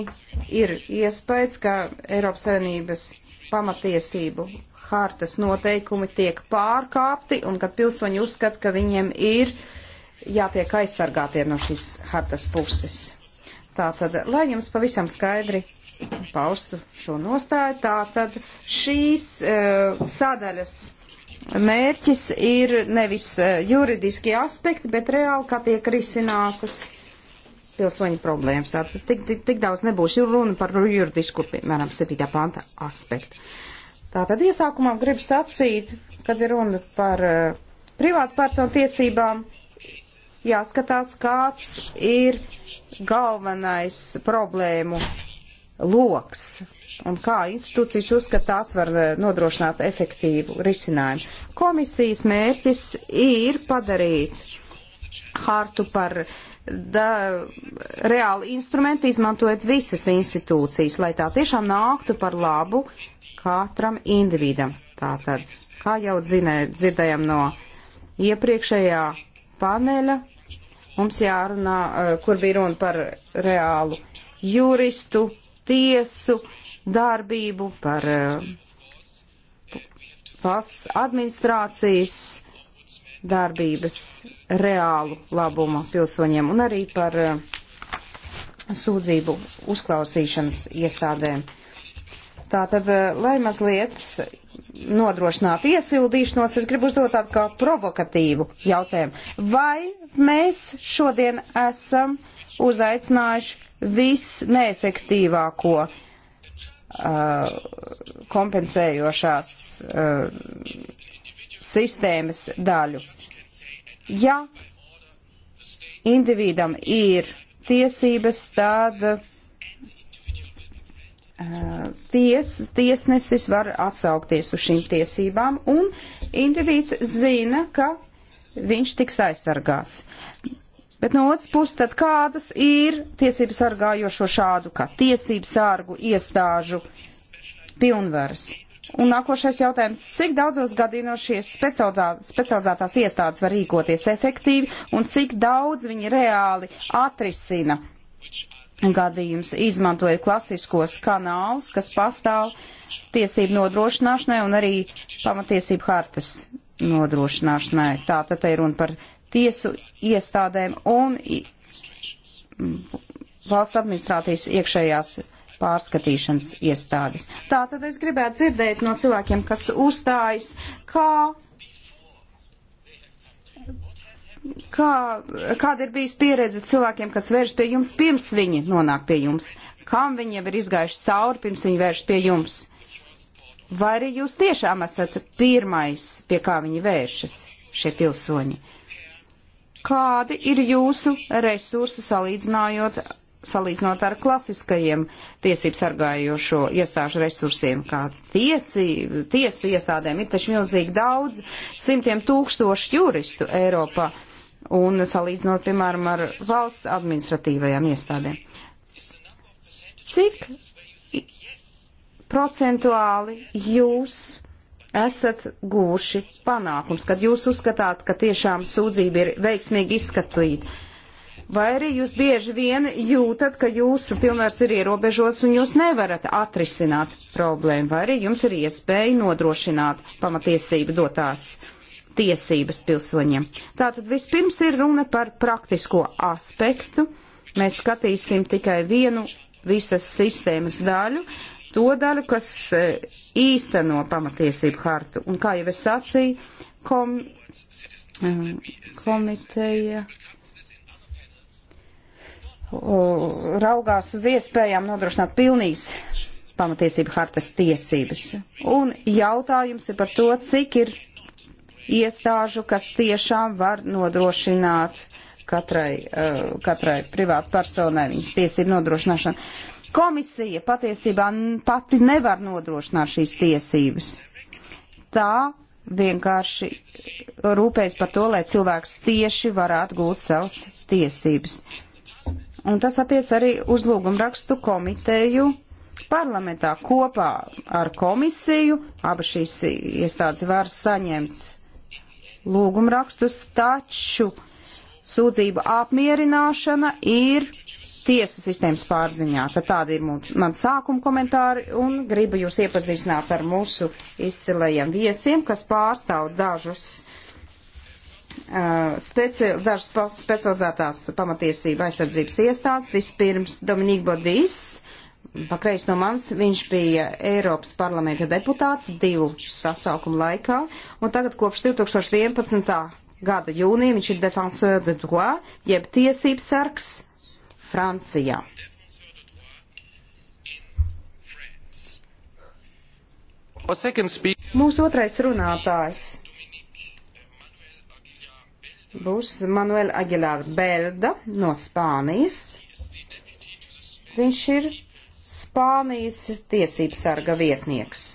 ir iespējas, ka Eiropas Savienības pamatiesību hartas noteikumi tiek pārkāpti un kad pilsoņi uzskata, ka viņiem ir jātiek aizsargātiem no šīs hartas puses. Tātad, lai jums pavisam skaidri paustu šo nostāju, tātad šīs uh, sadaļas mērķis ir nevis e, juridiskie aspekti, bet reāli, kā tiek risinātas pilsoņu problēmas. Tātad tik, tik, tik daudz nebūs runa par juridisku, piemēram, 7. panta aspektu. Tātad iesākumā gribu sacīt, kad ir runa par e, privātu personu tiesībām, jāskatās, kāds ir galvenais problēmu loks, un kā institūcijas uzskata tās var eh, nodrošināt efektīvu risinājumu. Komisijas mērķis ir padarīt hartu par da, reāli instrumentu, izmantojot visas institūcijas, lai tā tiešām nāktu par labu katram individam. Tātad, kā jau zinē, dzirdējam no iepriekšējā paneļa, mums jārunā, eh, kur bija runa par reālu juristu, tiesu, uh, darbību, par valsts eh, administrācijas darbības reālu labumu pilsoņiem un arī par eh, sūdzību uzklausīšanas iestādēm. Tātad, eh, lai mazliet nodrošinātu iesildīšanos, es gribu uzdot tādu kā provokatīvu jautājumu. Vai mēs šodien esam uzaicinājuši visneefektīvāko uh, Uh, kompensējošās uh, sistēmas daļu. Ja individam ir tiesības, tad uh, ties, tiesnesis var atsaukties uz šīm tiesībām, un individs zina, ka viņš tiks aizsargāts. Bet no otras puses, tad kādas ir tiesību sargājošo šādu kā tiesību sārgu iestāžu pilnvaras? Un nākošais jautājums, cik daudzos gadījumos šīs specializētās iestādes var rīkoties efektīvi un cik daudz viņi reāli atrisina gadījums, izmantojot klasiskos kanālus, kas pastāv tiesību nodrošināšanai un arī pamatiesību hartas nodrošināšanai. Tā tad ir runa par tiesu iestādēm un valsts administrācijas iekšējās pārskatīšanas iestādes. Tā tad es gribētu dzirdēt no cilvēkiem, kas uzstājas, kā, kā, kāda ir bijusi pieredze cilvēkiem, kas vērš pie jums, pirms viņi nonāk pie jums, kam viņi jau ir izgājuši cauri, pirms viņi vērš pie jums. Vai arī jūs tiešām esat pirmais, pie kā viņi vēršas, šie pilsoņi? kādi ir jūsu resursi salīdzinājot, salīdzinot ar klasiskajiem tiesību sargājošo iestāžu resursiem, kā tiesi, tiesu iestādēm ir taču milzīgi daudz, simtiem tūkstošu juristu Eiropā un salīdzinot, piemēram, ar valsts administratīvajām iestādēm. Cik procentuāli jūs esat gūši panākums, kad jūs uzskatāt, ka tiešām sūdzība ir veiksmīgi izskatīta? Vai arī jūs bieži vien jūtat, ka jūsu pilnvars ir ierobežots un jūs nevarat atrisināt problēmu, vai arī jums ir iespēja nodrošināt pamatiesību dotās tiesības pilsoņiem. Tātad vispirms ir runa par praktisko aspektu. Mēs skatīsim tikai vienu visas sistēmas daļu, to daļu, kas e, īsteno pamatiesību hartu. Un kā jau es sacīju, kom, e, komiteja raugās uz iespējām nodrošināt pilnīgas pamatiesību hartas tiesības. Un jautājums ir par to, cik ir iestāžu, kas tiešām var nodrošināt katrai, e, katrai privātu personai viņas tiesību nodrošināšanu. Komisija patiesībā pati nevar nodrošināt šīs tiesības. Tā vienkārši rūpējas par to, lai cilvēks tieši varētu gūt savas tiesības. Un tas attiec arī uz lūgumrakstu komiteju parlamentā kopā ar komisiju. Abas šīs iestādes var saņemt lūgumrakstus, taču sūdzība apmierināšana ir tiesu sistēmas pārziņā. Tad tādi ir man sākuma komentāri un gribu jūs iepazīstināt ar mūsu izcilējiem viesiem, kas pārstāv dažus uh, speci dažas specializētās pamatiesība aizsardzības iestādes. Vispirms Dominīgi Bodīs, pakreiz no mans, viņš bija Eiropas parlamenta deputāts divu sasaukumu laikā, un tagad kopš 2011. gada jūnija viņš ir defenseur de droit, jeb tiesības sargs Francijā. Mūsu otrais runātājs būs Manuel Aguilar Belda no Spānijas. Viņš ir Spānijas tiesības sarga vietnieks.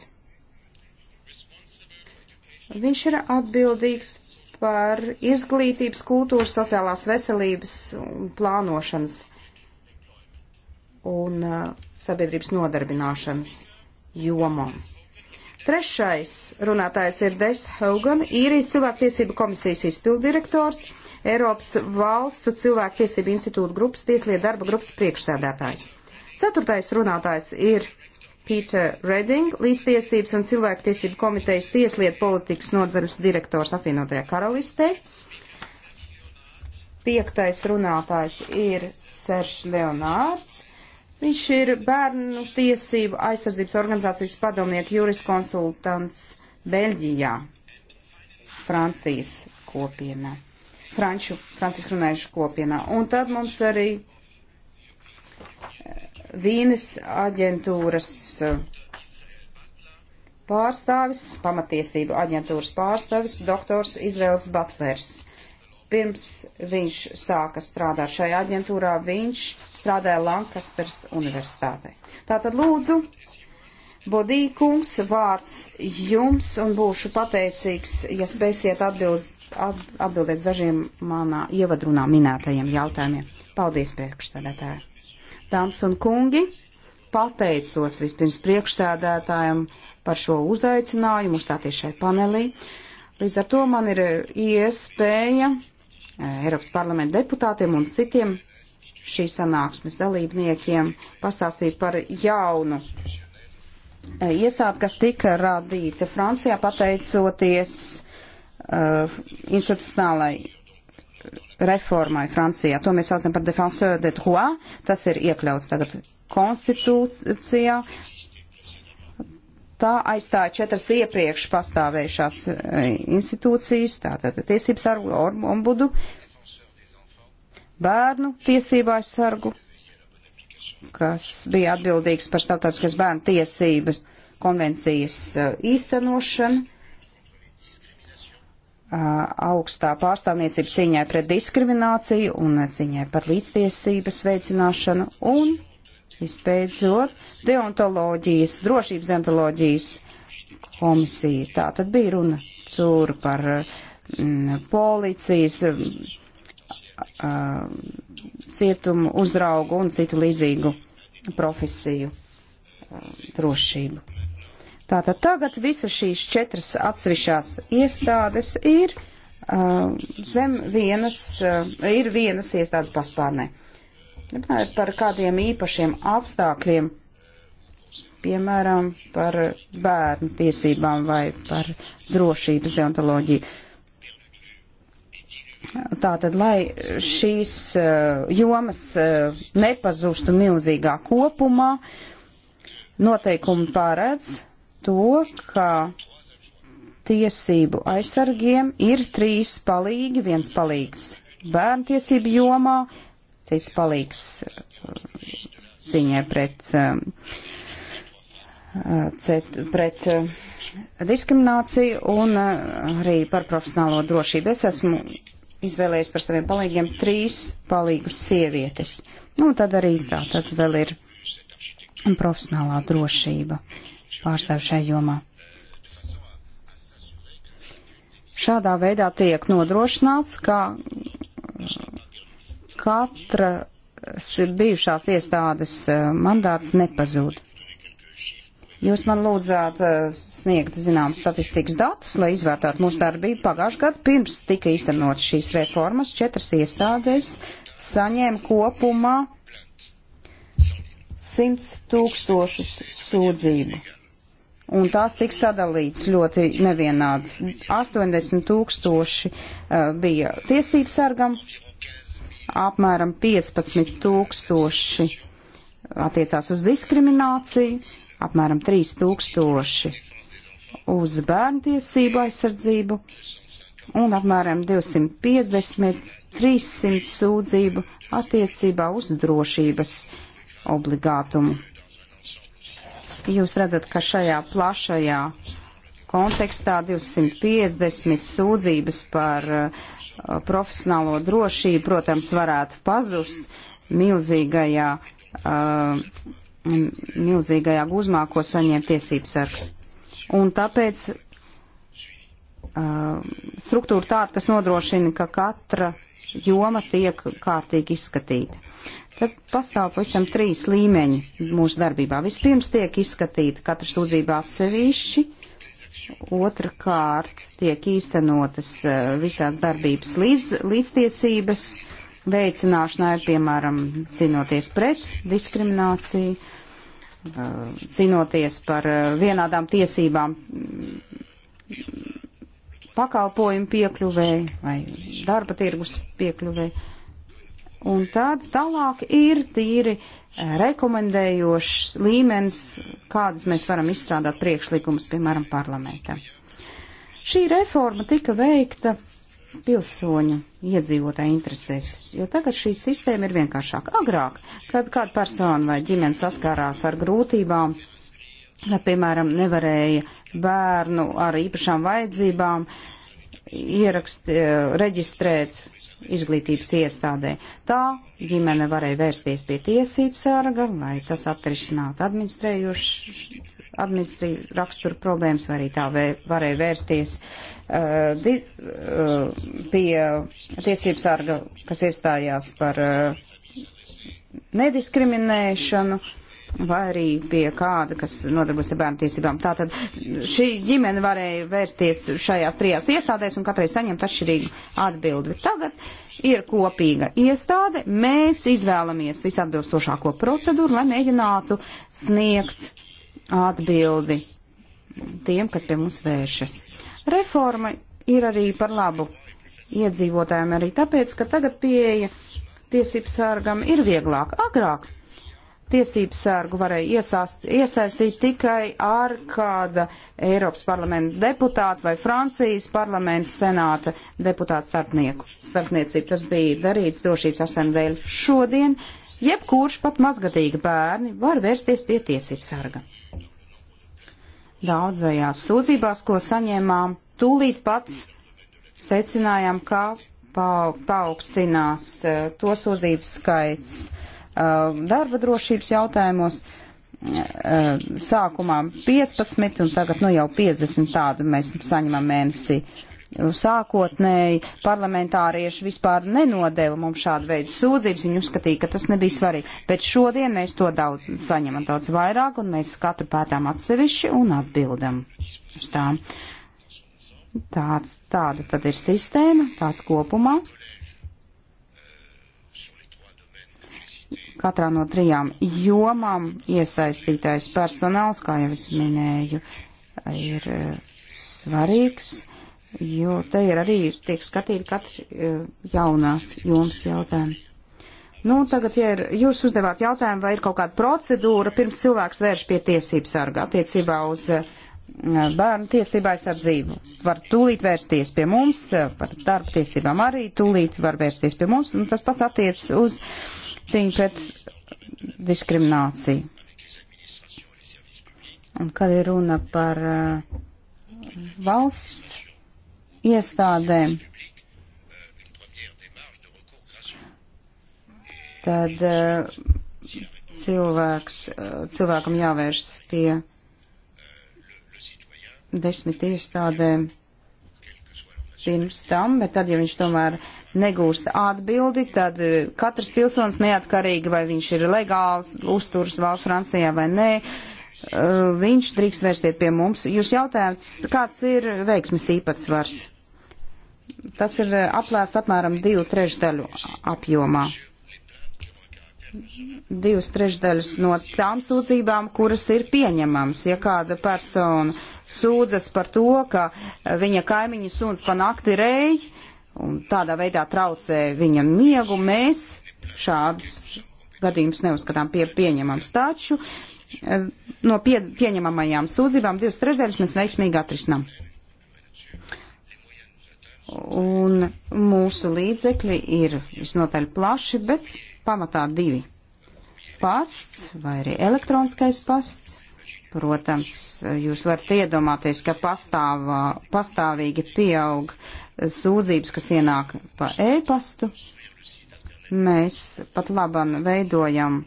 Viņš ir atbildīgs par izglītības, kultūras, sociālās veselības un plānošanas un uh, sabiedrības nodarbināšanas jomā. Trešais runātājs ir Des Haugan, īrijas cilvēktiesība komisijas izpildirektors, Eiropas valstu cilvēktiesība institūta grupas tieslietu darba grupas priekšsēdētājs. Ceturtais runātājs ir Peter Redding, līdztiesības un cilvēktiesība komitejas tieslietu politikas nodaļas direktors apvienotajā karalistē. Piektais runātājs ir Serš Leonārds Viņš ir bērnu tiesību aizsardzības organizācijas padomnieku juriskonsultants Beļģijā, Francijas kopienā, Franču, Francijas runājušu kopienā. Un tad mums arī eh, Vīnes aģentūras eh, pārstāvis, pamatiesību aģentūras pārstāvis, doktors Izraels Butlers pirms viņš sāka strādāt šajā aģentūrā, viņš strādāja Lankasters universitātē. Tātad lūdzu, Bodī kungs, vārds jums un būšu pateicīgs, ja spēsiet atbildes, at, atbildēt dažiem manā ievadrunā minētajiem jautājumiem. Paldies, priekšstādētāji! Dāmas un kungi, pateicos vispirms priekšstādētājiem par šo uzaicinājumu uzstāties šai panelī. Līdz ar to man ir iespēja eh, Eiropas parlamenta deputātiem un citiem šīs sanāksmes dalībniekiem pastāstīt par jaunu eh, iesādi, kas tika radīta Francijā pateicoties uh, institucionālai reformai Francijā. To mēs saucam par defenseur de droit. Tas ir iekļauts tagad konstitūcijā. Tā aizstāja četras iepriekš pastāvējušās eh, institūcijas, tātad tiesības ar ombudu, bērnu tiesību aizsargu, kas bija atbildīgs par starptautiskās bērnu tiesības konvencijas uh, īstenošanu uh, augstā pārstāvniecība cīņai pret diskrimināciju un cīņai par līdztiesības veicināšanu un, visbeidzot, deontoloģijas, drošības deontoloģijas komisija. Tā tad bija runa tur par mm, policijas cietumu uzraugu un citu līdzīgu profesiju drošību. Tātad tagad visas šīs četras atsevišķās iestādes ir uh, zem vienas, uh, ir vienas iestādes paspārnē. Runājot par kādiem īpašiem apstākļiem, piemēram, par bērnu tiesībām vai par drošības deontoloģiju. Tātad, lai šīs eh, jomas eh, nepazustu milzīgā kopumā, noteikumi pārēdz to, ka tiesību aizsargiem ir trīs palīgi, viens palīgs bērnu tiesību jomā, cits palīgs ciņai eh, pret, cet, pret diskrimināciju un arī par profesionālo drošību. Es esmu izvēlējies par saviem palīgiem trīs palīgus sievietes. Nu, tad arī tā, tad vēl ir profesionālā drošība pārstāv šai jomā. Šādā veidā tiek nodrošināts, ka katra bijušās iestādes eh, mandāts nepazūd. Jūs man lūdzāt eh, sniegt, zinām, statistikas datus, lai izvērtātu mūsu darbību. Pagājušajā gadā pirms tika īstenot šīs reformas, četras iestādes saņēma kopumā 100 tūkstošus sūdzību. Un tās tika sadalīts ļoti nevienādi. 80 tūkstoši uh, bija tiesības sargam, apmēram 15 tūkstoši attiecās uz diskrimināciju apmēram 3000 uz bērnu tiesību aizsardzību un apmēram 250-300 sūdzību attiecībā uz drošības obligātumu. Jūs redzat, ka šajā plašajā kontekstā 250 sūdzības par uh, profesionālo drošību, protams, varētu pazust milzīgajā uh, milzīgajā guzmā, ko saņem tiesības sargs. Un tāpēc uh, struktūra tāda, kas nodrošina, ka katra joma tiek kārtīgi izskatīta. Tad pastāv pavisam trīs līmeņi mūsu darbībā. Vispirms tiek izskatīta katra sūdzība atsevišķi, otrkārt tiek īstenotas uh, visāds darbības līdz, līdztiesības veicināšanai, piemēram, cīnoties pret diskrimināciju, eh, cīnoties par eh, vienādām tiesībām pakalpojumu piekļuvēji vai darba tirgus piekļuvēji. Un tad tālāk ir tīri eh, rekomendējošs līmenis, kādas mēs varam izstrādāt priekšlikumus, piemēram, parlamentam. Šī reforma tika veikta pilsoņu iedzīvotāju interesēs, jo tagad šī sistēma ir vienkāršāka. Agrāk, kad kāda persona vai ģimene saskārās ar grūtībām, kad, piemēram, nevarēja bērnu ar īpašām vajadzībām ierakst, eh, reģistrēt izglītības iestādē. Tā ģimene varēja vērsties pie tiesības sārga, lai tas atrisinātu administrējuši administri raksturu problēmas, vai arī tā vē, varēja vērsties uh, Eh, di, pie eh, tiesību sārga, kas iestājās par eh, nediskriminēšanu vai arī pie kāda, kas nodarbojas ar bērnu tiesībām. Tātad šī ģimene varēja vērsties šajās trijās iestādēs un katrai saņemt atšķirīgu atbildi. Bet tagad ir kopīga iestāde, mēs izvēlamies visatbilstošāko procedūru, lai mēģinātu sniegt atbildi tiem, kas pie mums vēršas. Reforma ir arī par labu iedzīvotājiem arī tāpēc, ka tagad pieeja tiesību sārgam ir vieglāk. Agrāk tiesību sārgu varēja iesāst, iesaistīt tikai ar kāda Eiropas parlamenta deputāta vai Francijas parlamenta senāta deputāta starpnieku. Starpniecība tas bija darīts drošības asēm dēļ. Šodien jebkurš pat mazgadīgi bērni var vērsties pie tiesību sārga. Daudzajās sūdzībās, ko saņēmām, tūlīt pat secinājām, ka paaugstinās e, to sūdzību skaits e, darba drošības jautājumos. E, sākumā 15 un tagad nu jau 50 tādu mēs saņemam mēnesī. Uh, sākotnēji parlamentārieši vispār nenodeva mums šādu veidu sūdzības, viņi uzskatīja, ka tas nebija svarīgi. Bet šodien mēs to daudz saņemam daudz vairāk, un mēs katru pētām atsevišķi un atbildam uz tām. Tāds, tāda tad ir sistēma, tās kopumā. Katrā no trijām jomām iesaistītais personāls, kā jau es minēju, ir eh, svarīgs. Uh, jo te ir arī tiek skatīti katri e, jaunās jomas jautājumi. Nu, tagad, ja ir, jūs uzdevāt jautājumu, vai ir kaut kāda procedūra, pirms cilvēks vērš pie tiesības sarga attiecībā uz e, bērnu tiesību aizsardzību. Var tūlīt vērsties pie mums, e, par darba tiesībām arī tūlīt var vērsties pie mums, un tas pats attiec uz cīņu pret diskrimināciju. Un kad ir runa par valsts iestādēm, tad eh, cilvēks, eh, cilvēkam jāvērš pie desmit iestādēm pirms tam, bet tad, ja viņš tomēr negūst atbildi, tad eh, katrs pilsonis neatkarīgi, vai viņš ir legāls, uzturs valsts Francijā vai nē, viņš drīkst vērsties pie mums. Jūs jautājat, kāds ir veiksmes īpatsvars? tas ir eh, aplēsts apmēram divu trešdaļu apjomā. Divas trešdaļas no tām sūdzībām, kuras ir pieņemams, ja kāda persona sūdzas par to, ka eh, viņa kaimiņa suns pa nakti rei un tādā veidā traucē viņam miegu, mēs šādus gadījumus neuzskatām pie pieņemams. Taču eh, no pie, pieņemamajām sūdzībām divas trešdaļas mēs veiksmīgi atrisinām. Un mūsu līdzekļi ir visnotaļ plaši, bet pamatā divi. Pasts vai arī elektroniskais pasts. Protams, jūs varat iedomāties, ka pastāv, pastāvīgi pieaug sūdzības, kas ienāk pa e-pastu. Mēs pat laban veidojam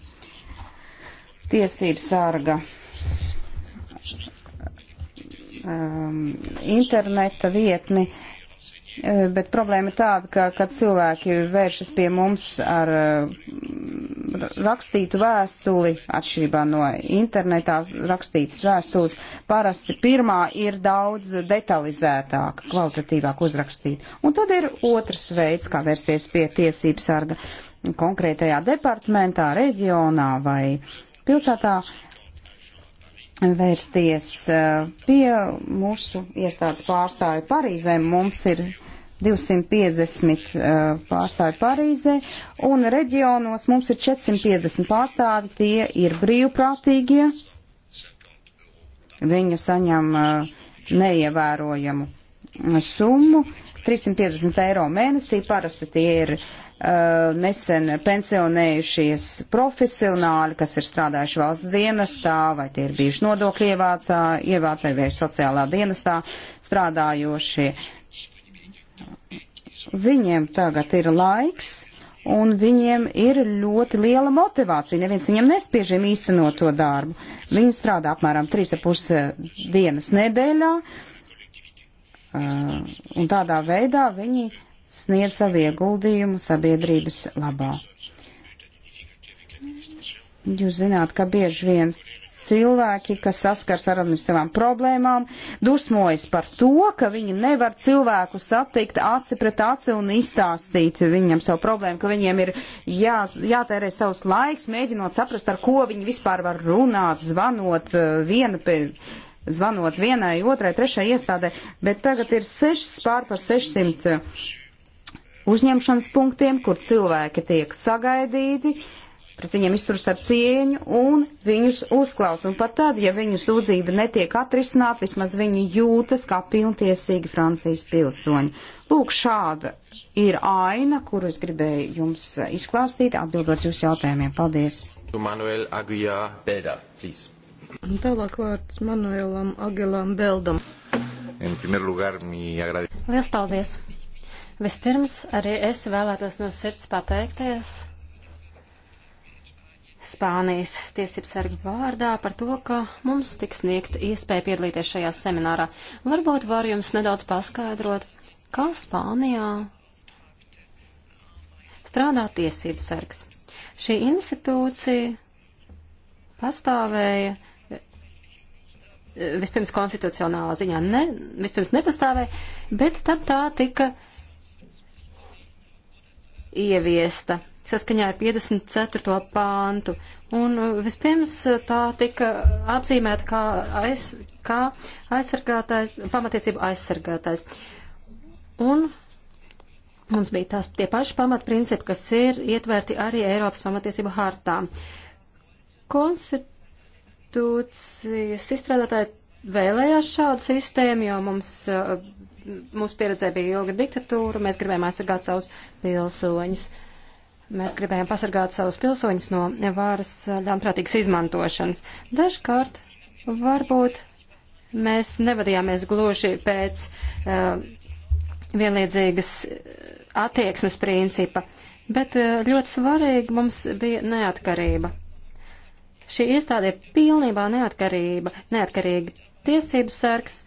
tiesības sārga um, interneta vietni. Uh, Eh, bet problēma ir tāda, ka, kad cilvēki vēršas pie mums ar eh, rakstītu vēstuli, atšķirībā no internetā rakstītas vēstules, parasti pirmā ir daudz detalizētāka, kvalitatīvāk uzrakstīta. Un tad ir otrs veids, kā vērsties pie tiesības sarga konkrētajā departamentā, reģionā vai pilsētā vērsties eh, pie mūsu iestādes pārstāju Parīzē. Mums ir 250 uh, pārstāvi Parīzē, un reģionos mums ir 450 pārstāvi, tie ir brīvprātīgie. Viņi saņem uh, neievērojamu uh, summu. 350 eiro mēnesī parasti tie ir uh, nesen pensionējušies profesionāļi, kas ir strādājuši valsts dienestā, vai tie ir bijuši nodokļu ievācāji, ievācāji vai sociālā dienestā strādājošie. Uh, Viņiem tagad ir laiks, un viņiem ir ļoti liela motivācija. Neviens viņiem nespiežam īstenot to darbu. Viņi strādā apmēram 3,5 eh, dienas nedēļā, eh, un tādā veidā viņi sniedz savu ieguldījumu sabiedrības labā. Jūs zināt, ka bieži viens cilvēki, kas saskars ar administratīvām problēmām, dusmojas par to, ka viņi nevar cilvēku satikt aci pret aci un izstāstīt viņam savu problēmu, ka viņiem ir jā, jātērē savs laiks, mēģinot saprast, ar ko viņi vispār var runāt, zvanot eh, viena pēc. Zvanot vienai, otrai, trešai iestādē, bet tagad ir 6 pār par 600 eh, uzņemšanas punktiem, kur cilvēki tiek sagaidīti, uh, pret viņiem izturas ar cieņu un viņus uzklausa. Un pat tad, ja viņu sūdzība netiek atrisināt, vismaz viņi jūtas kā pilntiesīgi Francijas pilsoņi. Lūk, šāda ir aina, kuru es gribēju jums izklāstīt, atbildot jūsu jautājumiem. Paldies! Manuel Aguilar Belda, please. Un tālāk vārds Manuēlam Agilam Beldam. Lugar, Liels paldies! Vispirms arī es vēlētos no sirds pateikties Spānijas tiesību sargu vārdā par to, ka mums tiks sniegt iespēja piedalīties šajā seminārā. Varbūt var jums nedaudz paskaidrot, kā Spānijā strādā tiesību sargs. Šī institūcija pastāvēja vispirms konstitucionālā ziņā ne, vispirms nepastāvēja, bet tad tā tika ieviesta saskaņā ar 54. pāntu. Un uh, vispirms uh, tā tika apzīmēta kā, aiz, kā aizsargātājs, pamatiesību aizsargātājs. Un mums bija tās tie paši pamatprincipi, kas ir ietverti arī Eiropas pamatiesību hartā. Konstitūcijas izstrādātāji vēlējās šādu sistēmu, jo mums, uh, mums pieredzē bija ilga diktatūra, mēs gribējām aizsargāt savus pilsoņus. Mēs gribējām pasargāt savus pilsoņus no vāras ļaunprātīgas izmantošanas. Dažkārt varbūt mēs nevadījāmies gluži pēc uh, vienlīdzīgas attieksmes principa, bet uh, ļoti svarīgi mums bija neatkarība. Šī iestāde ir pilnībā neatkarība, neatkarīgi tiesības sargs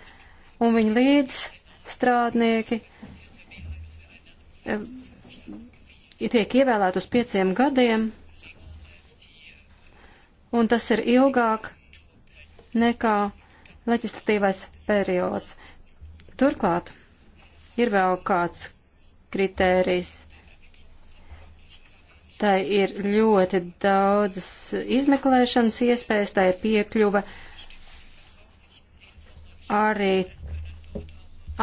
un viņa līdz strādnieki. Uh, ja tiek ievēlēt uz pieciem gadiem, un tas ir ilgāk nekā leģislatīvais periods. Turklāt ir vēl kāds kritērijs. Tai ir ļoti daudzas izmeklēšanas iespējas, tai ir piekļuva arī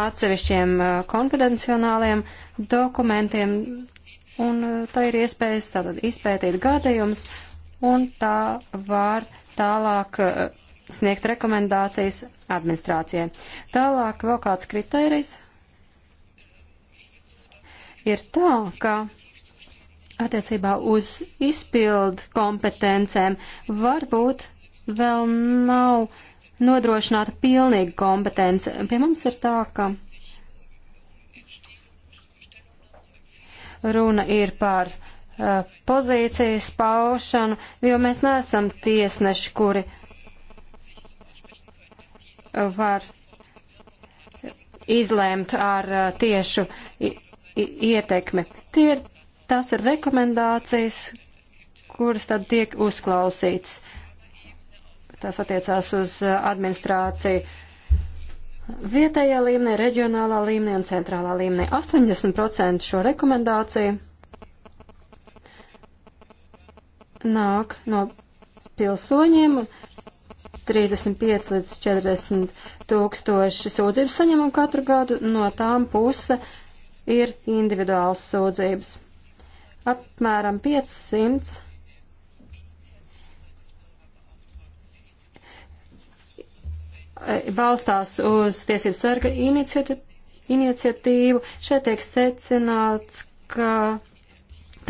atsevišķiem uh, konfidencionāliem dokumentiem un eh, tā ir iespējas tātad izpētīt gadījumus, un tā var tālāk eh, sniegt rekomendācijas administrācijai. Tālāk vēl kāds kriterijs ir tā, ka attiecībā uz izpildu kompetencēm varbūt vēl nav nodrošināta pilnīga kompetence. Pie mums ir tā, ka Runa ir par uh, pozīcijas paušanu, jo mēs neesam tiesneši, kuri var izlēmt ar uh, tiešu ietekmi. Tie ir, tas ir rekomendācijas, kuras tad tiek uzklausītas. Tas attiecās uz eh, administrāciju vietējā līmenī, reģionālā līmenī un centrālā līmenī. 80% šo rekomendāciju nāk no pilsoņiem, 35 līdz 40 tūkstoši sūdzības saņemam katru gadu, no tām puse ir individuāls sūdzības. Apmēram 500 Eh, balstās uz tiesību sarga iniciati iniciatīvu. Šeit tiek secināts, ka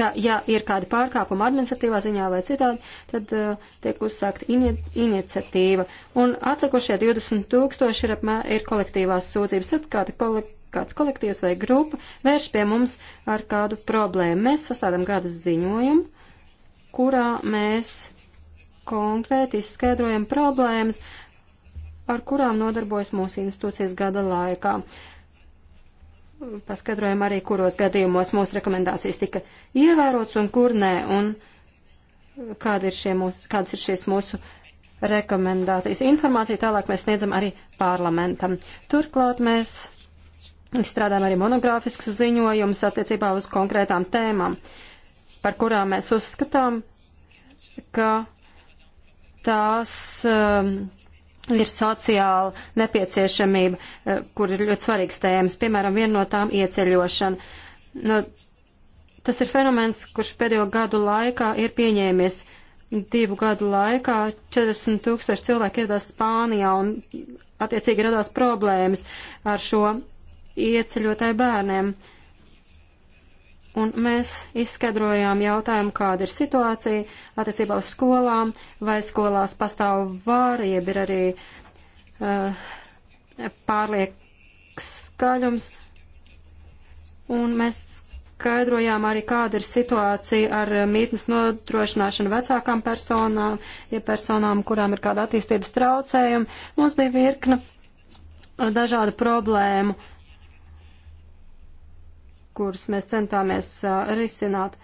tā, ja ir kāda pārkāpuma administratīvā ziņā vai citādi, tad uh, tiek uzsākta ini iniciatīva. Un atlikušie 20 tūkstoši ir, apmē, ir kolektīvās sūdzības. Tad kāda kole, kāds kolektīvs vai grupa vērš pie mums ar kādu problēmu. Mēs sastādām gada ziņojumu, kurā mēs konkrēti izskaidrojam problēmas, ar kurām nodarbojas mūsu institūcijas gada laikā. Paskatrojam arī, kuros gadījumos mūsu rekomendācijas tika ievērots un kur nē, un kāda ir mūsu, kādas ir šīs mūsu rekomendācijas. Informāciju tālāk mēs sniedzam arī parlamentam. Turklāt mēs izstrādājam arī monogrāfiskus ziņojumus attiecībā uz konkrētām tēmām, par kurām mēs uzskatām, ka tās um, ir sociāla nepieciešamība, eh, kur ir ļoti svarīgs tēmas. Piemēram, viena no tām ieceļošana. Nu, tas ir fenomens, kurš pēdējo gadu laikā ir pieņēmies. Divu gadu laikā 40 tūkstoši cilvēku ieradās Spānijā un attiecīgi radās problēmas ar šo ieceļotāju bērniem. Uh, un mēs izskaidrojām jautājumu, kāda ir situācija attiecībā uz skolām, vai skolās pastāv vāri, jeb ir arī uh, pārlieks skaļums, un mēs skaidrojām arī, kāda ir situācija ar mītnes nodrošināšanu vecākām personām, ja personām, kurām ir kāda attīstības traucējuma. Mums bija virkna dažādu problēmu. Uh, kurus mēs centāmies uh, risināt.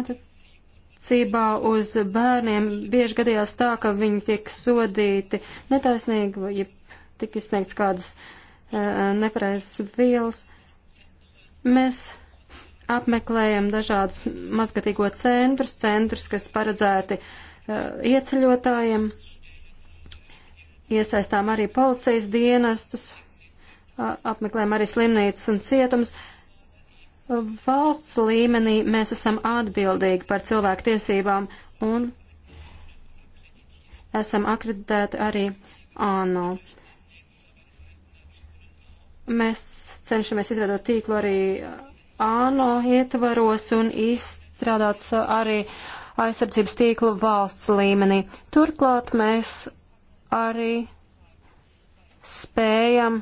Attiecībā uz bērniem bieži gadījās tā, ka viņi tiek sodīti netaisnīgi, ja tik izsniegts kādas uh, nepareizas vielas. Mēs apmeklējam dažādus mazgatīgo centrus, centrus, kas paredzēti uh, ieceļotājiem iesaistām arī policijas dienestus, apmeklējam arī slimnīcas un cietums. Valsts līmenī mēs esam atbildīgi par cilvēku tiesībām un esam akreditēti arī ANO. Mēs cenšamies izveidot tīklu arī ANO ietvaros un izstrādāt arī aizsardzības tīklu valsts līmenī. Turklāt mēs arī spējam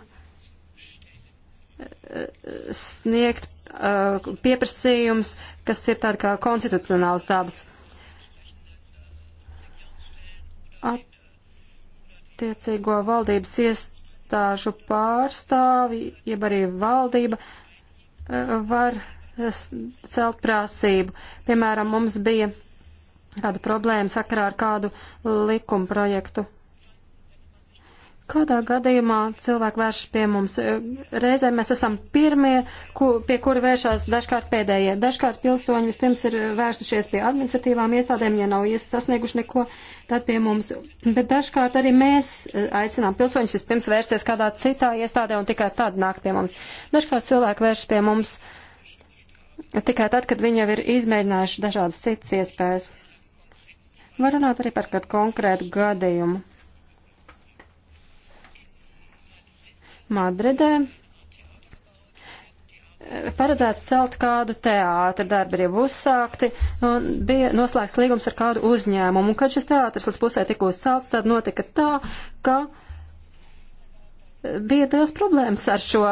eh, sniegt uh, pieprasījums, kas ir tāda kā konstitucionāls dabas. Attiecīgo valdības iestāžu pārstāvi, jeb arī valdība, uh, var celt prasību. Piemēram, mums bija kāda problēma sakarā ar kādu likumprojektu Kādā gadījumā cilvēki vēršas pie mums? E, reizēm mēs esam pirmie, ku, pie kuri vēršās dažkārt pēdējie. Dažkārt pilsoņi vispirms ir vērsušies pie administratīvām iestādēm, ja nav sasnieguši neko, tad pie mums. Bet dažkārt arī mēs e, aicinām pilsoņus vispirms vērsties kādā citā iestādē un tikai tad nāk pie mums. Dažkārt cilvēki vēršas pie mums tikai tad, kad viņi jau ir izmēģinājuši dažādas citas iespējas. Var runāt arī par kādu konkrētu gadījumu. Madridē eh, paredzēts celt kādu teātru, darbi ir jau uzsākti, un nu, bija noslēgts līgums ar kādu uzņēmumu. Un kad šis teātris līdz pusē tika uzcelts, tad notika tā, ka eh, bija liels problēmas ar šo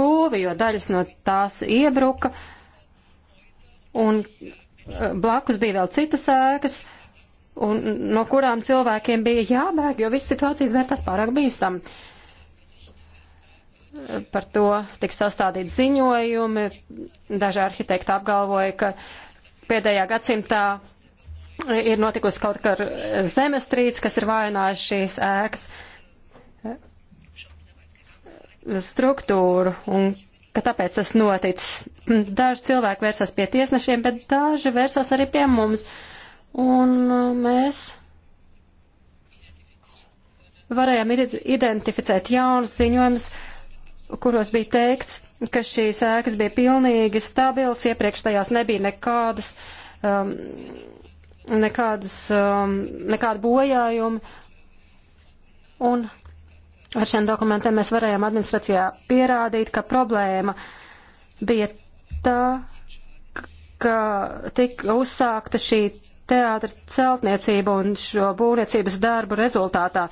būvi, jo daļas no tās iebruka, un eh, blakus bija vēl citas ēkas, un no kurām cilvēkiem bija jābēg, jo viss situācijas vērtās pārāk bīstam. Uh, par to tiks sastādīti ziņojumi. Daži arhitekti apgalvoja, ka pēdējā gadsimtā ir notikusi kaut kā zemestrīce, kas ir vainājis šīs ēkas struktūru un ka tāpēc tas noticis. Daži cilvēki vērsās pie tiesnešiem, bet daži vērsās arī pie mums. Un uh, mēs varējām identificēt jaunus ziņojumus, uh, kuros bija teikts, ka šīs ēkas bija pilnīgi stabilas, iepriekš tajās nebija nekādas, um, nekādas, um, nekāda bojājuma. Un ar šiem dokumentiem mēs varējām administracijā pierādīt, ka problēma bija tā, ka tika uzsākta šī teātra celtniecība un šo būvniecības darbu rezultātā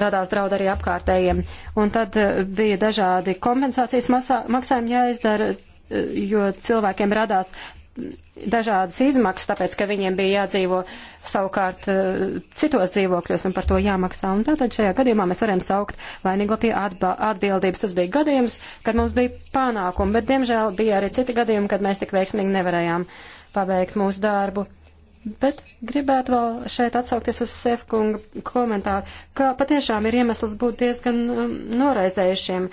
radās draudi arī apkārtējiem. Un tad eh, bija dažādi kompensācijas masā, maksājumi jāizdara, eh, jo cilvēkiem radās dažādas izmaksas, tāpēc, ka viņiem bija jādzīvo savukārt eh, citos dzīvokļos un par to jāmaksā. Un tātad šajā gadījumā mēs varam saukt vainīgo pie atbildības. Tas bija gadījums, kad mums bija panākumi, bet diemžēl bija arī citi gadījumi, kad mēs tik veiksmīgi nevarējām pabeigt mūsu darbu. Bet gribētu vēl šeit atsaukties uz Sefkunga komentāru, ka patiešām ir iemesls būt diezgan um, noraizējušiem,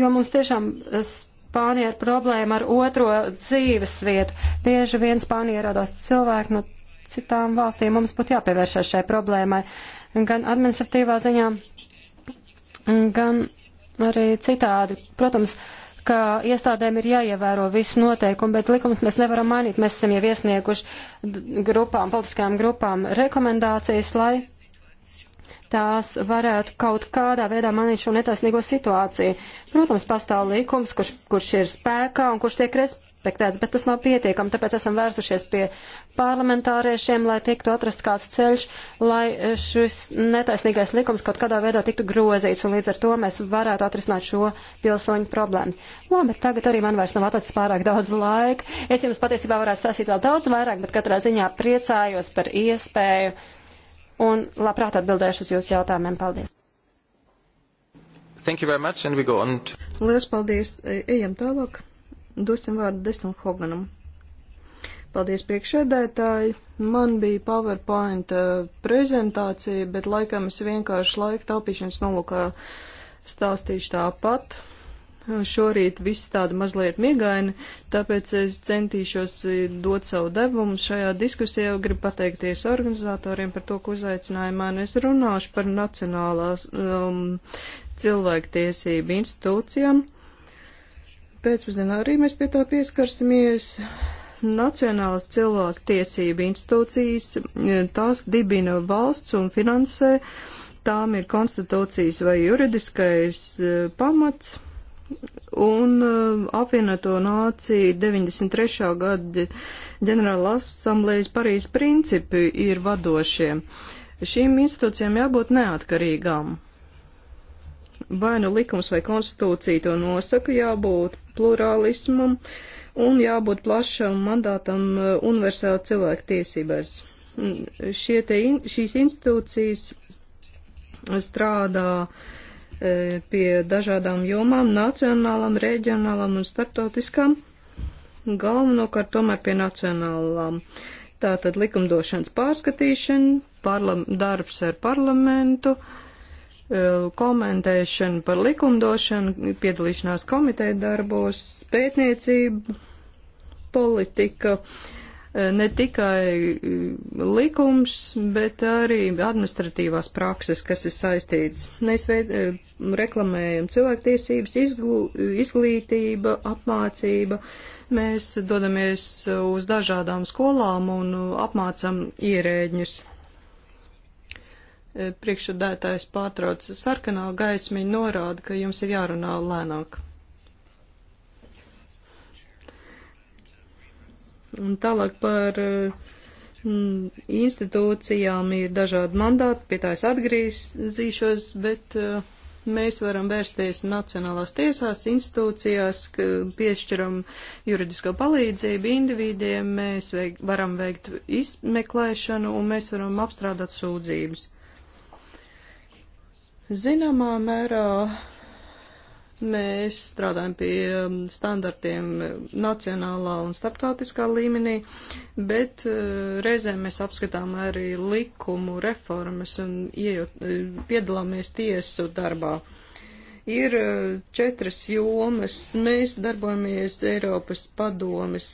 jo mums tiešām Spānija ir problēma ar otro dzīves vietu. Bieži vien Spānija ieradās cilvēki no citām valstīm, mums būtu jāpievēršas šai problēmai, gan administratīvā ziņā, gan arī citādi. Protams, uh, ka iestādēm ir jāievēro visi noteikumi, bet likums mēs nevaram mainīt. Mēs esam jau iesnieguši grupām, politiskajām grupām rekomendācijas, lai tās varētu kaut kādā veidā manīt šo netaisnīgo situāciju. Protams, pastāv likums, kurš, kurš ir spēkā un kurš tiek respektēts respektēts, bet tas nav pietiekami, tāpēc esam vērsušies pie parlamentāriešiem, lai tiktu atrast kāds ceļš, lai šis netaisnīgais likums kaut kādā veidā tiktu grozīts, un līdz ar to mēs varētu atrisināt šo pilsoņu problēmu. Labi, tagad arī man vairs nav atlicis pārāk daudz laika. Es jums patiesībā varētu sasīt vēl daudz vairāk, bet katrā ziņā priecājos par iespēju un labprāt atbildēšu uz jūsu jautājumiem. Paldies! Thank you very much, and we go on. To... Lielas paldies! E, ejam tālāk. Dosim vārdu Desam Hoganam. Paldies priekšēdētāji. Man bija PowerPoint eh, prezentācija, bet laikam es vienkārši laika taupīšanas nolūkā stāstīšu tāpat. Šorīt viss tāda mazliet miegaini, tāpēc es centīšos eh, dot savu devumu šajā diskusijā. Gribu pateikties organizatoriem par to, ka uzaicināja mani. Es runāšu par Nacionālās um, cilvēktiesību institūcijām. Uh, pēcpusdienā arī mēs pie tā pieskarsimies. Nacionālas cilvēku tiesība institūcijas e, tās dibina valsts un finansē, tām ir konstitūcijas vai juridiskais e, pamats, un uh, apvienoto nāciju 93. gada ģenerāla asamblējas Parīzes principi ir vadošie. Šīm institūcijām jābūt neatkarīgām vai nu likums vai konstitūcija to nosaka, jābūt plurālismam un jābūt plašam mandātam uh, universāli cilvēku tiesībās. Šie te, in, šīs institūcijas strādā uh, pie dažādām jomām, nacionālām, reģionālām un starptautiskām, galvenokārt tomēr pie nacionālām. Tātad likumdošanas pārskatīšana, darbs ar parlamentu, uh, Eh, komentēšanu par likumdošanu, piedalīšanās komiteja darbos, pētniecība, politika, eh, ne tikai eh, likums, bet arī administratīvās prakses, kas ir saistīts. Mēs veid, reklamējam cilvēktiesības, izglū, izglītība, apmācība. Mēs dodamies uz dažādām skolām un apmācam ierēģņus Eh, priekšsēdētājs pārtrauc sarkanā gaismiņa norāda, ka jums ir jārunā lēnāk. Un tālāk par mm, institūcijām ir dažādi mandāti, pie tā es atgriezīšos, bet uh, mēs varam vērsties Nacionālās tiesās, institūcijās, piešķiram juridisko palīdzību individiem, mēs veik, varam veikt izmeklēšanu un mēs varam apstrādāt sūdzības. Zināmā mērā mēs strādājam pie um, standartiem nacionālā un starptautiskā līmenī, bet uh, reizēm mēs apskatām arī likumu reformas un iejot, uh, piedalāmies tiesu darbā. Ir e, četras jomas. Mēs darbojamies Eiropas padomes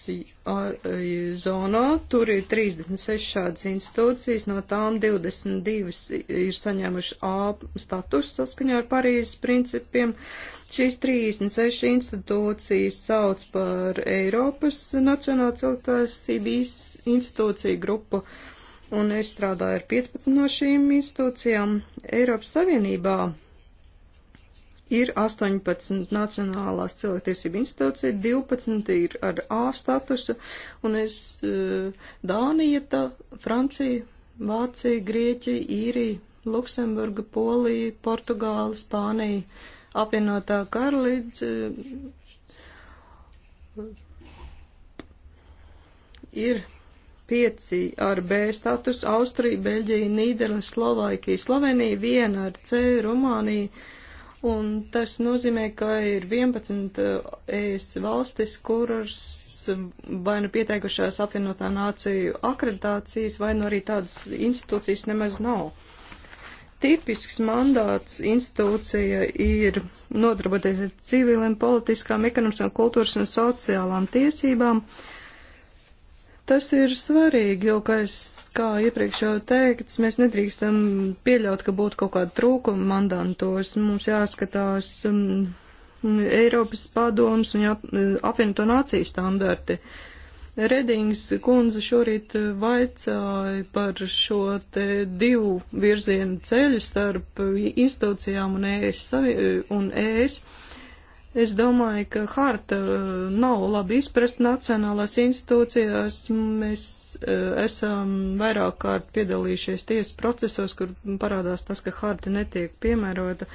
zonā. Tur ir 36 šādas institūcijas, no tām 22 ir saņēmuši A status saskaņā ar Parīzes principiem. Šīs 36 institūcijas sauc par Eiropas Nacionālo cilvēktiesību institūciju grupu, un es strādāju ar 15 no šīm institūcijām Eiropas Savienībā ir 18 Nacionālās cilvēktiesība institūcija, 12 ir ar A statusu, un es eh, Dānija, tā, Francija, Vācija, Grieķija, Īrija, Luksemburga, Polija, Portugāla, Spānija, apvienotā karalīdz eh, ir pieci ar B status - Austrija, Beļģija, Nīderlanda, Slovākija, Slovenija, viena ar C, Rumānija, Un tas nozīmē, ka ir 11 eh, ES valstis, kuras vai nu pieteikušās apvienotā nāciju akreditācijas, vai nu arī tādas institūcijas nemaz nav. Tipisks mandāts institūcija ir nodarboties ar civiliem, politiskām, ekonomiskām, kultūras un sociālām tiesībām. Uh, Tas ir svarīgi, jo, kā, es, kā iepriekš jau teikts, mēs nedrīkstam pieļaut, ka būtu kaut kāda trūkuma mandantos. Mums jāskatās um, Eiropas padoms un jā, apvienoto nāciju standarti. Redings kundze šorīt vaicāja par šo te divu virzienu ceļu starp institūcijām un ES. Un ES Es domāju, ka harta eh, nav labi izprast nacionālās institūcijās. Mēs eh, esam vairāk kārt piedalījušies tiesas procesos, kur parādās tas, ka harta netiek piemērota.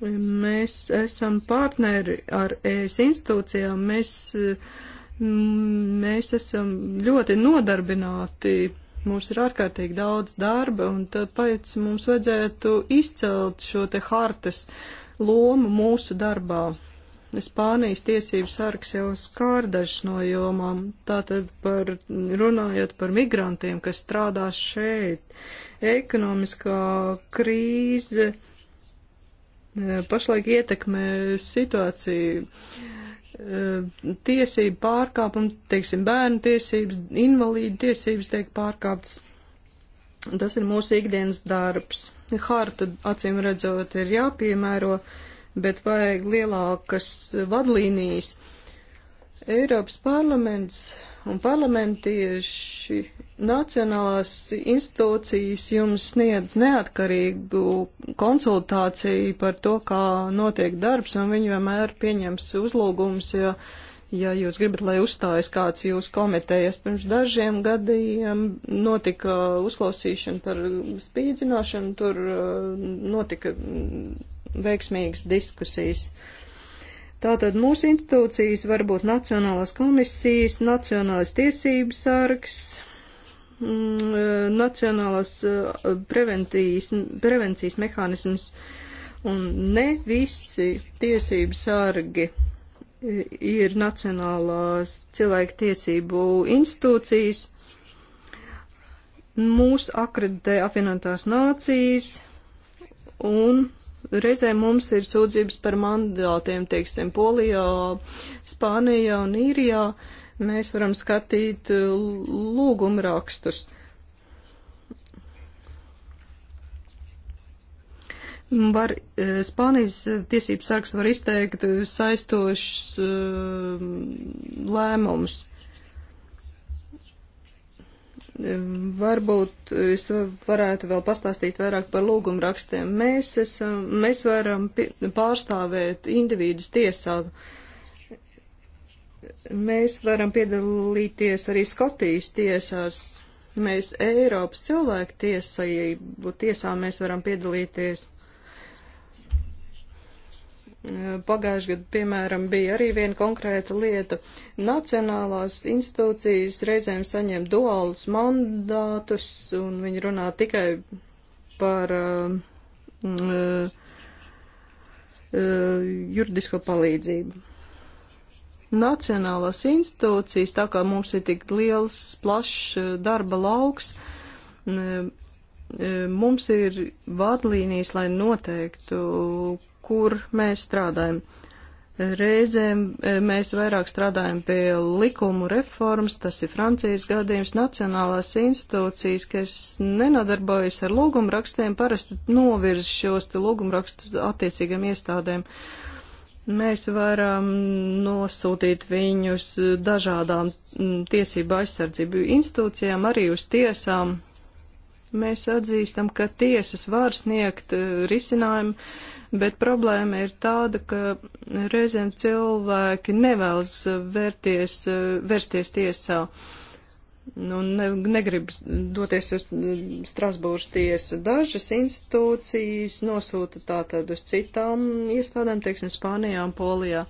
Mēs esam partneri ar ES institūcijām. Mēs, eh, mēs esam ļoti nodarbināti mums ir ārkārtīgi daudz darba, un tāpēc mums vajadzētu izcelt šo te hartas lomu mūsu darbā. Spānijas tiesību sargs jau skār dažas no jomām, tātad par, runājot par migrantiem, kas strādā šeit. Ekonomiskā krīze eh, pašlaik ietekmē situāciju. Eh, tiesību pārkāpumi, teiksim, bērnu tiesības, invalīdu tiesības tiek pārkāptas. Tas ir mūsu ikdienas darbs harta acīm redzot ir jāpiemēro, bet vajag lielākas vadlīnijas. Eiropas parlaments un parlamentieši nacionālās institūcijas jums sniedz neatkarīgu konsultāciju par to, kā notiek darbs, un viņi vienmēr pieņems uzlūgums, ja Ja jūs gribat, lai uzstājas kāds jūsu komitejas, pirms dažiem gadiem notika uzklausīšana par spīdzināšanu, tur uh, notika mm, veiksmīgas diskusijas. Tātad mūsu institūcijas var būt Nacionālās komisijas, Nacionālais tiesības sargs, mm, uh, Nacionālās uh, prevencijas, prevencijas mehānisms un ne visi tiesības sargi ir Nacionālās cilvēku tiesību institūcijas. Mūs akreditē apvienotās nācijas un reizē mums ir sūdzības par mandātiem, teiksim, Polijā, Spānijā un Īrijā. Mēs varam skatīt uh, lūgumrakstus. rakstus var, eh, Spānijas eh, tiesības sargs var izteikt eh, saistošs uh, lēmums. Varbūt es varētu vēl pastāstīt vairāk par lūgumu rakstiem. Mēs, esam, mēs varam pārstāvēt individus tiesā. Mēs varam piedalīties arī Skotijas tiesās, mēs Eiropas cilvēku tiesai, tiesā mēs varam piedalīties. Eh, Pagājušajā gadā, piemēram, bija arī viena konkrēta lieta. Nacionālās institūcijas reizēm saņem duālus mandātus, un viņi runā tikai par uh, uh, juridisko palīdzību. Nacionālās institūcijas, tā kā mums ir tik liels, plašs darba lauks, mm, mums ir vadlīnijas, lai noteiktu, kur mēs strādājam. Reizēm e, mēs vairāk strādājam pie likumu reformas, tas ir Francijas gadījums, nacionālās institūcijas, kas nenodarbojas ar lūgumrakstiem, parasti novirz šos te lūgumrakstus attiecīgam iestādēm. Mēs varam nosūtīt viņus dažādām tiesību aizsardzību institūcijām, arī uz tiesām. Mēs atzīstam, ka tiesas var sniegt e, risinājumu Bet problēma ir tāda, ka reizēm cilvēki nevēlas vērties, vērsties tiesā nu, ne, negrib doties uz Strasbūras tiesu. Dažas institūcijas nosūta tātad uz citām iestādēm, teiksim, Spānijā un Polijā.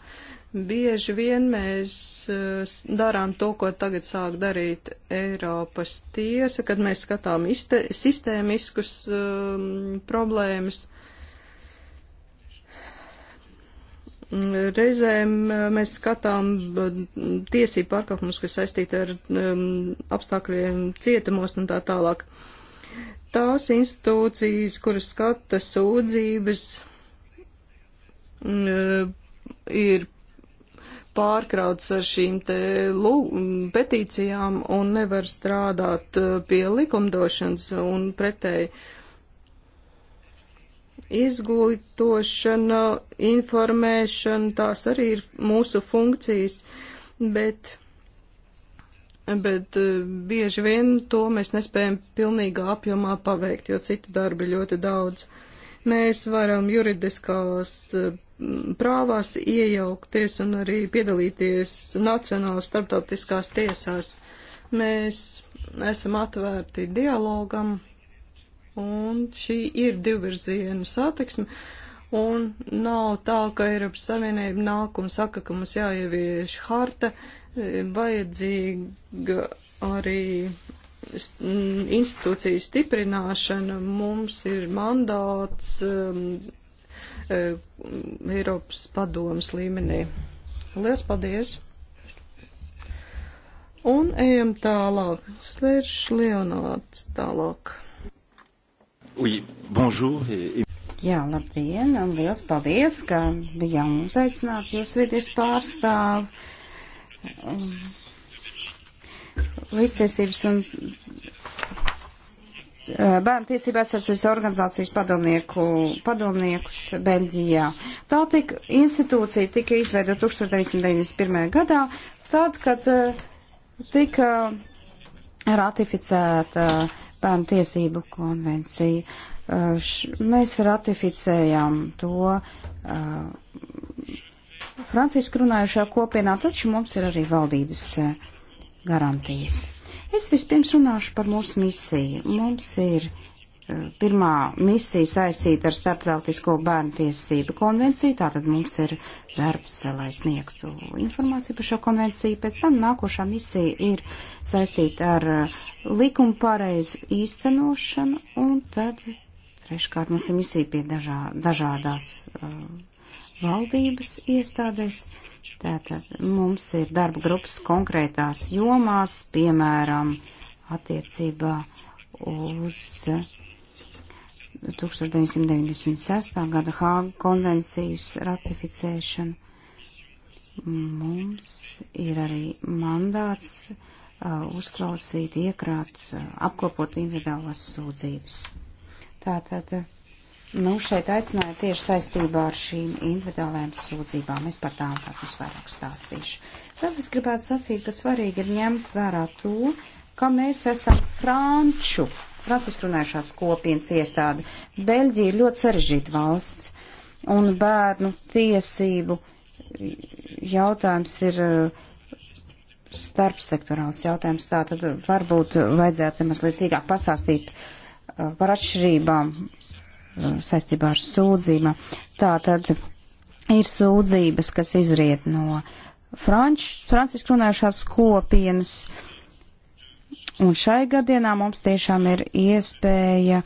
Bieži vien mēs eh, darām to, ko tagad sāk darīt Eiropas tiesa, kad mēs skatām istē, sistēmiskus um, problēmas Reizēm eh, mēs skatām eh, tiesību pārkāpumus, kas saistīti ar um, apstākļiem cietumos un tā tālāk. Tās institūcijas, kuras skata sūdzības, um, ir pārkrauts ar šīm te petīcijām un nevar strādāt pie likumdošanas un pretēji. Uh, izglītošana, informēšana, tās arī ir mūsu funkcijas, bet, bet eh, bieži vien to mēs nespējam pilnīgā apjomā paveikt, jo citu darbi ļoti daudz. Mēs varam juridiskās eh, prāvās iejaukties un arī piedalīties nacionālas starptautiskās tiesās. Mēs esam atvērti dialogam, un šī ir divvirzienu satiksme. Un nav tā, ka Eiropas Savienība nāk un saka, ka mums jāievieš harta, e, vajadzīga arī institūcijas stiprināšana, mums ir mandāts um, Eiropas padomas līmenī. Lielas paldies! Un ejam tālāk. Slēdz Leonārds tālāk. Oui, bonjour. Et... Jā, labdien, un liels paldies, ka bijām uzaicināt jūs vidies pārstāvu. Līdztiesības un bērnu tiesību aizsardzības organizācijas padomnieku, padomniekus Beļģijā. Tā tika, institūcija tika izveidota 1991. gadā, tad, kad tika ratificēta uh, bērnu tiesību konvenciju. Uh, š, mēs ratificējām to uh, franciski runājušā kopienā, taču mums ir arī valdības uh, garantijas. Es vispirms runāšu par mūsu misiju. Mums ir uh, pirmā misija saistīta ar starptautisko bērnu tiesību konvenciju, tātad mums ir darbs, eh, lai sniegtu informāciju par šo konvenciju. Pēc tam nākošā misija ir saistīta ar eh, likumu pareizu īstenošanu, un tad treškārt mums ir misija pie dažā, dažādās uh, valdības iestādēs. Tātad mums ir darba grupas konkrētās jomās, piemēram, attiecībā uz. Uh, 1996. gada Hāga konvencijas ratificēšanu. Mums ir arī mandāts uh, uzklausīt, iekrāt, uh, apkopot individuālās sūdzības. Tātad. Uh, Nu, šeit aicināja tieši saistībā ar šīm individuālajām sūdzībām. Es par tām pat visvairāk stāstīšu. Vēl es gribētu sacīt, ka svarīgi ir ņemt vērā to, ka mēs esam franču franciski runājušās kopienas iestādi. Beļģija ir ļoti sarežģīta valsts, un bērnu tiesību jautājums ir uh, starpsektorāls jautājums. Tā tad varbūt vajadzētu mazliet sīkāk pastāstīt uh, par atšķirībām uh, saistībā ar sūdzībām. Tā tad ir sūdzības, kas izriet no franču, franciski runājušās kopienas. Uh, Un šai gadienā mums tiešām ir iespēja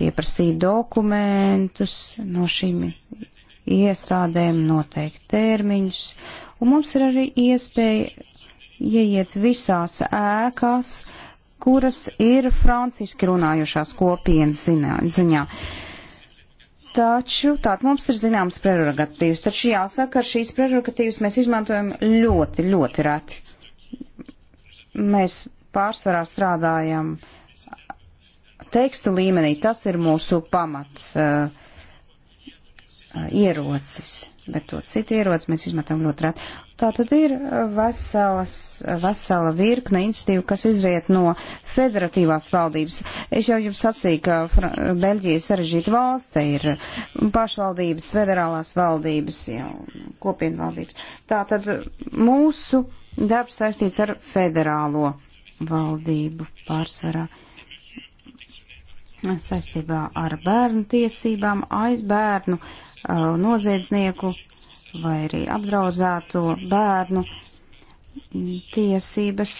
pieprasīt dokumentus no šīm iestādēm, noteikt termiņus, un mums ir arī iespēja ieiet visās ēkās, kuras ir franciski runājušās kopienas ziņā. Taču tātad mums ir zināmas prerogatīvas, taču jāsaka, ka šīs prerogatīvas mēs izmantojam ļoti, ļoti reti. Mēs pārsvarā strādājam tekstu līmenī. Tas ir mūsu pamat uh, uh, ierocis, bet to citu ieroci mēs izmetam ļoti rēt. Tā tad ir veselas, vesela virkne iniciatīva, kas izriet no federatīvās valdības. Es jau jums sacīju, ka Beļģija ir sarežģīta valsts, te ir pašvaldības, federālās valdības, jau kopienvaldības. Tā tad mūsu darbs saistīts ar federālo valdību pārsvarā saistībā ar bērnu tiesībām, aiz bērnu uh, noziedznieku vai arī apdraudzēto bērnu tiesības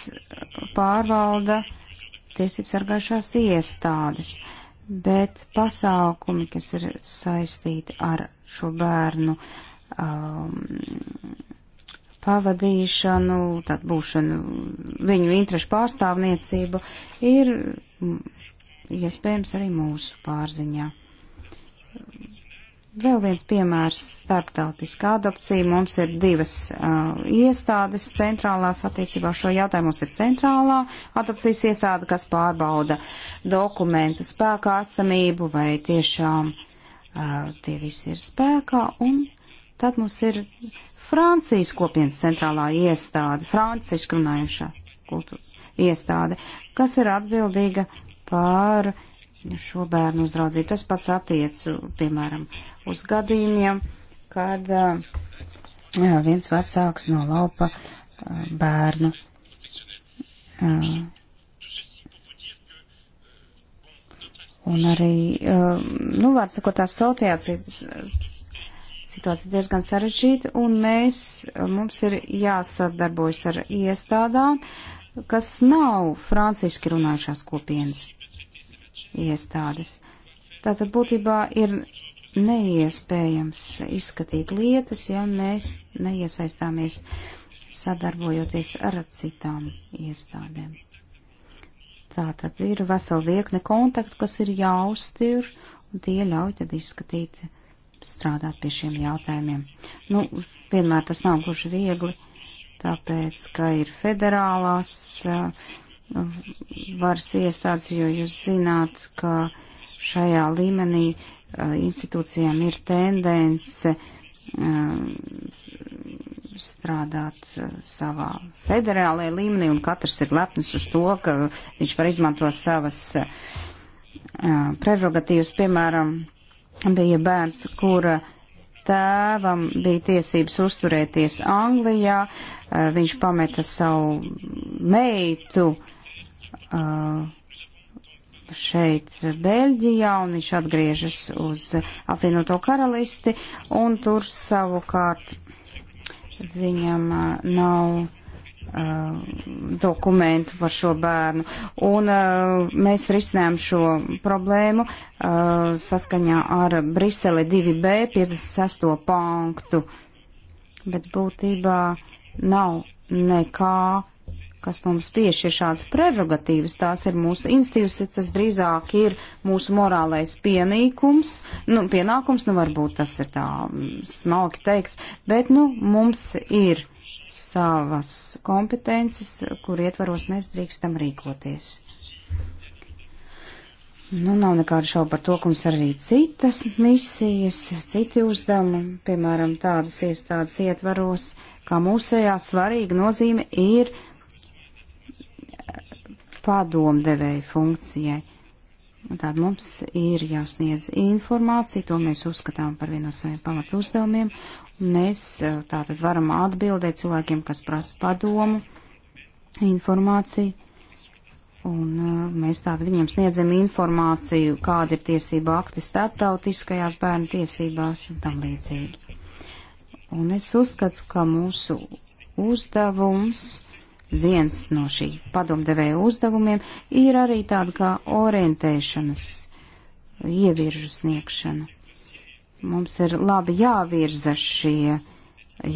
pārvalda tiesības sargājušās iestādes, bet pasākumi, kas ir saistīti ar šo bērnu um, pavadīšanu, tad būšanu viņu interešu pārstāvniecību ir iespējams arī mūsu pārziņā. Vēl viens piemērs - starptautiskā adopcija. Mums ir divas uh, iestādes centrālās attiecībā šo jautājumu. Mums ir centrālā adopcijas iestāde, kas pārbauda dokumentu spēkā esamību, vai tiešām uh, tie visi ir spēkā, un tad mums ir Francijas kopienas centrālā iestāde, franciski runājušā kultūras iestāde, kas ir atbildīga par šo bērnu uzraudzību. Tas pats attiec, piemēram, uz gadījumiem, kad jā, viens vecāks nolaupa bērnu. Un arī, nu, var sakot, tā sociācija, situācija diezgan sarežģīta, un mēs, mums ir jāsadarbojas ar iestādām, kas nav franciski runājušās kopienas iestādes. Tātad būtībā ir neiespējams izskatīt lietas, ja mēs neiesaistāmies sadarbojoties ar citām iestādēm. Tātad ir vesela virkne kontaktu, kas ir jāuzstir, un tie ļauj tad izskatīt strādāt pie šiem jautājumiem. Nu, vienmēr tas nav gluži viegli, tāpēc, ka ir federālās eh, varas iestādes, jo jūs zināt, ka šajā līmenī eh, institūcijām ir tendence eh, strādāt savā federālajā līmenī, un katrs ir lepnis uz to, ka viņš var izmantot savas prerogatīvas, piemēram, bija bērns, kura tēvam bija tiesības uzturēties Anglijā, eh, viņš pameta savu meitu eh, šeit Beļģijā un viņš atgriežas uz apvienoto karalisti un tur savukārt viņam eh, nav Uh, dokumentu par šo bērnu. Un uh, mēs risinām šo problēmu uh, saskaņā ar Brisele 2B 56. punktu. Bet būtībā nav nekā, kas mums piešķir šādas prerogatīvas. Tās ir mūsu institīvas, tas drīzāk ir mūsu morālais pienīkums. Nu, pienākums, nu varbūt tas ir tā mm, smalki teiks, bet nu mums ir savas kompetences, kur ietvaros mēs drīkstam rīkoties. Nu, nav nekādu šaubu par to, ka mums arī citas misijas, citi uzdevumi, piemēram, tādas iestādes ietvaros, kā mūsējā svarīga nozīme ir padomdevēja funkcijai. Tātad mums ir jāsniedz informācija, to mēs uzskatām par vienu no saviem pamatu uzdevumiem, Mēs eh, tātad varam atbildēt cilvēkiem, kas prasa padomu, informāciju, un eh, mēs tātad viņiem sniedzam informāciju, kāda ir tiesība akti starptautiskajās bērnu tiesībās un tam līdzīgi. Un es uzskatu, ka mūsu uzdevums, viens no šī padomdevēja uzdevumiem, ir arī tāda kā orientēšanas ieviržu sniegšana. Mums ir labi jāvirza šie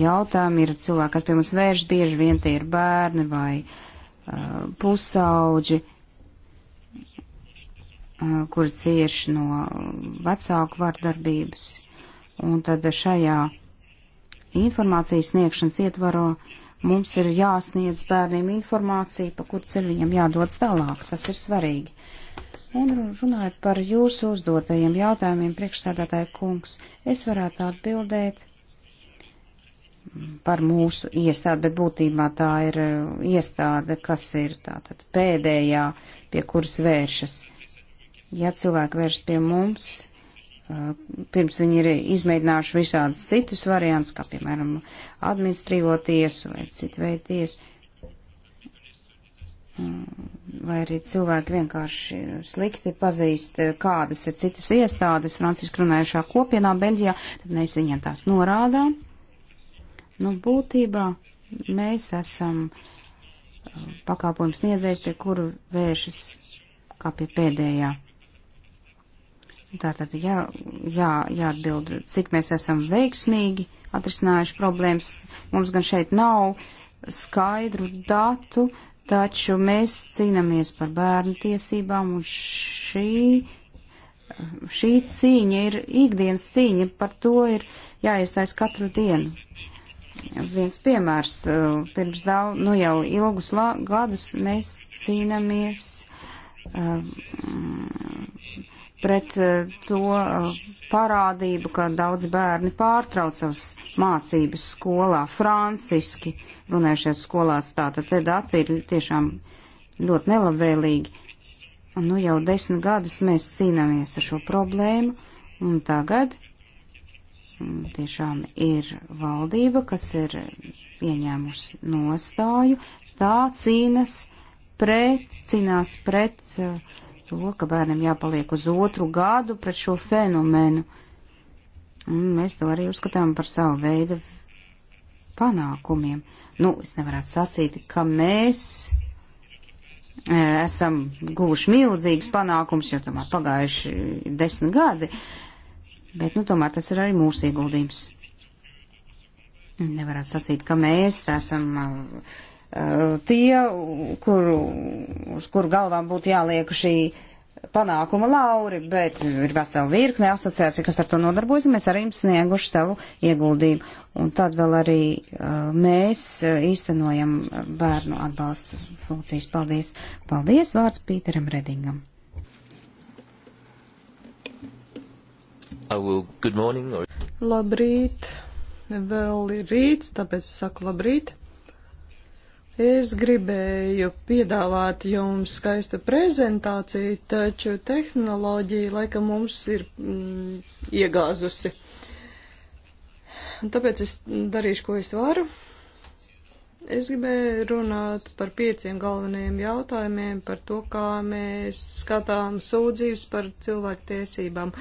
jautājumi. Ir cilvēki, kas pie mums vērš, bieži vien tie ir bērni vai uh, pusauģi, uh, kuri cieši no vecāku vardarbības. Un tad šajā informācijas sniegšanas ietvaro mums ir jāsniedz bērniem informācija, pa kur ceļu viņam jādodas tālāk. Tas ir svarīgi. Uh, Un runājot par jūsu uzdotajiem jautājumiem, priekšstādātāja kungs, es varētu atbildēt par mūsu iestādi, bet būtībā tā ir uh, iestāde, kas ir tātad pēdējā, pie kuras vēršas. Ja cilvēki vērš pie mums, uh, pirms viņi ir izmēģinājuši visādas citus variants, kā piemēram administrīvo tiesu vai citu veidu tiesu, Mm, vai arī cilvēki vienkārši slikti pazīst, kādas ir citas iestādes franciski runājušā kopienā Beļģijā, tad mēs viņiem tās norādām. Nu, būtībā mēs esam uh, pakalpojumu sniedzējs, pie kuru vēršas kā pie pēdējā. Tātad jā, jā, jāatbild, cik mēs esam veiksmīgi atrisinājuši problēmas. Mums gan šeit nav skaidru datu, taču mēs cīnāmies par bērnu tiesībām, un šī, šī cīņa ir ikdienas cīņa, par to ir jāiestājas katru dienu. Viens piemērs, uh, pirms daudz, nu jau ilgus la, gadus mēs cīnāmies uh, pret uh, to uh, parādību, ka daudz bērni pārtrauc savas mācības skolā franciski. Uh, runājušies skolās. Tātad te dati ir tiešām ļoti nelabvēlīgi. Un, nu, jau desmit gadus mēs cīnāmies ar šo problēmu, un tagad mm, tiešām ir valdība, kas ir pieņēmusi nostāju, tā cīnas pret, cīnās pret uh, to, ka bērnam jāpaliek uz otru gadu pret šo fenomenu. Un mēs to arī uzskatām par savu veidu panākumiem. Nu, es nevarētu sacīt, ka mēs e, esam guvuši milzīgus panākumus, jo tomēr pagājuši desmit gadi, bet nu, tomēr tas ir arī mūsu ieguldījums. Nevarētu sacīt, ka mēs esam uh, tie, kuru, uz kuru galvām būtu jāliek šī panākuma lauri, bet ir vesela virkne asociācija, kas ar to nodarbojas, un mēs arī jums snieguši savu ieguldījumu. Un tad vēl arī uh, mēs uh, īstenojam uh, bērnu atbalstu funkcijas. Paldies! Paldies! Vārds Pīteram Redingam! Oh, Will, good morning! Or... Labrīt! Vēl ir rīts, tāpēc saku labrīt! Es gribēju piedāvāt jums skaistu prezentāciju, taču tehnoloģija laikam mums ir mm, iegāzusi. Tāpēc es darīšu, ko es varu. Es gribēju runāt par pieciem galvenajiem jautājumiem, par to, kā mēs skatām sūdzības par cilvēktiesībām.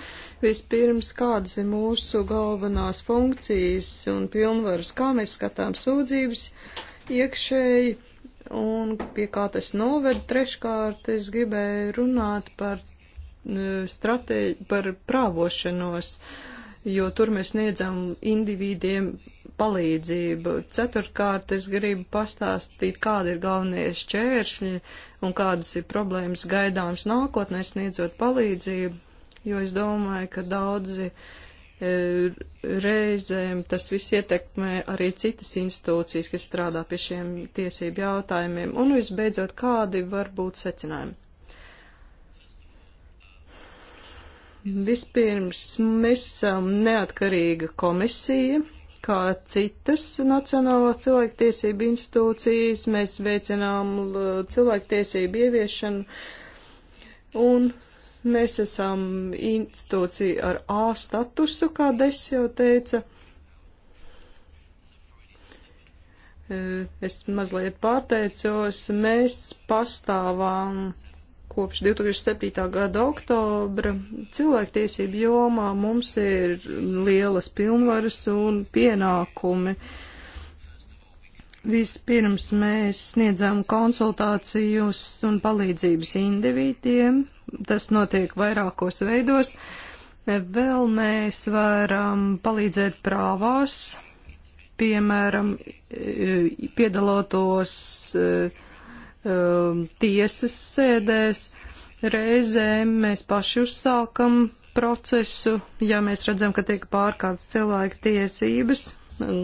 Vispirms, kādas ir mūsu galvenās funkcijas un pilnvaras, kā mēs skatām sūdzības. Uh, iekšēji un pie kā tas noved. Treškārt es gribēju runāt par, e, stratē, par prāvošanos, jo tur mēs niedzam individiem palīdzību. Ceturkārt es gribu pastāstīt, kādi ir galvenie šķēršļi un kādas ir problēmas gaidāms nākotnē sniedzot palīdzību, jo es domāju, ka daudzi uh, E, reizēm tas viss ietekmē arī citas institūcijas, kas strādā pie šiem tiesību jautājumiem. Un visbeidzot, kādi var būt secinājumi? Vispirms, mēs esam neatkarīga komisija, kā citas Nacionālā cilvēktiesība institūcijas. Mēs veicinām cilvēktiesību ieviešanu un Mēs esam institūcija ar A statusu, kā Des jau teica. E, es mazliet pārteicos, mēs pastāvām kopš 2007. gada oktobra cilvēktiesību jomā mums ir lielas pilnvaras un pienākumi. Uh, Vispirms mēs sniedzām konsultācijas un palīdzības individiem. Tas notiek vairākos veidos. Vēl mēs varam palīdzēt prāvās, piemēram, piedalotos tiesas sēdēs. Reizēm mēs paši uzsākam procesu, ja mēs redzam, ka tiek pārkāptas cilvēka tiesības,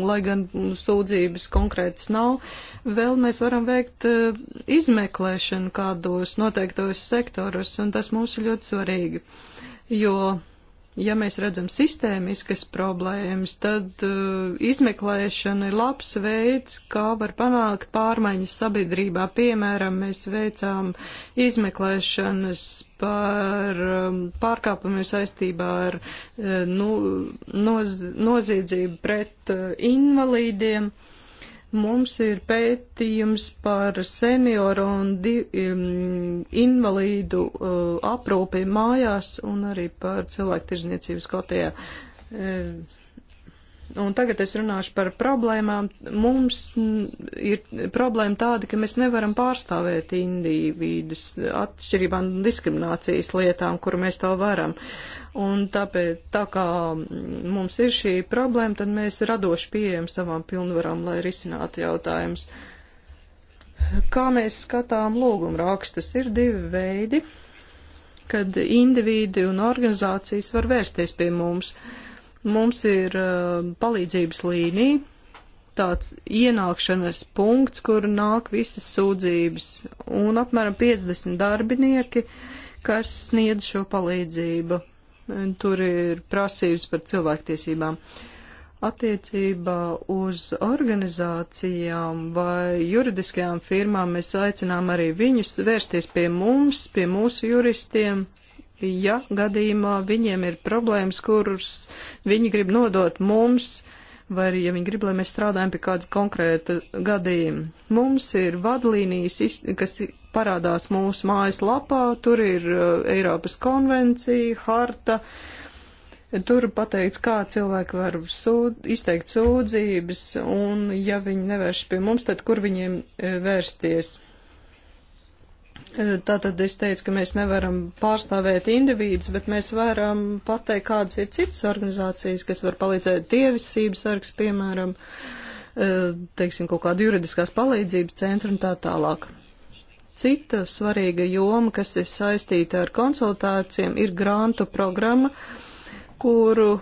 lai gan sūdzības konkrētas nav, vēl mēs varam veikt eh, izmeklēšanu kādos noteiktos sektoros, un tas mums ir ļoti svarīgi, jo ja mēs redzam sistēmiskas problēmas, tad uh, izmeklēšana ir labs veids, kā var panākt pārmaiņas sabiedrībā. Piemēram, mēs veicām izmeklēšanas par um, pārkāpumiem saistībā ar uh, nu, noz, noziedzību pret uh, invalīdiem. Uh, Mums ir pētījums par senioru un um, invalīdu uh, aprūpi mājās un arī par cilvēku tirzniecības kotējā. Uh, Un tagad es runāšu par problēmām. Mums ir problēma tāda, ka mēs nevaram pārstāvēt individus atšķirībā no diskriminācijas lietām, kur mēs to varam. Un tāpēc, tā kā mums ir šī problēma, tad mēs radoši pieejam savām pilnvarām, lai risinātu jautājumus. Kā mēs skatām lūgumrakstus, ir divi veidi, kad individi un organizācijas var vērsties pie mums. Uh, Mums ir uh, palīdzības līnija, tāds ienākšanas punkts, kur nāk visas sūdzības, un apmēram 50 darbinieki, kas sniedz šo palīdzību. Tur ir prasības par cilvēktiesībām. Attiecībā uz organizācijām vai juridiskajām firmām mēs aicinām arī viņus vērsties pie mums, pie mūsu juristiem, ja gadījumā viņiem ir problēmas, kuras viņi grib nodot mums, vai arī, ja viņi grib, lai mēs strādājam pie kāda konkrēta gadījuma. Mums ir vadlīnijas, kas parādās mūsu mājas lapā, tur ir uh, Eiropas konvencija, harta, tur pateikts, kā cilvēki var sūd, izteikt sūdzības, un ja viņi nevērš pie mums, tad kur viņiem uh, vērsties. Eh, tātad es teicu, ka mēs nevaram pārstāvēt individus, bet mēs varam pateikt, kādas ir citas organizācijas, kas var palīdzēt dievisības sargs, piemēram, eh, teiksim, kaut kādu juridiskās palīdzības centru un tā tālāk. Cita svarīga joma, kas ir saistīta ar konsultācijām, ir grantu programma, kuru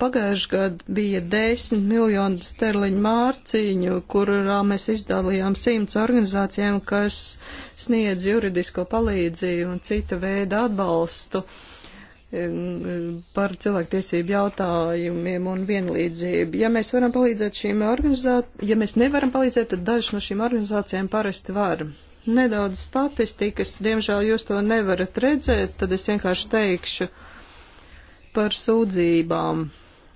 Pagājuši gadu bija 10 miljonu sterliņu mārciņu, kurā mēs izdalījām simts organizācijām, kas sniedz juridisko palīdzību un cita veida atbalstu um, par cilvēktiesību jautājumiem un vienlīdzību. Ja mēs varam palīdzēt šīm organizācijām, ja mēs nevaram palīdzēt, tad dažas no šīm organizācijām parasti var. Nedaudz statistikas, diemžēl jūs to nevarat redzēt, tad es vienkārši teikšu par sūdzībām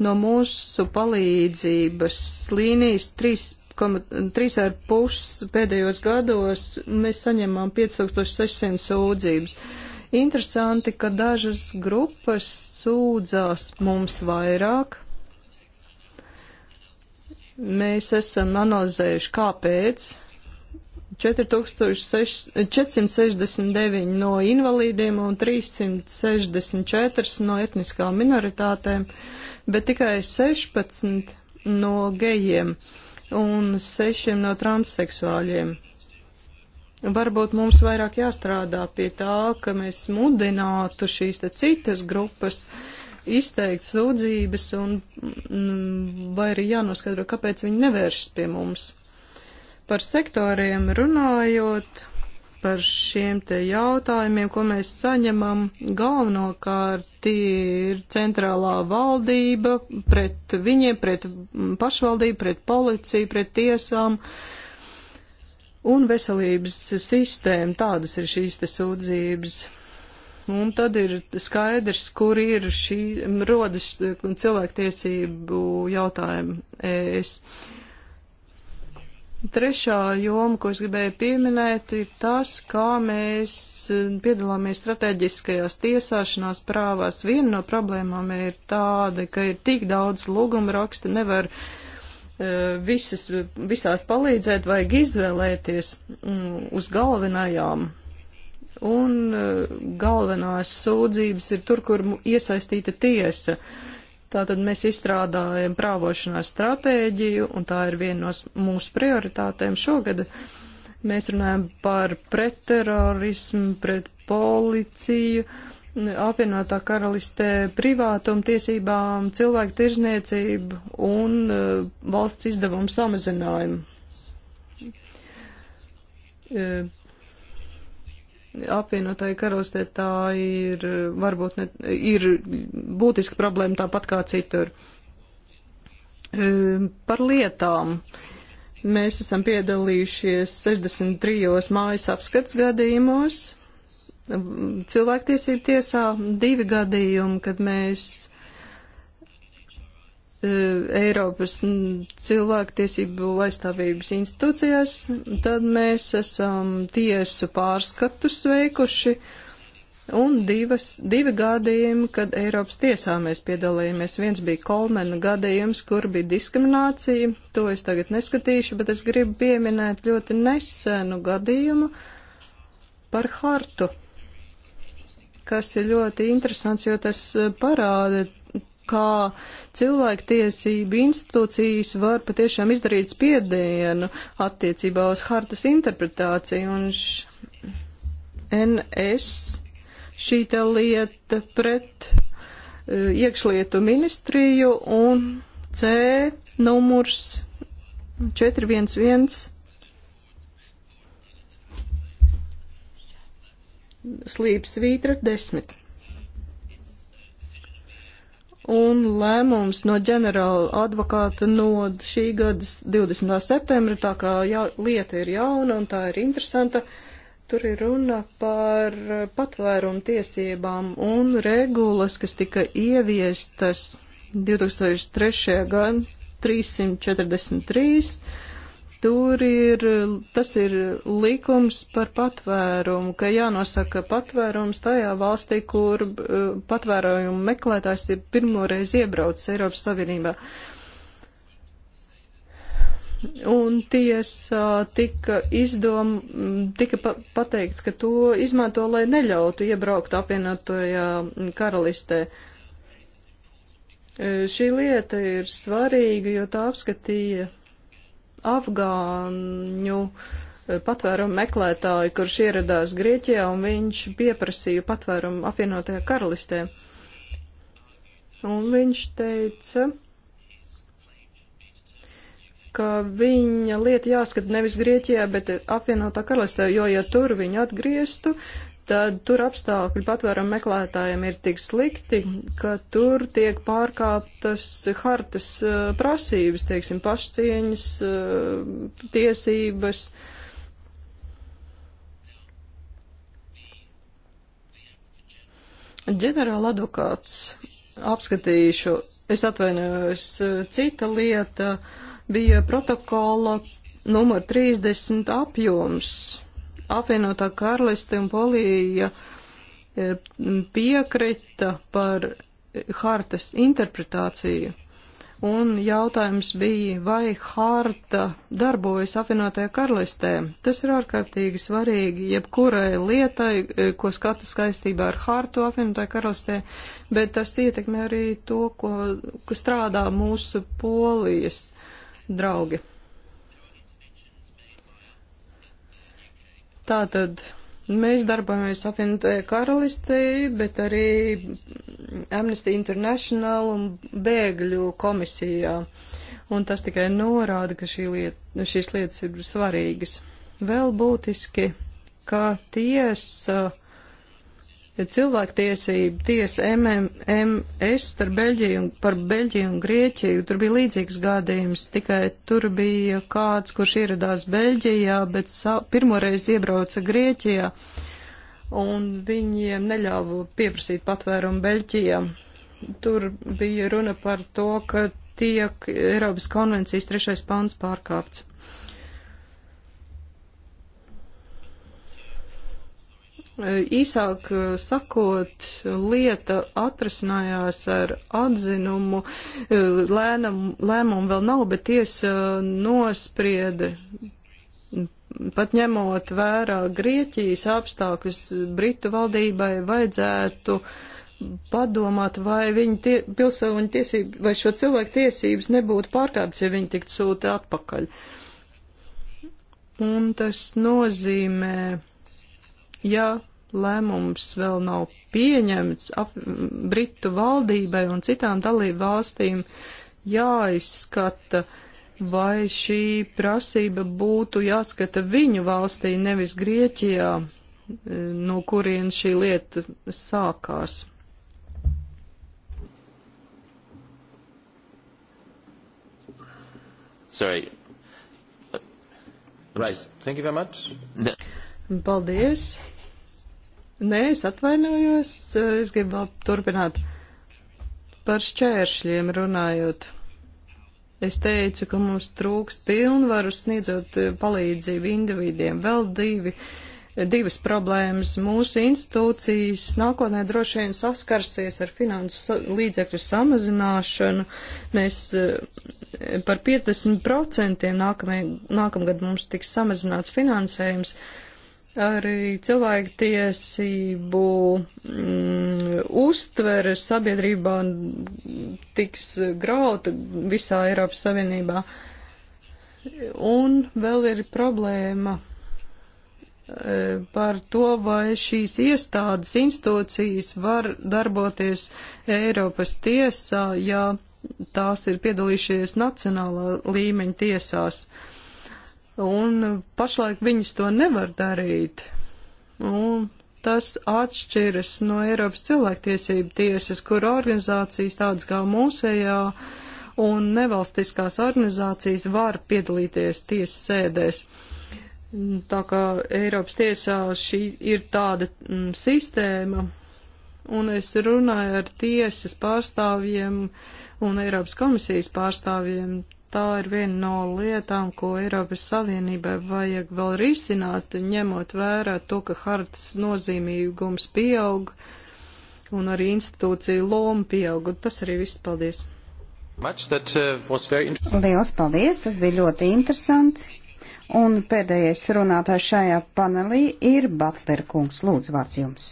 No mūsu palīdzības līnijas 3,5 pēdējos gados mēs saņemam 5600 sūdzības. Interesanti, ka dažas grupas sūdzās mums vairāk. Mēs esam analizējuši, kāpēc 469 no invalīdiem un 364 no etniskām minoritātēm bet tikai 16 no gejiem un 6 no transseksuāļiem. Varbūt mums vairāk jāstrādā pie tā, ka mēs mudinātu šīs te citas grupas izteikt sūdzības un mm, vai arī jānoskaidro, kāpēc viņi nevēršas pie mums. Par sektoriem runājot, par šiem te jautājumiem, ko mēs saņemam, galvenokārt ir centrālā valdība pret viņiem, pret pašvaldību, pret policiju, pret tiesām un veselības sistēmu. Tādas ir šīs te sūdzības. Un tad ir skaidrs, kur ir šī rodas cilvēktiesību jautājuma. Es. Uh, Trešā joma, ko es gribēju pieminēt, ir tas, kā mēs eh, piedalāmies strateģiskajās tiesāšanās prāvās. Viena no problēmām ir tāda, ka ir tik daudz lūguma raksta, nevar eh, visas, visās palīdzēt, vajag izvēlēties mm, uz galvenajām. Un eh, galvenās sūdzības ir tur, kur iesaistīta tiesa. Uh, Tātad mēs izstrādājam prāvošanās stratēģiju, un tā ir viena no mūsu prioritātēm šogad. Mēs runājam par pretterorismu, pret policiju, apvienotā karalistē privātumu tiesībām, cilvēku tirzniecību un uh, valsts izdevumu samazinājumu. Uh, apvienotāji karostē tā ir varbūt ne, ir būtiska problēma tāpat kā citur. Ehm, par lietām. Mēs esam piedalījušies 63. mājas apskats gadījumos, cilvēktiesību tiesā divi gadījumi, kad mēs E, Eiropas cilvēktiesību aizstāvības institūcijās, tad mēs esam tiesu pārskatus veikuši un divas, divi gadījumi, kad Eiropas tiesā mēs piedalījāmies. Viens bija Kolmena gadījums, kur bija diskriminācija, to es tagad neskatīšu, bet es gribu pieminēt ļoti nesenu gadījumu par hartu kas ir ļoti interesants, jo tas e, parāda kā cilvēktiesība institūcijas var patiešām izdarīt spiedienu attiecībā uz hartas interpretāciju. Un š... NS šī te lieta pret eh, iekšlietu ministriju un C numurs 411 slīp svītra desmit un lēmums no ģenerāla advokāta no šī gada 20. septembra, tā kā jā, lieta ir jauna un tā ir interesanta, tur ir runa par eh, patvērumu tiesībām un regulas, kas tika ieviestas 2003. gadā 343 Tur ir, tas ir likums par patvērumu, ka jānosaka patvērums tajā valstī, kur eh, patvērumu meklētājs ir pirmoreiz iebraucis Eiropas Savienībā. Un tiesā tika izdom, tika pa, pateikts, ka to izmanto, lai neļautu iebraukt apvienotajā karalistē. Eh, šī lieta ir svarīga, jo tā apskatīja afgāņu eh, patvērumu meklētāju, kurš ieradās Grieķijā un viņš pieprasīja patvērumu apvienotajā karalistē. Un viņš teica, ka viņa lieta jāskata nevis Grieķijā, bet apvienotā karalistē, jo ja tur viņu atgrieztu, tad tur apstākļi patvērumu meklētājiem ir tik slikti, ka tur tiek pārkāptas hartas eh, prasības, teiksim, pašcieņas eh, tiesības. Ģenerāla advokāts apskatīšu, es atvainojos, eh, cita lieta bija protokola numur 30 apjoms apvienotā karaliste un Polija e, piekrita par hartas interpretāciju. Un jautājums bija, vai harta darbojas apvienotajā karalistē. Tas ir ārkārtīgi svarīgi jebkurai lietai, e, ko skata skaistībā ar hartu apvienotajā karalistē, bet tas ietekmē arī to, ko, ko strādā mūsu polijas draugi. Tātad mēs darbojamies apvienotajā karalistē, bet arī Amnesty International un bēgļu komisijā. Un tas tikai norāda, ka šī lieta, šīs lietas ir svarīgas. Vēl būtiski, ka tiesa cilvēktiesība tiesa MMS starp Beļģiju un, par Beļģiju un Grieķiju. Tur bija līdzīgs gadījums, tikai tur bija kāds, kurš ieradās Beļģijā, bet pirmoreiz iebrauca Grieķijā un viņiem neļāva pieprasīt patvērumu Beļģijā. Tur bija runa par to, ka tiek Eiropas konvencijas trešais pants pārkāpts. Eh, īsāk eh, sakot, lieta atrasinājās ar atzinumu, eh, lēnam, lēmumu vēl nav, bet tiesa nosprieda, pat ņemot vērā Grieķijas apstākļus, Britu valdībai vajadzētu padomāt, vai viņu tie, pilsēņu tiesību, vai šo cilvēku tiesības nebūtu pārkāptas, ja viņi tiktu sūti atpakaļ. Un tas nozīmē ja lēmums vēl nav pieņemts, ap, Britu valdībai un citām dalību valstīm jāizskata, vai šī prasība būtu jāskata viņu valstī, nevis Grieķijā, no kurienes šī lieta sākās. Sorry. Right. Thank you very much. Paldies. Nē, es atvainojos, es gribu vēl turpināt par šķēršļiem runājot. Es teicu, ka mums trūks pilnvaru sniedzot palīdzību individiem. Vēl divi, divas problēmas. Mūsu institūcijas nākotnē droši vien saskarsies ar finansu līdzekļu samazināšanu. Mēs eh, par 50% nākamajā, nākamgad mums tiks samazināts finansējums. Uh, arī cilvēktiesību mm, uztvere sabiedrībā tiks grauta visā Eiropas Savienībā. Un vēl ir problēma e, par to, vai šīs iestādes, institūcijas var darboties Eiropas tiesā, ja tās ir piedalījušies nacionālā līmeņa tiesās. Uh, un pašlaik viņas to nevar darīt. Un tas atšķiras no Eiropas cilvēktiesību tiesas, kur organizācijas tādas kā mūsējā un nevalstiskās organizācijas var piedalīties tiesas sēdēs. Tā kā Eiropas tiesā šī ir tāda mm, sistēma, un es runāju ar tiesas pārstāvjiem un Eiropas komisijas pārstāvjiem, tā ir viena no lietām, ko Eiropas Savienībai vajag vēl risināt, ņemot vērā to, ka hartas nozīmīgums pieaug un arī institūcija loma pieaug. Un tas arī viss. Paldies! That, uh, Liels paldies! Tas bija ļoti interesanti. Un pēdējais runātājs šajā panelī ir Butler kungs. Lūdzu, vārds jums.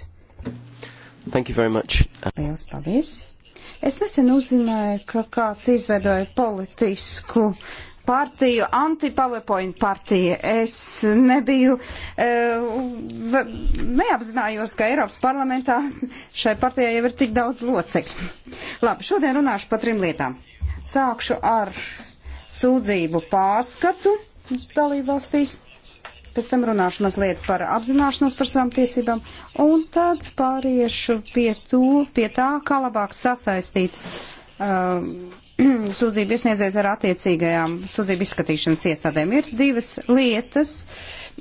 Thank you very much. Liels paldies. Es nesen uzzināju, ka kāds izveidoja politisku partiju, anti-PowerPoint partija. Es nebiju, e, neapzinājos, ka Eiropas parlamentā šai partijai jau ir tik daudz locekļu. Labi, šodien runāšu par trim lietām. Sākšu ar sūdzību pārskatu dalībvalstīs pēc tam runāšu mazliet par apzināšanos par savām tiesībām, un tad pāriešu pie, to, pie tā, kā labāk sasaistīt um, sūdzību iesniedzējs ar attiecīgajām sūdzību izskatīšanas iestādēm. Ir divas lietas,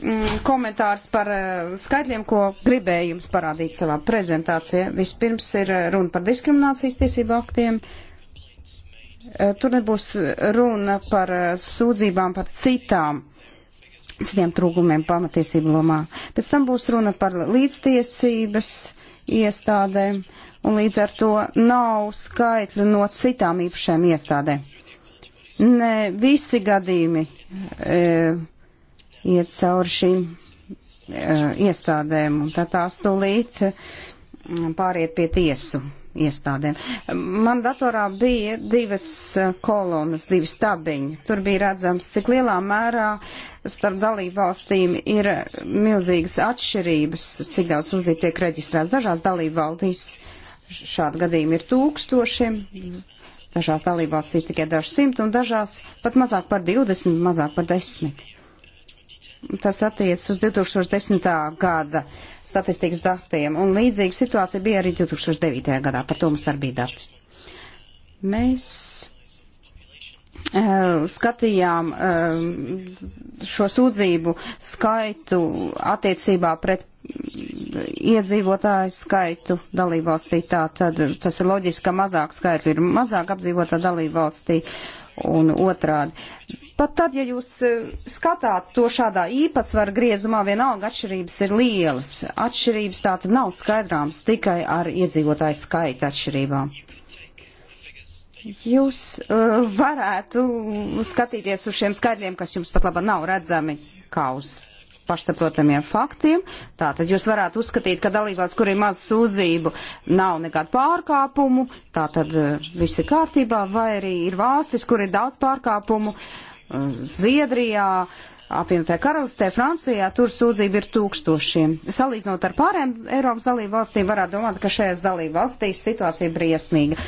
mm, komentārs par uh, skaitļiem, ko gribēju jums parādīt savā prezentācijā. Vispirms ir uh, runa par diskriminācijas tiesību aktiem. Uh, tur nebūs runa par uh, sūdzībām par citām uh, citiem trūkumiem pamatiesību lomā. Pēc tam būs runa par līdztiesības iestādēm, un līdz ar to nav skaitļu no citām īpašajām iestādēm. Ne visi gadījumi e, iet cauri šīm e, iestādēm, un tad tās tūlīt pāriet pie tiesu iestādēm. Man datorā bija divas eh, kolonas, divi stabiņi. Tur bija redzams, cik lielā mērā starp dalībvalstīm ir milzīgas atšķirības, cik daudz sūdzību tiek reģistrēts. Dažās dalībvalstīs šādu gadījumu ir tūkstošiem, dažās dalībvalstīs tikai dažs simt un dažās pat mazāk par 20, mazāk par 10. Tas attiec uz 2010. gada statistikas datiem, un līdzīga situācija bija arī 2009. gadā, par to mums arī bija dati. Mēs eh, skatījām eh, šo sūdzību skaitu attiecībā pret iedzīvotāju skaitu dalībvalstī. Tā tad tas ir loģiski, ka mazāk skaitļu ir mazāk apdzīvotā dalībvalstī un otrādi. Pat tad, ja jūs e, skatāt to šādā īpatsvara griezumā, vienalga atšķirības ir lielas. Atšķirības tātad nav skaidrāms tikai ar iedzīvotāju skaita atšķirībām. Jūs uh, varētu skatīties uz šiem skaidriem, kas jums pat laba nav redzami, kā uz pašsaprotamiem faktiem. Tātad jūs varētu uzskatīt, ka dalībās, kur ir maz sūdzību, nav nekādu pārkāpumu, tātad uh, viss ir kārtībā, vai arī ir valstis, kur ir daudz pārkāpumu. Uh, Zviedrijā, apvienotā karalistē, Francijā, tur sūdzība ir tūkstošiem. Salīdzinot ar pārējām Eiropas dalību valstīm, varētu domāt, ka šajās dalību valstīs situācija ir briesmīga.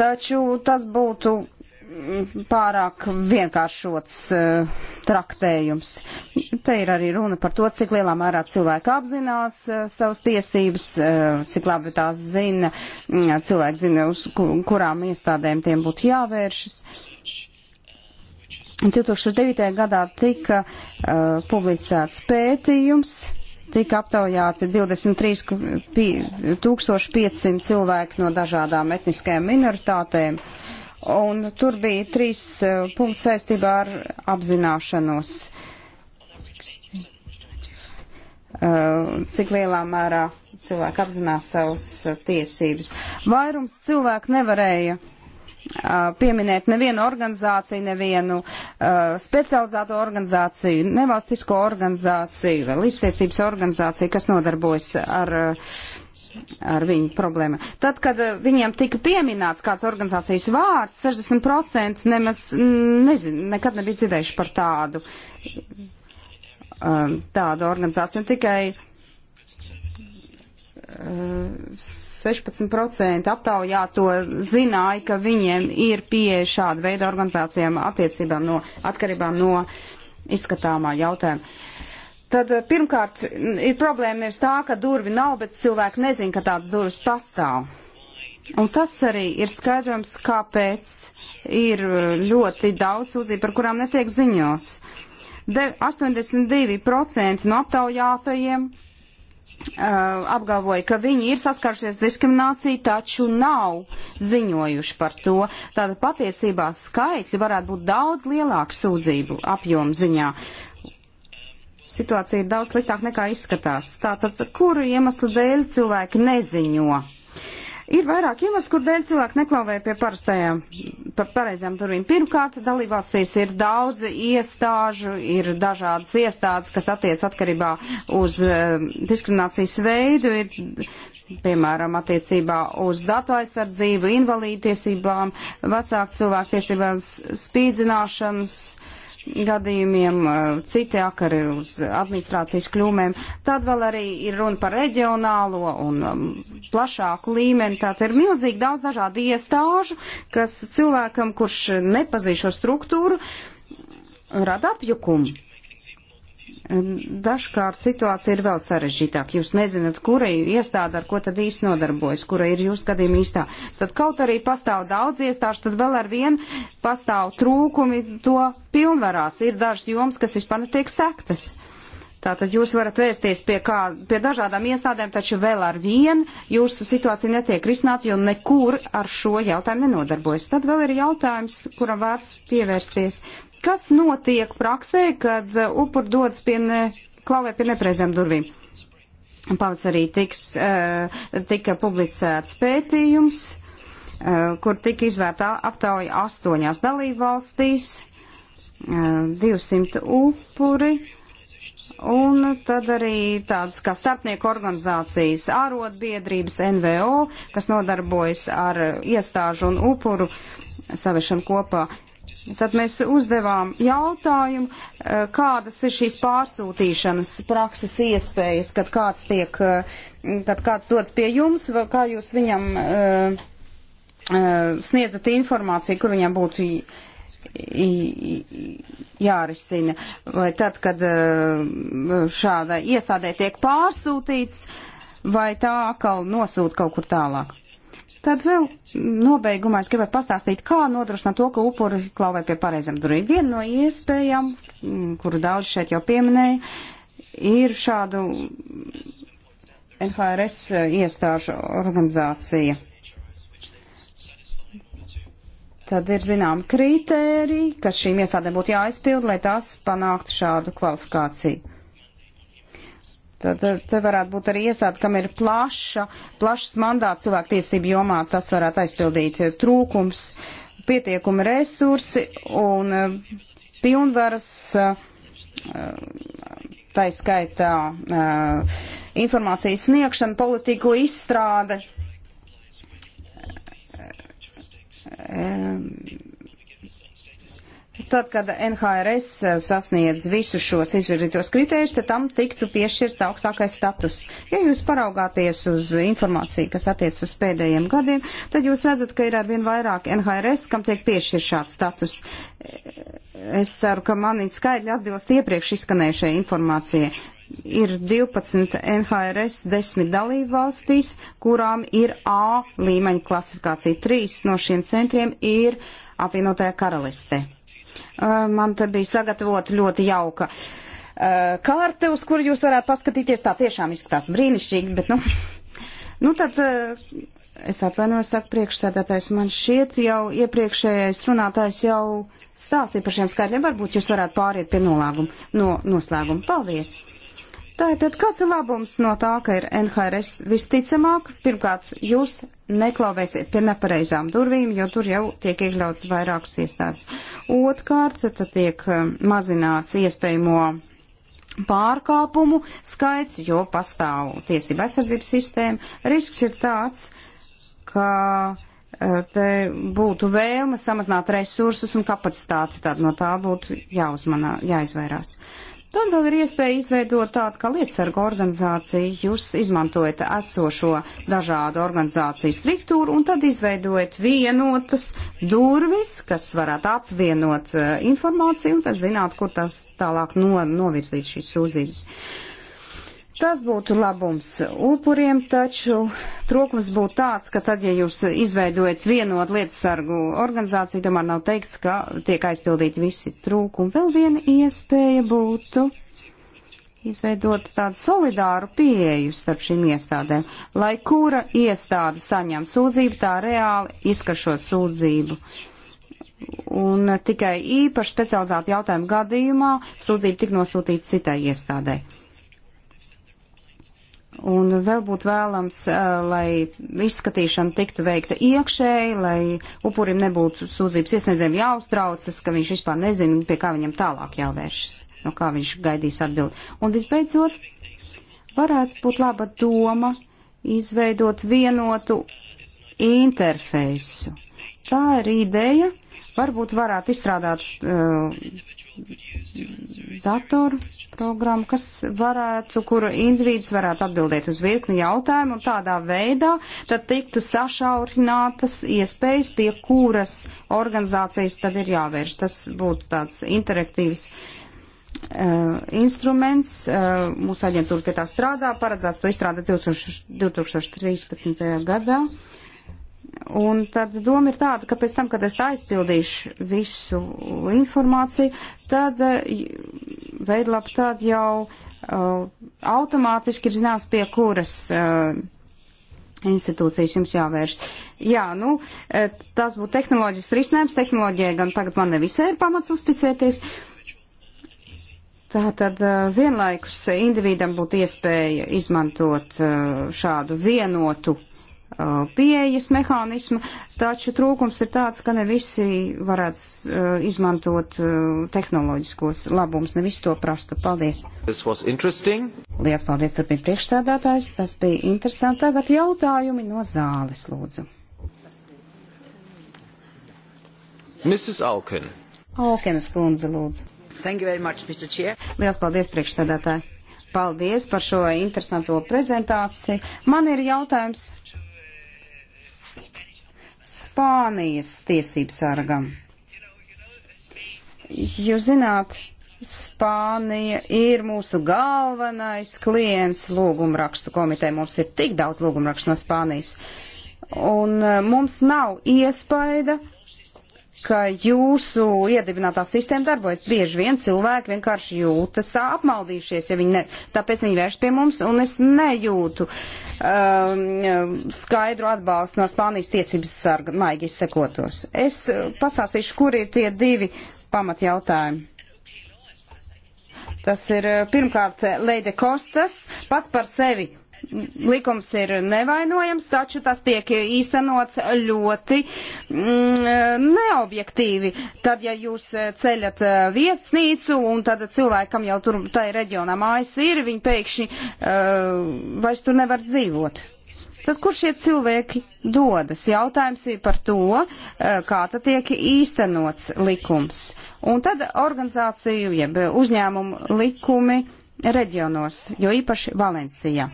Taču tas būtu mm, pārāk vienkāršots uh, traktējums. Te ir arī runa par to, cik lielā mērā cilvēki apzinās uh, savas tiesības, uh, cik labi tās zina, mm, cilvēki zina, uz kurām iestādēm tiem būtu jāvēršas. 2009. gadā tika uh, publicēts pētījums, tika aptaujāti 23,500 cilvēki no dažādām etniskajām minoritātēm, un tur bija trīs uh, punkti saistībā ar apzināšanos, uh, cik lielā mērā cilvēki apzinās savas uh, tiesības. Vairums cilvēku nevarēja pieminēt nevienu organizāciju, nevienu uh, specializēto organizāciju, nevalstisko organizāciju vai līdztiesības organizāciju, kas nodarbojas ar, ar viņu problēmu. Tad, kad viņiem tika pieminēts kāds organizācijas vārds, 60% nemaz nezin, nekad nebija dzirdējuši par tādu, um, tādu organizāciju. Un tikai uh, 16% aptaujāto zināja, ka viņiem ir pieeja šāda veida organizācijām attiecībām no, atkarībām no izskatāmā jautājuma. Tad eh, pirmkārt, ir problēma nevis tā, ka durvi nav, bet cilvēki nezin, ka tāds durvis pastāv. Un tas arī ir skaidrojums, kāpēc ir eh, ļoti daudz sūdzību, par kurām netiek ziņots. De 82% no aptaujātajiem Uh, apgalvoja, ka viņi ir saskaršies diskrimināciju, taču nav ziņojuši par to. Tātad patiesībā skaitļi varētu būt daudz lielāki sūdzību apjomu ziņā. Situācija ir daudz sliktāk nekā izskatās. Tātad, kuru iemeslu dēļ cilvēki neziņo? Uh, Ir vairāk iemeslu, kur dēļ cilvēki neklauvē pie parastajām, pa, pareizajām durvīm. Pirmkārt, dalībvalstīs ir daudz iestāžu, ir dažādas iestādes, kas attiec atkarībā uz uh, diskriminācijas veidu, ir, piemēram, attiecībā uz datu aizsardzību, invalīdu tiesībām, vecāku cilvēku tiesībām, spīdzināšanas. Uh, gadījumiem, eh, citi akari uz administrācijas kļūmēm. Tad vēl arī ir runa par reģionālo un um, plašāku līmeni. Tātad ir milzīgi daudz dažādu iestāžu, kas cilvēkam, kurš nepazīšo struktūru, rada apjukumu. Dažkārt situācija ir vēl sarežģītāka. Jūs nezināt, kura ir iestāde, ar ko tad īsti nodarbojas, kura ir jūs gadījuma īstā. Tad kaut arī pastāv daudz iestāžu, tad vēl ar vienu pastāv trūkumi to pilnvarās. Ir dažas jomas, kas vispār netiek sektas. Tātad jūs varat vērsties pie, kā, pie dažādām iestādēm, taču vēl ar vienu jūsu situācija netiek risināta, jo nekur ar šo jautājumu nenodarbojas. Tad vēl ir jautājums, kuram vērts pievērsties. Kas notiek praksē, kad uh, upur dodas pie ne, klauvē pie nepreizēm durvīm? Pavasarī tiks, uh, tika publicēts pētījums, uh, kur tika izvērtā aptauja astoņās dalībvalstīs, 200 upuri, un tad arī tādas kā starpnieku organizācijas, ārotbiedrības, NVO, kas nodarbojas ar iestāžu un upuru savešanu kopā. Tad mēs uzdevām jautājumu, eh, kādas ir šīs pārsūtīšanas prakses iespējas, kad kāds tiek, eh, kad kāds dodas pie jums, vai kā jūs viņam uh, uh, sniedzat informāciju, kur viņam būtu jārisina. Vai tad, kad uh, šāda iestādē tiek pārsūtīts, vai tā atkal nosūta kaut kur tālāk? Tad vēl nobeigumā es gribētu pastāstīt, kā nodrošināt to, ka upuri klauvē pie pareizam durvīm. Viena no iespējām, mm, kuru daudz šeit jau pieminēja, ir šādu NHRS iestāžu organizācija. Tad ir zinām kritēriji, kas šīm iestādēm būtu jāaizpild, lai tās panāktu šādu kvalifikāciju. Tad te varētu būt arī iestāde, kam ir plaša, plašs mandāts cilvēktiesību jomā, tas varētu aizpildīt trūkums, pietiekumi resursi un eh, pilnvaras, eh, tā skaitā eh, informācijas sniegšana, politiku izstrāde tad, kad NHRS eh, sasniedz visus šos izvirzītos kritērijus, tad tam tiktu piešķirts augstākais status. Ja jūs paraugāties uz informāciju, kas attiec uz pēdējiem gadiem, tad jūs redzat, ka ir arvien vairāk NHRS, kam tiek piešķirts šāds status. Eh, es ceru, ka mani skaidri atbilst iepriekš izskanējušajai informācijai. Ir 12 NHRS 10 dalību valstīs, kurām ir A līmeņa klasifikācija. Trīs no šiem centriem ir apvienotajā karalistē. Uh, man te bija sagatavota ļoti jauka uh, kārta, uz kuru jūs varētu paskatīties. Tā tiešām izskatās brīnišķīgi, bet nu, nu tad. Uh, es atvainojos, saka priekšsēdētājs, man šķiet jau iepriekšējais runātājs jau stāstīja par šiem skaitļiem. Varbūt jūs varētu pāriet pie nolāguma, no noslēguma. Paldies! Tātad, kāds ir labums no tā, ka ir NHRS visticamāk? Pirmkārt, jūs neklauvēsiet pie nepareizām durvīm, jo tur jau tiek iekļauts vairākas iestādes. Otkārt, tad tiek um, mazināts iespējamo pārkāpumu skaits, jo pastāv tiesība aizsardzības sistēma. Risks ir tāds, ka uh, te būtu vēlme samazināt resursus un kapacitāti, tad no tā būtu jāuzmanā, jāizvairās. Uh, Tad vēl ir iespēja izveidot tādu kā lietasargu organizāciju. Jūs izmantojat esošo dažādu organizāciju struktūru un tad izveidojat vienotas durvis, kas varētu apvienot uh, informāciju un tad zināt, kur tas tālāk no, novirzīt šīs sūdzības. Uh, Tas būtu labums upuriem, taču trūkums būtu tāds, ka tad, ja jūs izveidojat vienotu lietasargu organizāciju, tomēr nav teikts, ka tiek aizpildīti visi trūkumi. Vēl viena iespēja būtu izveidot tādu solidāru pieeju starp šīm iestādēm, lai kura iestāde saņem sūdzību, tā reāli izkašo sūdzību. Un tikai īpaši specializētu jautājumu gadījumā sūdzība tik nosūtīta citai iestādēji Un vēl būtu vēlams, eh, lai izskatīšana tiktu veikta iekšēji, lai upurim nebūtu sūdzības iesniedzējiem jāuztraucas, ka viņš vispār nezina, pie kā viņam tālāk jāvēršas, no kā viņš gaidīs atbildi. Un visbeidzot, varētu būt laba doma izveidot vienotu interfeisu. Tā ir ideja. Varbūt varētu izstrādāt uh, datoru programmu, kas varētu, kura individs varētu atbildēt uz virkni jautājumu, un tādā veidā tad tiktu sašaurinātas iespējas, pie kuras organizācijas tad ir jāvērš. Tas būtu tāds interaktīvs uh, instruments. Uh, mūsu aģentūra pie tā strādā, paredzēts to izstrādāt 2013. gadā. Uh, Un tad doma ir tāda, ka pēc tam, kad es aizpildīšu visu informāciju, tad eh, veidlap tad jau uh, automātiski ir zinās, pie kuras uh, institūcijas jums jāvērš. Jā, nu, tas būtu tehnoloģisks risinājums. Tehnoloģijai gan tagad man nevisai ir pamats uzticēties. Tātad vienlaikus individam būtu iespēja izmantot šādu vienotu Uh, pieejas mehānismu, taču trūkums ir tāds, ka ne visi varētu uh, izmantot uh, tehnoloģiskos labumus, ne visi to prastu. Paldies! Lielas paldies, turpina priekšsēdētājs, tas bija interesanti. Tagad jautājumi no zāles, lūdzu. Mrs. Alken. Alkenas kundze, lūdzu. Thank you very much, Mr. Chair. Lielas paldies, priekšsēdētāji. Paldies par šo interesanto prezentāciju. Man ir jautājums Spānijas tiesību sargam. Jūs zināt, Spānija ir mūsu galvenais klients lūgumrakstu komiteja. Mums ir tik daudz lūgumrakstu no Spānijas. Un eh, mums nav iespaida, ka jūsu iedibinātā sistēma darbojas. Bieži vien cilvēki vienkārši jūtas apmaldījušies, ja viņi ne, tāpēc viņi vērš pie mums, un es nejūtu um, skaidru atbalstu no Spānijas tiecības sarga, maigi izsekotos. Es uh, pastāstīšu, kur ir tie divi pamatjautājumi. Tas ir uh, pirmkārt Leide Kostas, pats par sevi likums ir nevainojams, taču tas tiek īstenots ļoti mm, neobjektīvi. Tad, ja jūs eh, ceļat eh, viesnīcu un tad cilvēkam jau tur tai reģionā mājas ir, viņi pēkšņi uh, vairs tur nevar dzīvot. Tad kur šie cilvēki dodas? Jautājums ir par to, kā tad tiek īstenots likums. Un tad organizāciju, jeb uzņēmumu likumi reģionos, jo īpaši Valencijā.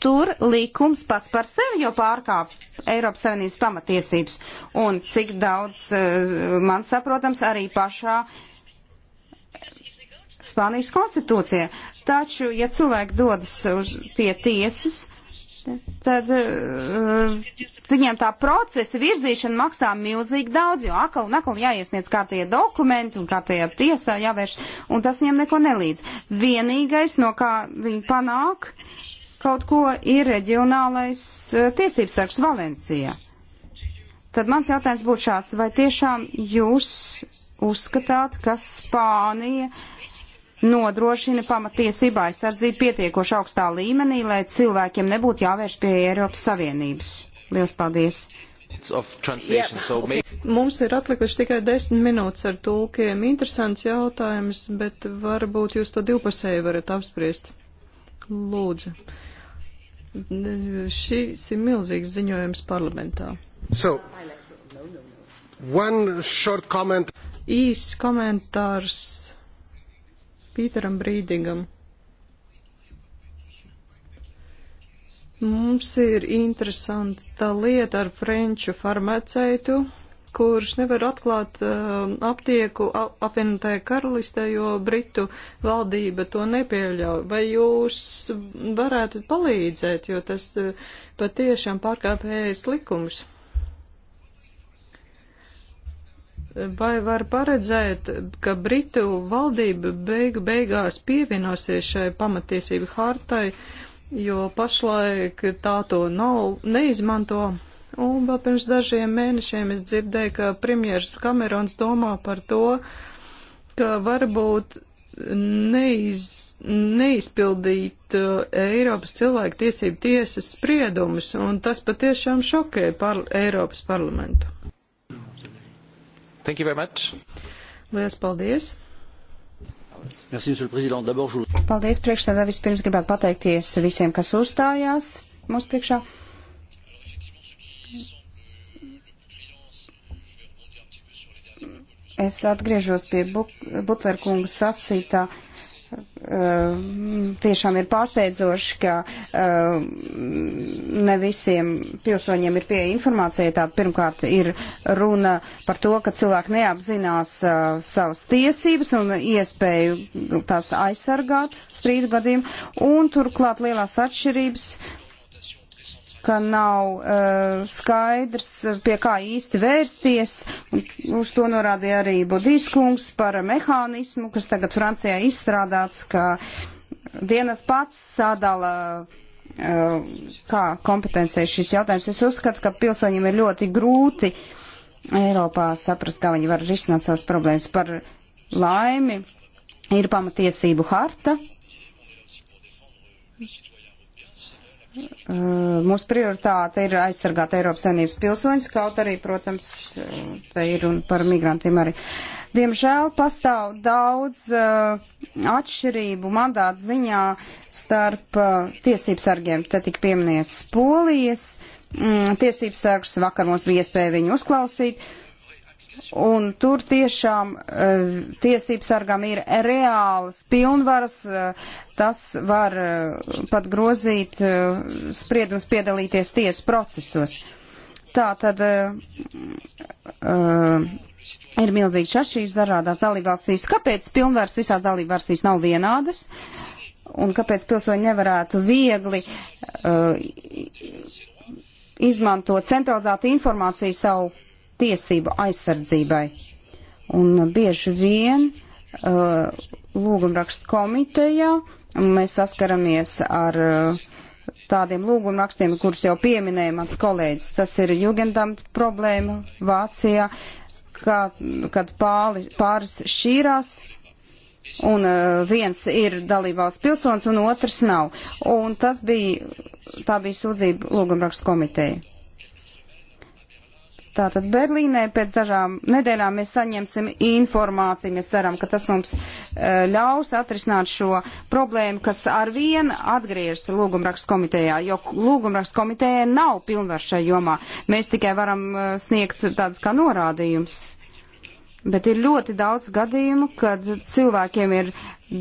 Tur likums pats par sevi jau pārkāpj Eiropas Savienības pamatiesības. Un cik daudz eh, man saprotams arī pašā Spānijas konstitūcijā. Taču, ja cilvēki dodas uz pie tiesas, tad uh, viņiem tā procesa virzīšana maksā milzīgi daudz, jo akal un akal jāiesniedz kārtie dokumenti un kārtie tiesā jāvērš, un tas viņiem neko nelīdz. Vienīgais, no kā viņi panāk, kaut ko, ir reģionālais eh, tiesības sargs Valencijā. Tad mans jautājums būtu šāds, vai tiešām jūs uzskatāt, ka Spānija nodrošina pamatiesība aizsardzību pietiekoši augstā līmenī, lai cilvēkiem nebūtu jāvērš pie Eiropas Savienības? Lielas paldies! Yeah. So may... Mums ir atlikuši tikai desmit minūtes ar tulkiem. Interesants jautājums, bet varbūt jūs to divpusēji varat apspriest. Lūdzu. Uh, Šis ir milzīgs ziņojums parlamentā. So, Īs komentārs Pīteram Brīdingam. Mums ir interesanta lieta ar franču farmaceitu, kurš nevar atklāt uh, aptieku apvienotajā karalistē, jo Britu valdība to nepieļauj. Vai jūs varētu palīdzēt, jo tas uh, patiešām pārkāpējas likums? Vai var paredzēt, ka Britu valdība beigu beigās pievienosies šai pamatiesību hartai, jo pašlaik tā to nav, neizmanto? Un vēl pirms dažiem mēnešiem es dzirdēju, ka premjeras Kamerons domā par to, ka varbūt neiz, neizpildīt uh, Eiropas cilvēku tiesību tiesas spriedumus, un tas patiešām šokē par Eiropas parlamentu. Thank you very much. Lielas paldies. Merci, Paldies, priekšstādā. Vispirms gribētu pateikties visiem, kas uzstājās mūsu priekšā. Es atgriežos pie Butlera kunga sacītā. Ehm, tiešām ir pārsteidzoši, ka ehm, ne visiem pilsoņiem ir pieeja informācija. Tā pirmkārt ir runa par to, ka cilvēki neapzinās ehm, savas tiesības un iespēju tās aizsargāt strīdu gadījumu. Un turklāt lielās atšķirības ka nav uh, skaidrs, pie kā īsti vērsties. Uz to norādīja arī Budiskungs par mehānismu, kas tagad Francijā izstrādāts, ka dienas pats sadala. Uh, kā kompetencija šis jautājums? Es uzskatu, ka pilsoņiem ir ļoti grūti Eiropā saprast, kā viņi var risināt savas problēmas. Par laimi ir pamatiesību harta, Eh, mūsu prioritāte ir aizsargāt Eiropas saimnības pilsoņus, kaut arī, protams, eh, te ir un par migrantiem arī. Diemžēl pastāv daudz uh, atšķirību mandātu ziņā starp uh, tiesību sargiem. Te tik pieminēts Polijas mm, tiesību sargs, vakar mums bija iespēja viņu uzklausīt. Uh, Un tur tiešām uh, eh, tiesības sargam ir reāls pilnvaras, uh, tas var uh, pat grozīt uh, spriedums piedalīties tiesu procesos. Tā tad uh, uh, ir milzīgs šašīs zarādās dalībvalstīs. Kāpēc pilnvaras visās dalībvalstīs nav vienādas? Un kāpēc pilsoņi nevarētu viegli uh, izmantot centralizētu informāciju savu tiesību aizsardzībai. Un bieži vien uh, lūgumrakstu komitejā mēs saskaramies ar uh, tādiem lūgumrakstiem, kurus jau pieminēja mans kolēģis. Tas ir Jugendamt problēma Vācijā, ka, kad pāri, pāris šķīrās un uh, viens ir dalībvalsts pilsonis un otrs nav. Un tas bija, tā bija sūdzība lūgumrakstu komiteja. Tātad Berlīnē pēc dažām nedēļām mēs saņemsim informāciju. Mēs ceram, ka tas mums e, ļaus atrisināt šo problēmu, kas ar vienu atgriežas lūgumrakstu komitejā, jo lūgumrakstu komitejā nav pilnvar šai jomā. Mēs tikai varam e, sniegt tādas kā norādījums. Bet ir ļoti daudz gadījumu, kad cilvēkiem ir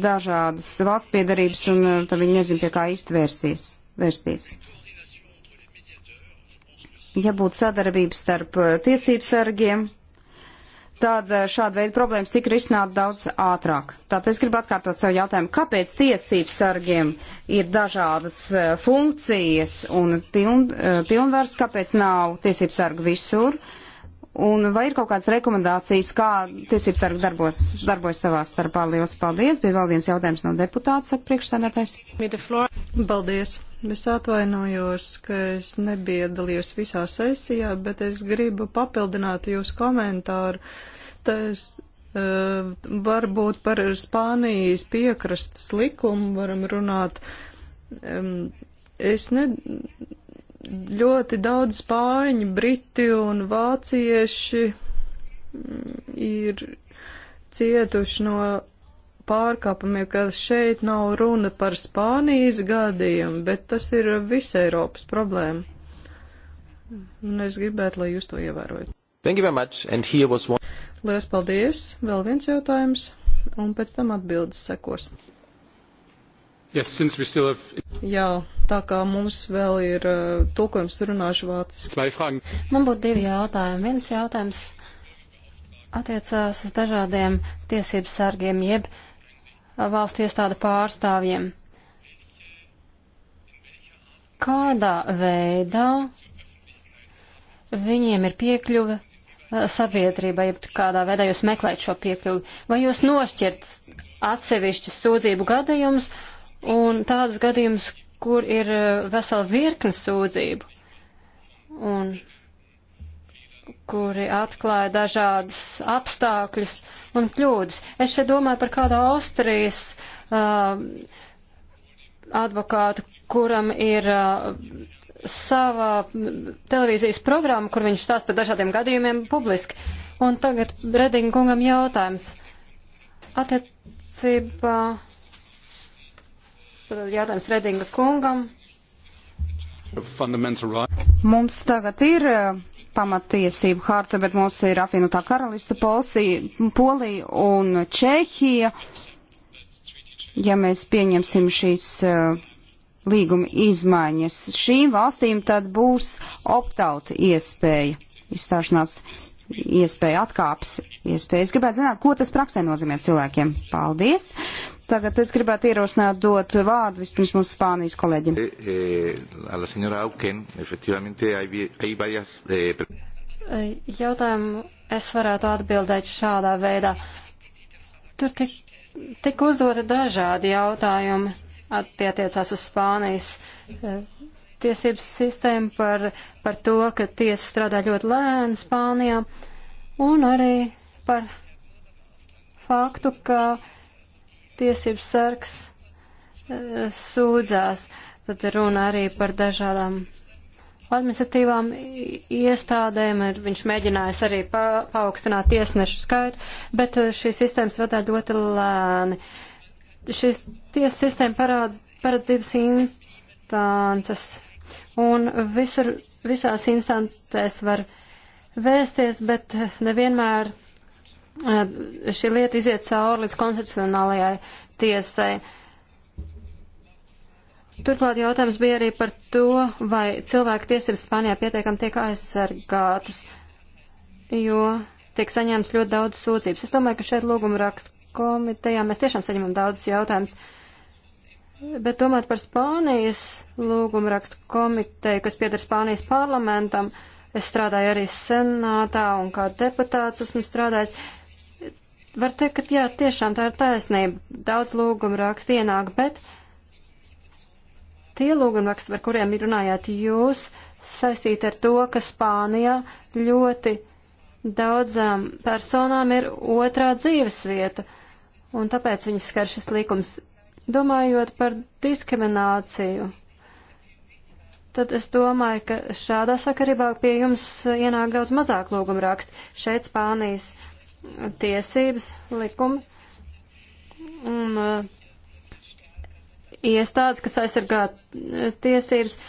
dažādas valsts piedarības un e, viņi nezin, pie kā īsti vērsties. vērsties ja būtu sadarbības starp eh, tiesības sargiem, tad eh, šāda veida problēmas tika risināt daudz ātrāk. Tātad es gribu atkārtot savu jautājumu, kāpēc tiesības sargiem ir dažādas eh, funkcijas un piln, pilnvars, kāpēc nav tiesības sarga visur? Un vai ir kaut kādas rekomendācijas, kā tiesības sargi darbos, darbojas savā starpā? Lielas paldies! Bija vēl viens jautājums no deputāta, saka priekšstādātais. Paldies! Es atvainojos, ka es nebiedalījos visā sesijā, bet es gribu papildināt jūsu komentāru. Tas uh, varbūt par Spānijas piekrastas likumu varam runāt. Um, es ne, ļoti daudz spāņu, briti un vācieši mm, ir cietuši no pārkāpumiem, ka šeit nav runa par Spānijas gadījumu, bet tas ir visa Eiropas problēma. Un es gribētu, lai jūs to ievērojat. Thank you very much, and here was one. Lielas paldies, vēl viens jautājums, un pēc tam atbildes sekos. Yes, since we still have... Jā, tā kā mums vēl ir uh, tulkojums runāšu vācis. Man būtu divi jautājumi. Viens jautājums attiecās uz dažādiem tiesību sargiem, jeb valstu iestādu pārstāvjiem. Kādā veidā viņiem ir piekļuve uh, sabiedrībai, ja kādā veidā jūs meklējat šo piekļuvi? Vai jūs nošķirt atsevišķus sūdzību gadījumus un tādus gadījumus, kur ir uh, vesela virkne sūdzību un kuri atklāja dažādas apstākļus, uh, un kļūdas. Es šeit domāju par kādu Austrijas uh, advokātu, kuram ir uh, sava televīzijas programma, kur viņš stāsta par dažādiem gadījumiem publiski. Un tagad Redinga kungam jautājums. Attiecībā. Tad jautājums Redinga kungam. Mums tagad ir uh, pamatiesību harta, bet mums ir apvienotā karalista Polsija, Polija un Čehija. Ja mēs pieņemsim šīs uh, līguma izmaiņas šīm valstīm, tad būs optauta iespēja, izstāšanās iespēja atkāpes iespēja. Es gribētu zināt, ko tas praksē nozīmē cilvēkiem. Paldies! Tagad es gribētu ierosināt dot vārdu vispirms mūsu Spānijas kolēģim. Jautājumu es varētu atbildēt šādā veidā. Tur tik, tik uzdoti dažādi jautājumi attiecās uz Spānijas eh, tiesības sistēmu par, par to, ka tiesa strādā ļoti lēni Spānijā un arī par faktu, ka tiesības sargs eh, sūdzās. Tad runa arī par dažādām administratīvām iestādēm. Viņš mēģinājis arī pa, paaugstināt tiesnešu skaitu, bet eh, šī sistēma strādā ļoti lēni. Šis tiesu sistēma parāds, parāds divas instances, un visur, visās instancēs var vēsties, bet eh, nevienmēr šī lieta iziet cauri līdz konstitucionālajai tiesai. Turklāt jautājums bija arī par to, vai cilvēku tiesības Spānijā pietiekami tiek aizsargātas, jo tiek saņēmas ļoti daudz sūdzības. Es domāju, ka šeit lūguma rakstu komitejā mēs tiešām saņemam daudz jautājumus. Bet domāt par Spānijas lūguma rakstu komiteju, kas pieder Spānijas parlamentam, es strādāju arī senātā un kā deputāts esmu strādājis var teikt, ka jā, tiešām tā ir taisnība. Daudz lūgumu rakstu ienāk, bet tie lūgumu raksti, par kuriem runājāt jūs, saistīti ar to, ka Spānijā ļoti daudzām personām ir otrā dzīves vieta, un tāpēc viņas skar šis likums. Domājot par diskrimināciju, tad es domāju, ka šādā sakarībā pie jums ienāk daudz mazāk lūgumu rakstu. Šeit Spānijas uh, tiesības, likumi un uh, iestādes, kas aizsargā uh, tiesības.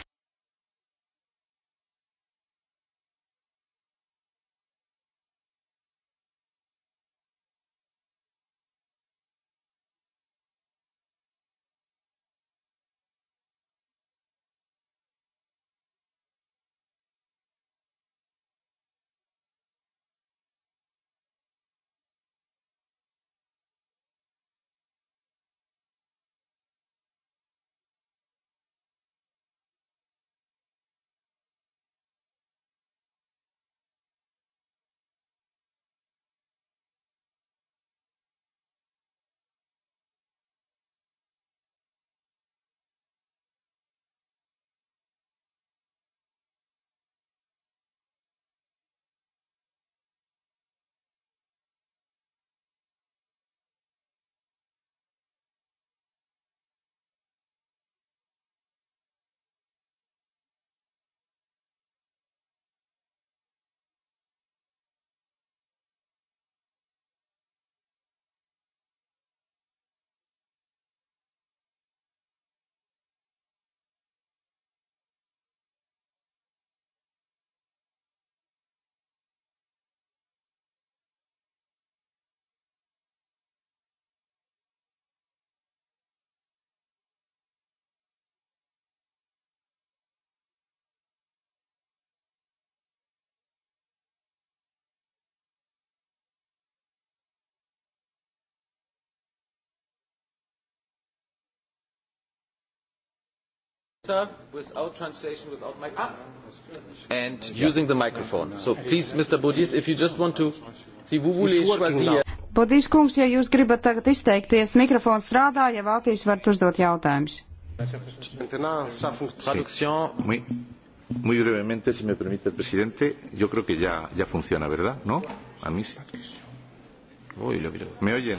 Minister without translation, without microphone. Ah. And using the microphone. So please, Mr. Boudis, if you just want to... Si vous voulez choisir... Bodīs kungs, ja jūs gribat tagad izteikties, mikrofons strādā, ja vēlties, varat uzdot jautājumus. Muy, muy brevemente, si me permite el presidente, yo creo que ya, ya funciona, ¿verdad? ¿No? A mí sí. Oui, le, le, ¿Me oyen?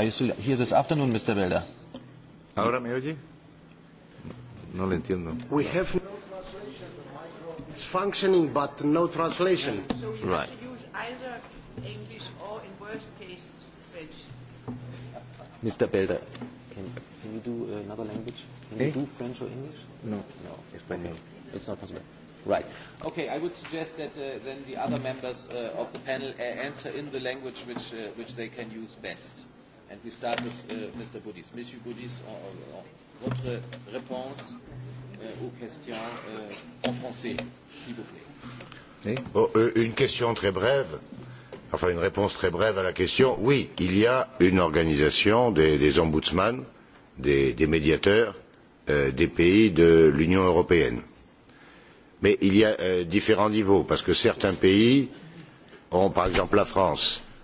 Are you still here this afternoon, Mr. Belda? ¿Ahora me oye? No, no le entiendo. We have no translation. It's functioning, but no translation. So you right. have to use either English or, in worst case, French. Mr. Belda, can, can you do another language? Can eh? you do French or English? No. No. Español. Okay. It's not possible. Right. Okay, I would suggest that uh, then the other members uh, of the panel uh, answer in the language which, uh, which they can use best. And we start with uh, Mr. Boudis. Monsieur Boudis, on, on, votre réponse euh, aux questions euh, en français, s'il vous plaît. Oui. Bon, oh, euh, une question très brève, enfin une réponse très brève à la question. Oui, il y a une organisation des, des ombudsman, des, des médiateurs euh, des pays de l'Union européenne. Mais il y a euh, différents niveaux, parce que certains pays ont, par exemple la France,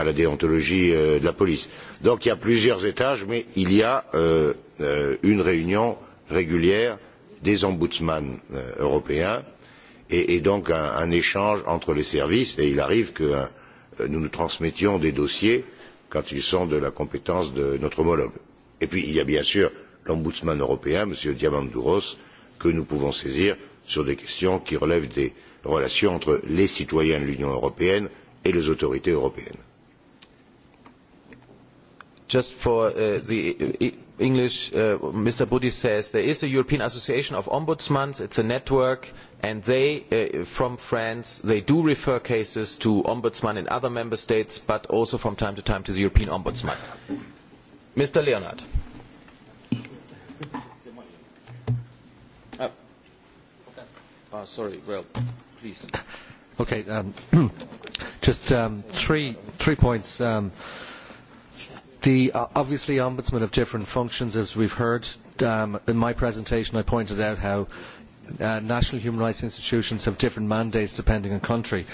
à la déontologie euh, de la police. Donc il y a plusieurs étages, mais il y a euh, euh, une réunion régulière des ombudsman euh, européens et, et donc un, un échange entre les services et il arrive que euh, nous nous transmettions des dossiers quand ils sont de la compétence de notre homologue. Et puis il y a bien sûr l'ombudsman européen, M. Diamandouros, que nous pouvons saisir sur des questions qui relèvent des relations entre les citoyens de l'Union européenne et les autorités européennes just for uh, the e-, English, uh, Mr. Budi says there is a European Association of Ombudsmans. It's a network, and they, uh, from France, they do refer cases to ombudsman in other member states, but also from time to time to the European Ombudsman. Mr. Leonard. Oh. Oh, sorry. Well, please. Okay. Um, just um, three, three points. Um, uh, The, uh, obviously, ombudsmen have different functions, as we've heard. Um, in my presentation, I pointed out how uh, national human rights institutions have different mandates depending on country.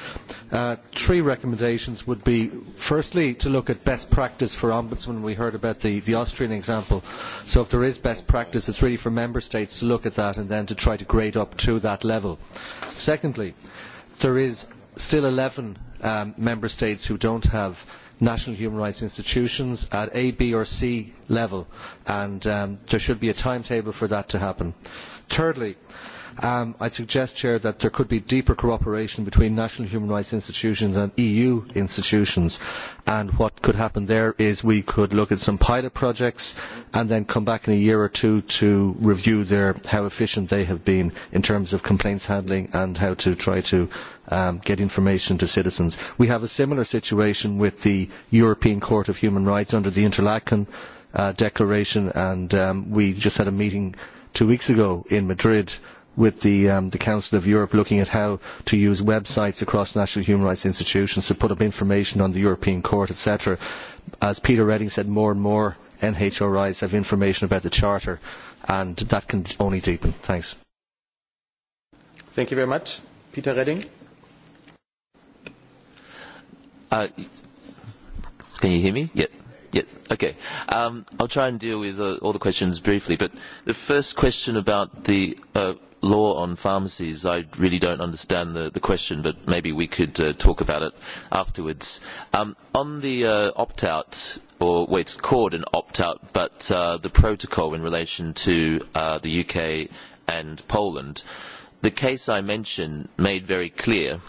Uh, three recommendations would be, firstly, to look at best practice for ombudsmen. We heard about the, the Austrian example. So if there is best practice, it's really for member states to look at that and then to try to grade up to that level. Secondly, there is still 11 um, member states who don't have uh, national human rights institutions at A, B or C level, and um, there should be a timetable for that to happen. Thirdly, uh, Um, I suggest, Chair, that there could be deeper cooperation between national human rights institutions and EU institutions. And what could happen there is we could look at some pilot projects and then come back in a year or two to review their, how efficient they have been in terms of complaints handling and how to try to um, get information to citizens. We have a similar situation with the European Court of Human Rights under the Interlaken uh, Declaration, and um, we just had a meeting two weeks ago in Madrid uh, with the, um, the Council of Europe looking at how to use websites across national human rights institutions to put up information on the European Court, etc. As Peter Redding said, more and more NHRIs have information about the Charter, and that can only deepen. Thanks. Thank you very much. Peter Redding. Uh, can you hear me? Yeah. Yeah, okay. Um, I'll try and deal with uh, all the questions briefly, but the first question about the uh, law on pharmacies, I really don't understand the, the question, but maybe we could uh, talk about it afterwards. Um, on the uh, opt-out, or well, it's called an opt-out, but uh, the protocol in relation to uh, the UK and Poland, the case I mentioned made very clear –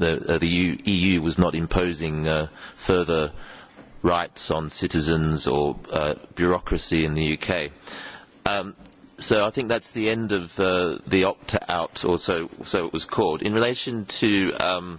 the, uh, the EU, EU was not imposing uh, further rights on citizens or uh, bureaucracy in the UK. Um, so I think that's the end of uh, the opt-out, or so, so it was called. In relation to um,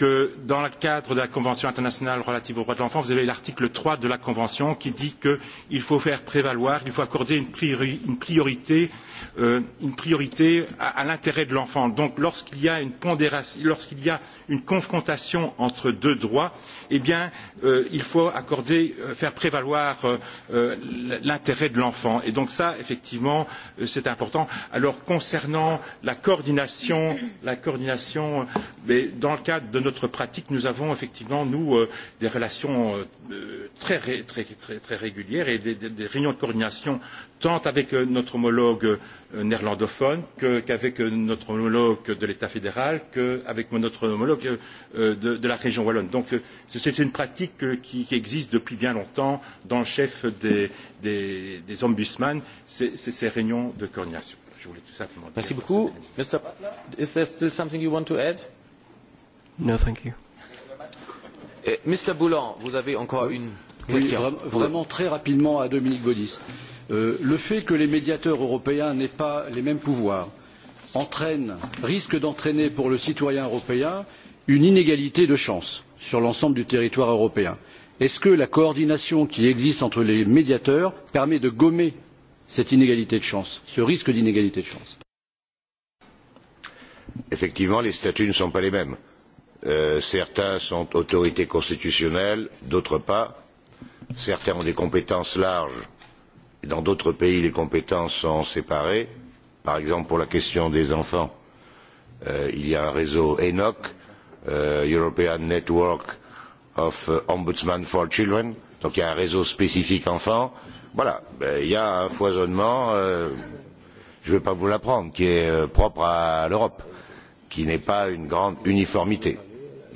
que dans le cadre de la Convention internationale relative aux droits de l'enfant, vous avez l'article 3 de la Convention qui dit qu'il faut faire prévaloir, il faut accorder une, priori, une priorité, euh, une priorité à, à l'intérêt de l'enfant. Donc lorsqu'il y a une pondération, lorsqu'il y a une confrontation entre deux droits, eh bien euh, il faut accorder, euh, faire prévaloir euh, euh, l'intérêt de l'enfant. Et donc ça, effectivement, euh, c'est important. Alors concernant la coordination, la coordination, euh, mais dans le cadre de notre d'autres pratiques, nous avons effectivement, nous, euh, des relations euh, euh très, très, très, très régulières et des, des, des réunions de coordination tant avec euh, notre homologue euh, néerlandophone qu'avec qu euh, notre homologue de l'État fédéral, qu'avec notre homologue euh, de, de la région wallonne. Donc euh, c'est une pratique euh, qui, qui existe depuis bien longtemps dans le chef des, des, des ombudsman, c'est ces réunions de coordination. Je voulais tout simplement dire. Merci beaucoup. Mr. Butler, is there still something you want to add? No, thank you. Et, eh, Mr. Boulan, vous avez encore oui. une question. Oui, vra vraiment très rapidement à Dominique Baudis. Euh, le fait que les médiateurs européens n'aient pas les mêmes pouvoirs entraîne, risque d'entraîner pour le citoyen européen une inégalité de chance sur l'ensemble du territoire européen. Est-ce que la coordination qui existe entre les médiateurs permet de gommer cette inégalité de chance, ce risque d'inégalité de chance Effectivement, les statuts ne sont pas les mêmes Euh, certains sont autorités constitutionnelles, d'autres pas. Certains ont des compétences larges. Et dans d'autres pays, les compétences sont séparées. Par exemple, pour la question des enfants, euh, il y a un réseau ENOC, euh, European Network of euh, Ombudsman for Children. Donc il y a un réseau spécifique enfants. Voilà, ben, il y a un foisonnement, euh, je ne vais pas vous l'apprendre, qui est euh, propre à l'Europe, qui n'est pas une grande uniformité.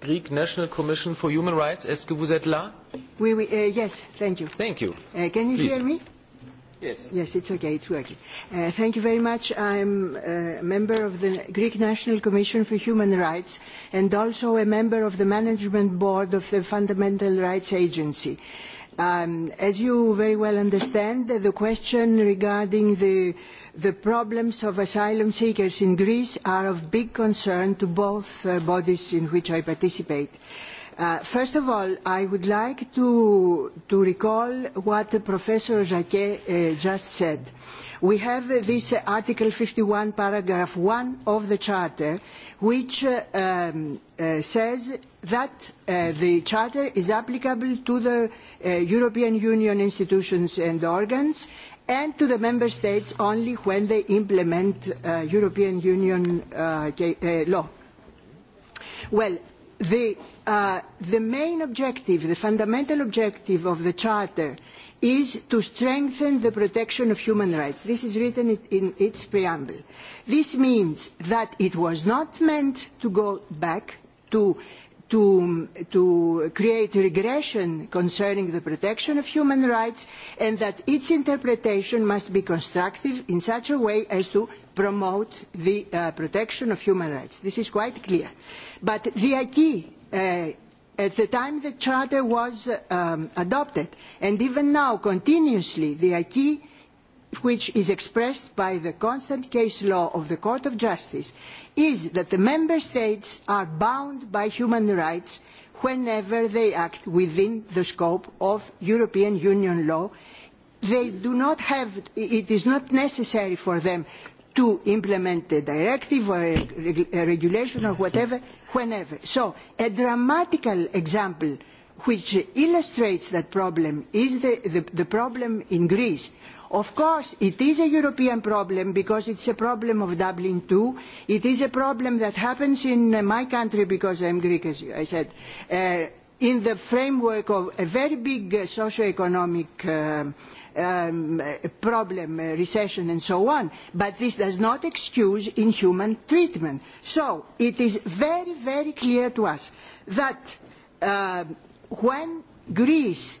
Greek National Commission for Human Rights. Est-ce que vous êtes là? Oui, oui. Uh, yes, thank you. Thank you. Uh, can you Please. hear me? Yes. Yes, it's okay. It's working. Uh, thank you very much. I'm a member of the Greek National Commission for Human Rights and also a member of the Management Board of the Fundamental Rights Agency. Uh, Um, as you very well understand, the question regarding the, the problems of asylum seekers in Greece are of big concern to both uh, bodies in which I participate. Uh, first of all, I would like to, to recall what Professor Jacquet uh, just said. Uh, We have uh, this uh, Article 51, paragraph 1 of the Charter, which uh, um, says that uh, the Charter is applicable to the uh, European Union institutions and organs and to the Member States only when they implement uh, European Union uh, uh, law. Well, the, uh, the main objective, the fundamental objective of the Charter is to strengthen the protection of human rights. This is written in its preamble. This means that it was not meant to go back to to, to create regression concerning the protection of human rights and that its interpretation must be constructive in such a way as to promote the uh, protection of human rights. This is quite clear. But the acquis uh, at the time the Charter was um, adopted, and even now continuously the acquis which is expressed by the constant case law of the Court of Justice is that the member states are bound by human rights whenever they act within the scope of European Union law. They do not have, it is not necessary for them to implement a directive or a, a regulation or whatever, whenever. So a dramatical example which illustrates that problem is the, the, the problem in Greece Of course, it is a European problem because it's a problem of Dublin too. It is a problem that happens in uh, my country because I'm Greek, as I said, uh, in the framework of a very big uh, socio-economic uh, um, um, problem, uh, recession and so on. But this does not excuse inhuman treatment. So it is very, very clear to us that uh, when Greece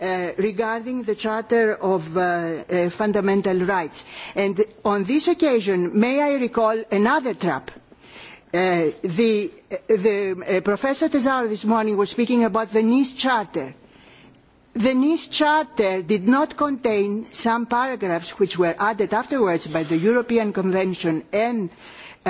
uh, regarding the Charter of uh, uh, Fundamental Rights. And on this occasion, may I recall another trap? Uh, the uh, the uh, Professor Tesaro this morning was speaking about the Nice Charter. The Nice Charter did not contain some paragraphs which were added afterwards by the European Convention and uh,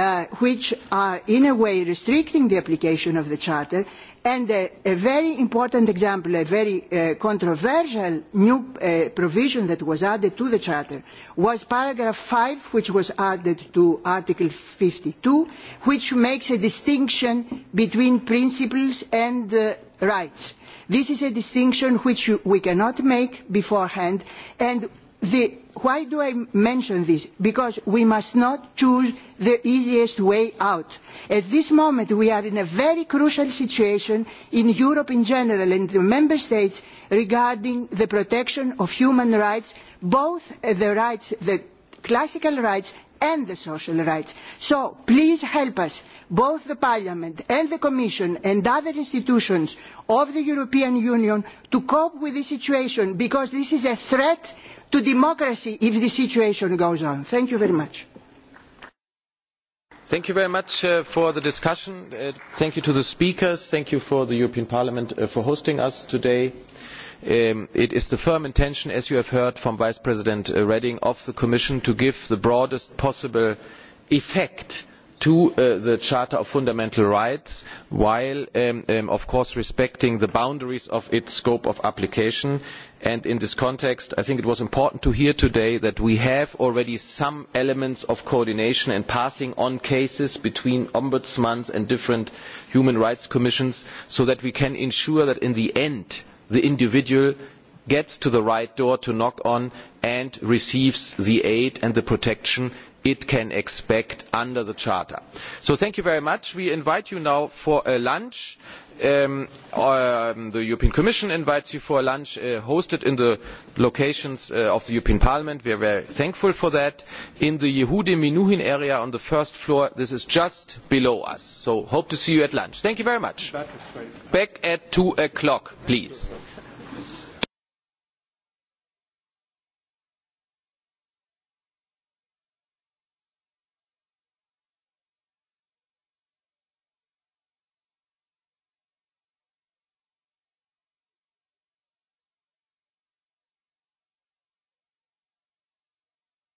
uh, which are in a way restricting the application of the Charter. And a, a very important example, a very uh, controversial new uh, provision that was added to the Charter was paragraph 5, which was added to Article 52, which makes a distinction between principles and uh, rights. This is a distinction which you, we cannot make beforehand, and the why do I mention this? Because we must not choose the easiest way out. At this moment, we are in a very crucial situation in Europe in general and the Member States regarding the protection of human rights, both the rights, the classical rights and the social rights. So please help us, both the Parliament and the Commission and other institutions of the European Union, to cope with this situation because this is a threat to democracy if this situation goes on. Thank you very much. Thank you very much uh, for the discussion. Uh, thank you to the speakers. Thank you for the European Parliament uh, for hosting us today. Um, it is the firm intention, as you have heard from Vice President uh, Redding, of the Commission to give the broadest possible effect to uh, the Charter of Fundamental Rights, while, um, um, of course, respecting the boundaries of its scope of application. And in this context, I think it was important to hear today that we have already some elements of coordination and passing on cases between ombudsmans and different human rights commissions so that we can ensure that in the end the individual gets to the right door to knock on and receives the aid and the protection it can expect under the charter. so thank you very much. we invite you now for a lunch Um, uh, um, the European Commission invites you for lunch uh, hosted in the locations uh, of the European Parliament. We are very thankful for that. In the Yehudi Minuhin area on the first floor, this is just below us. So hope to see you at lunch. Thank you very much. Back at 2 o'clock, please.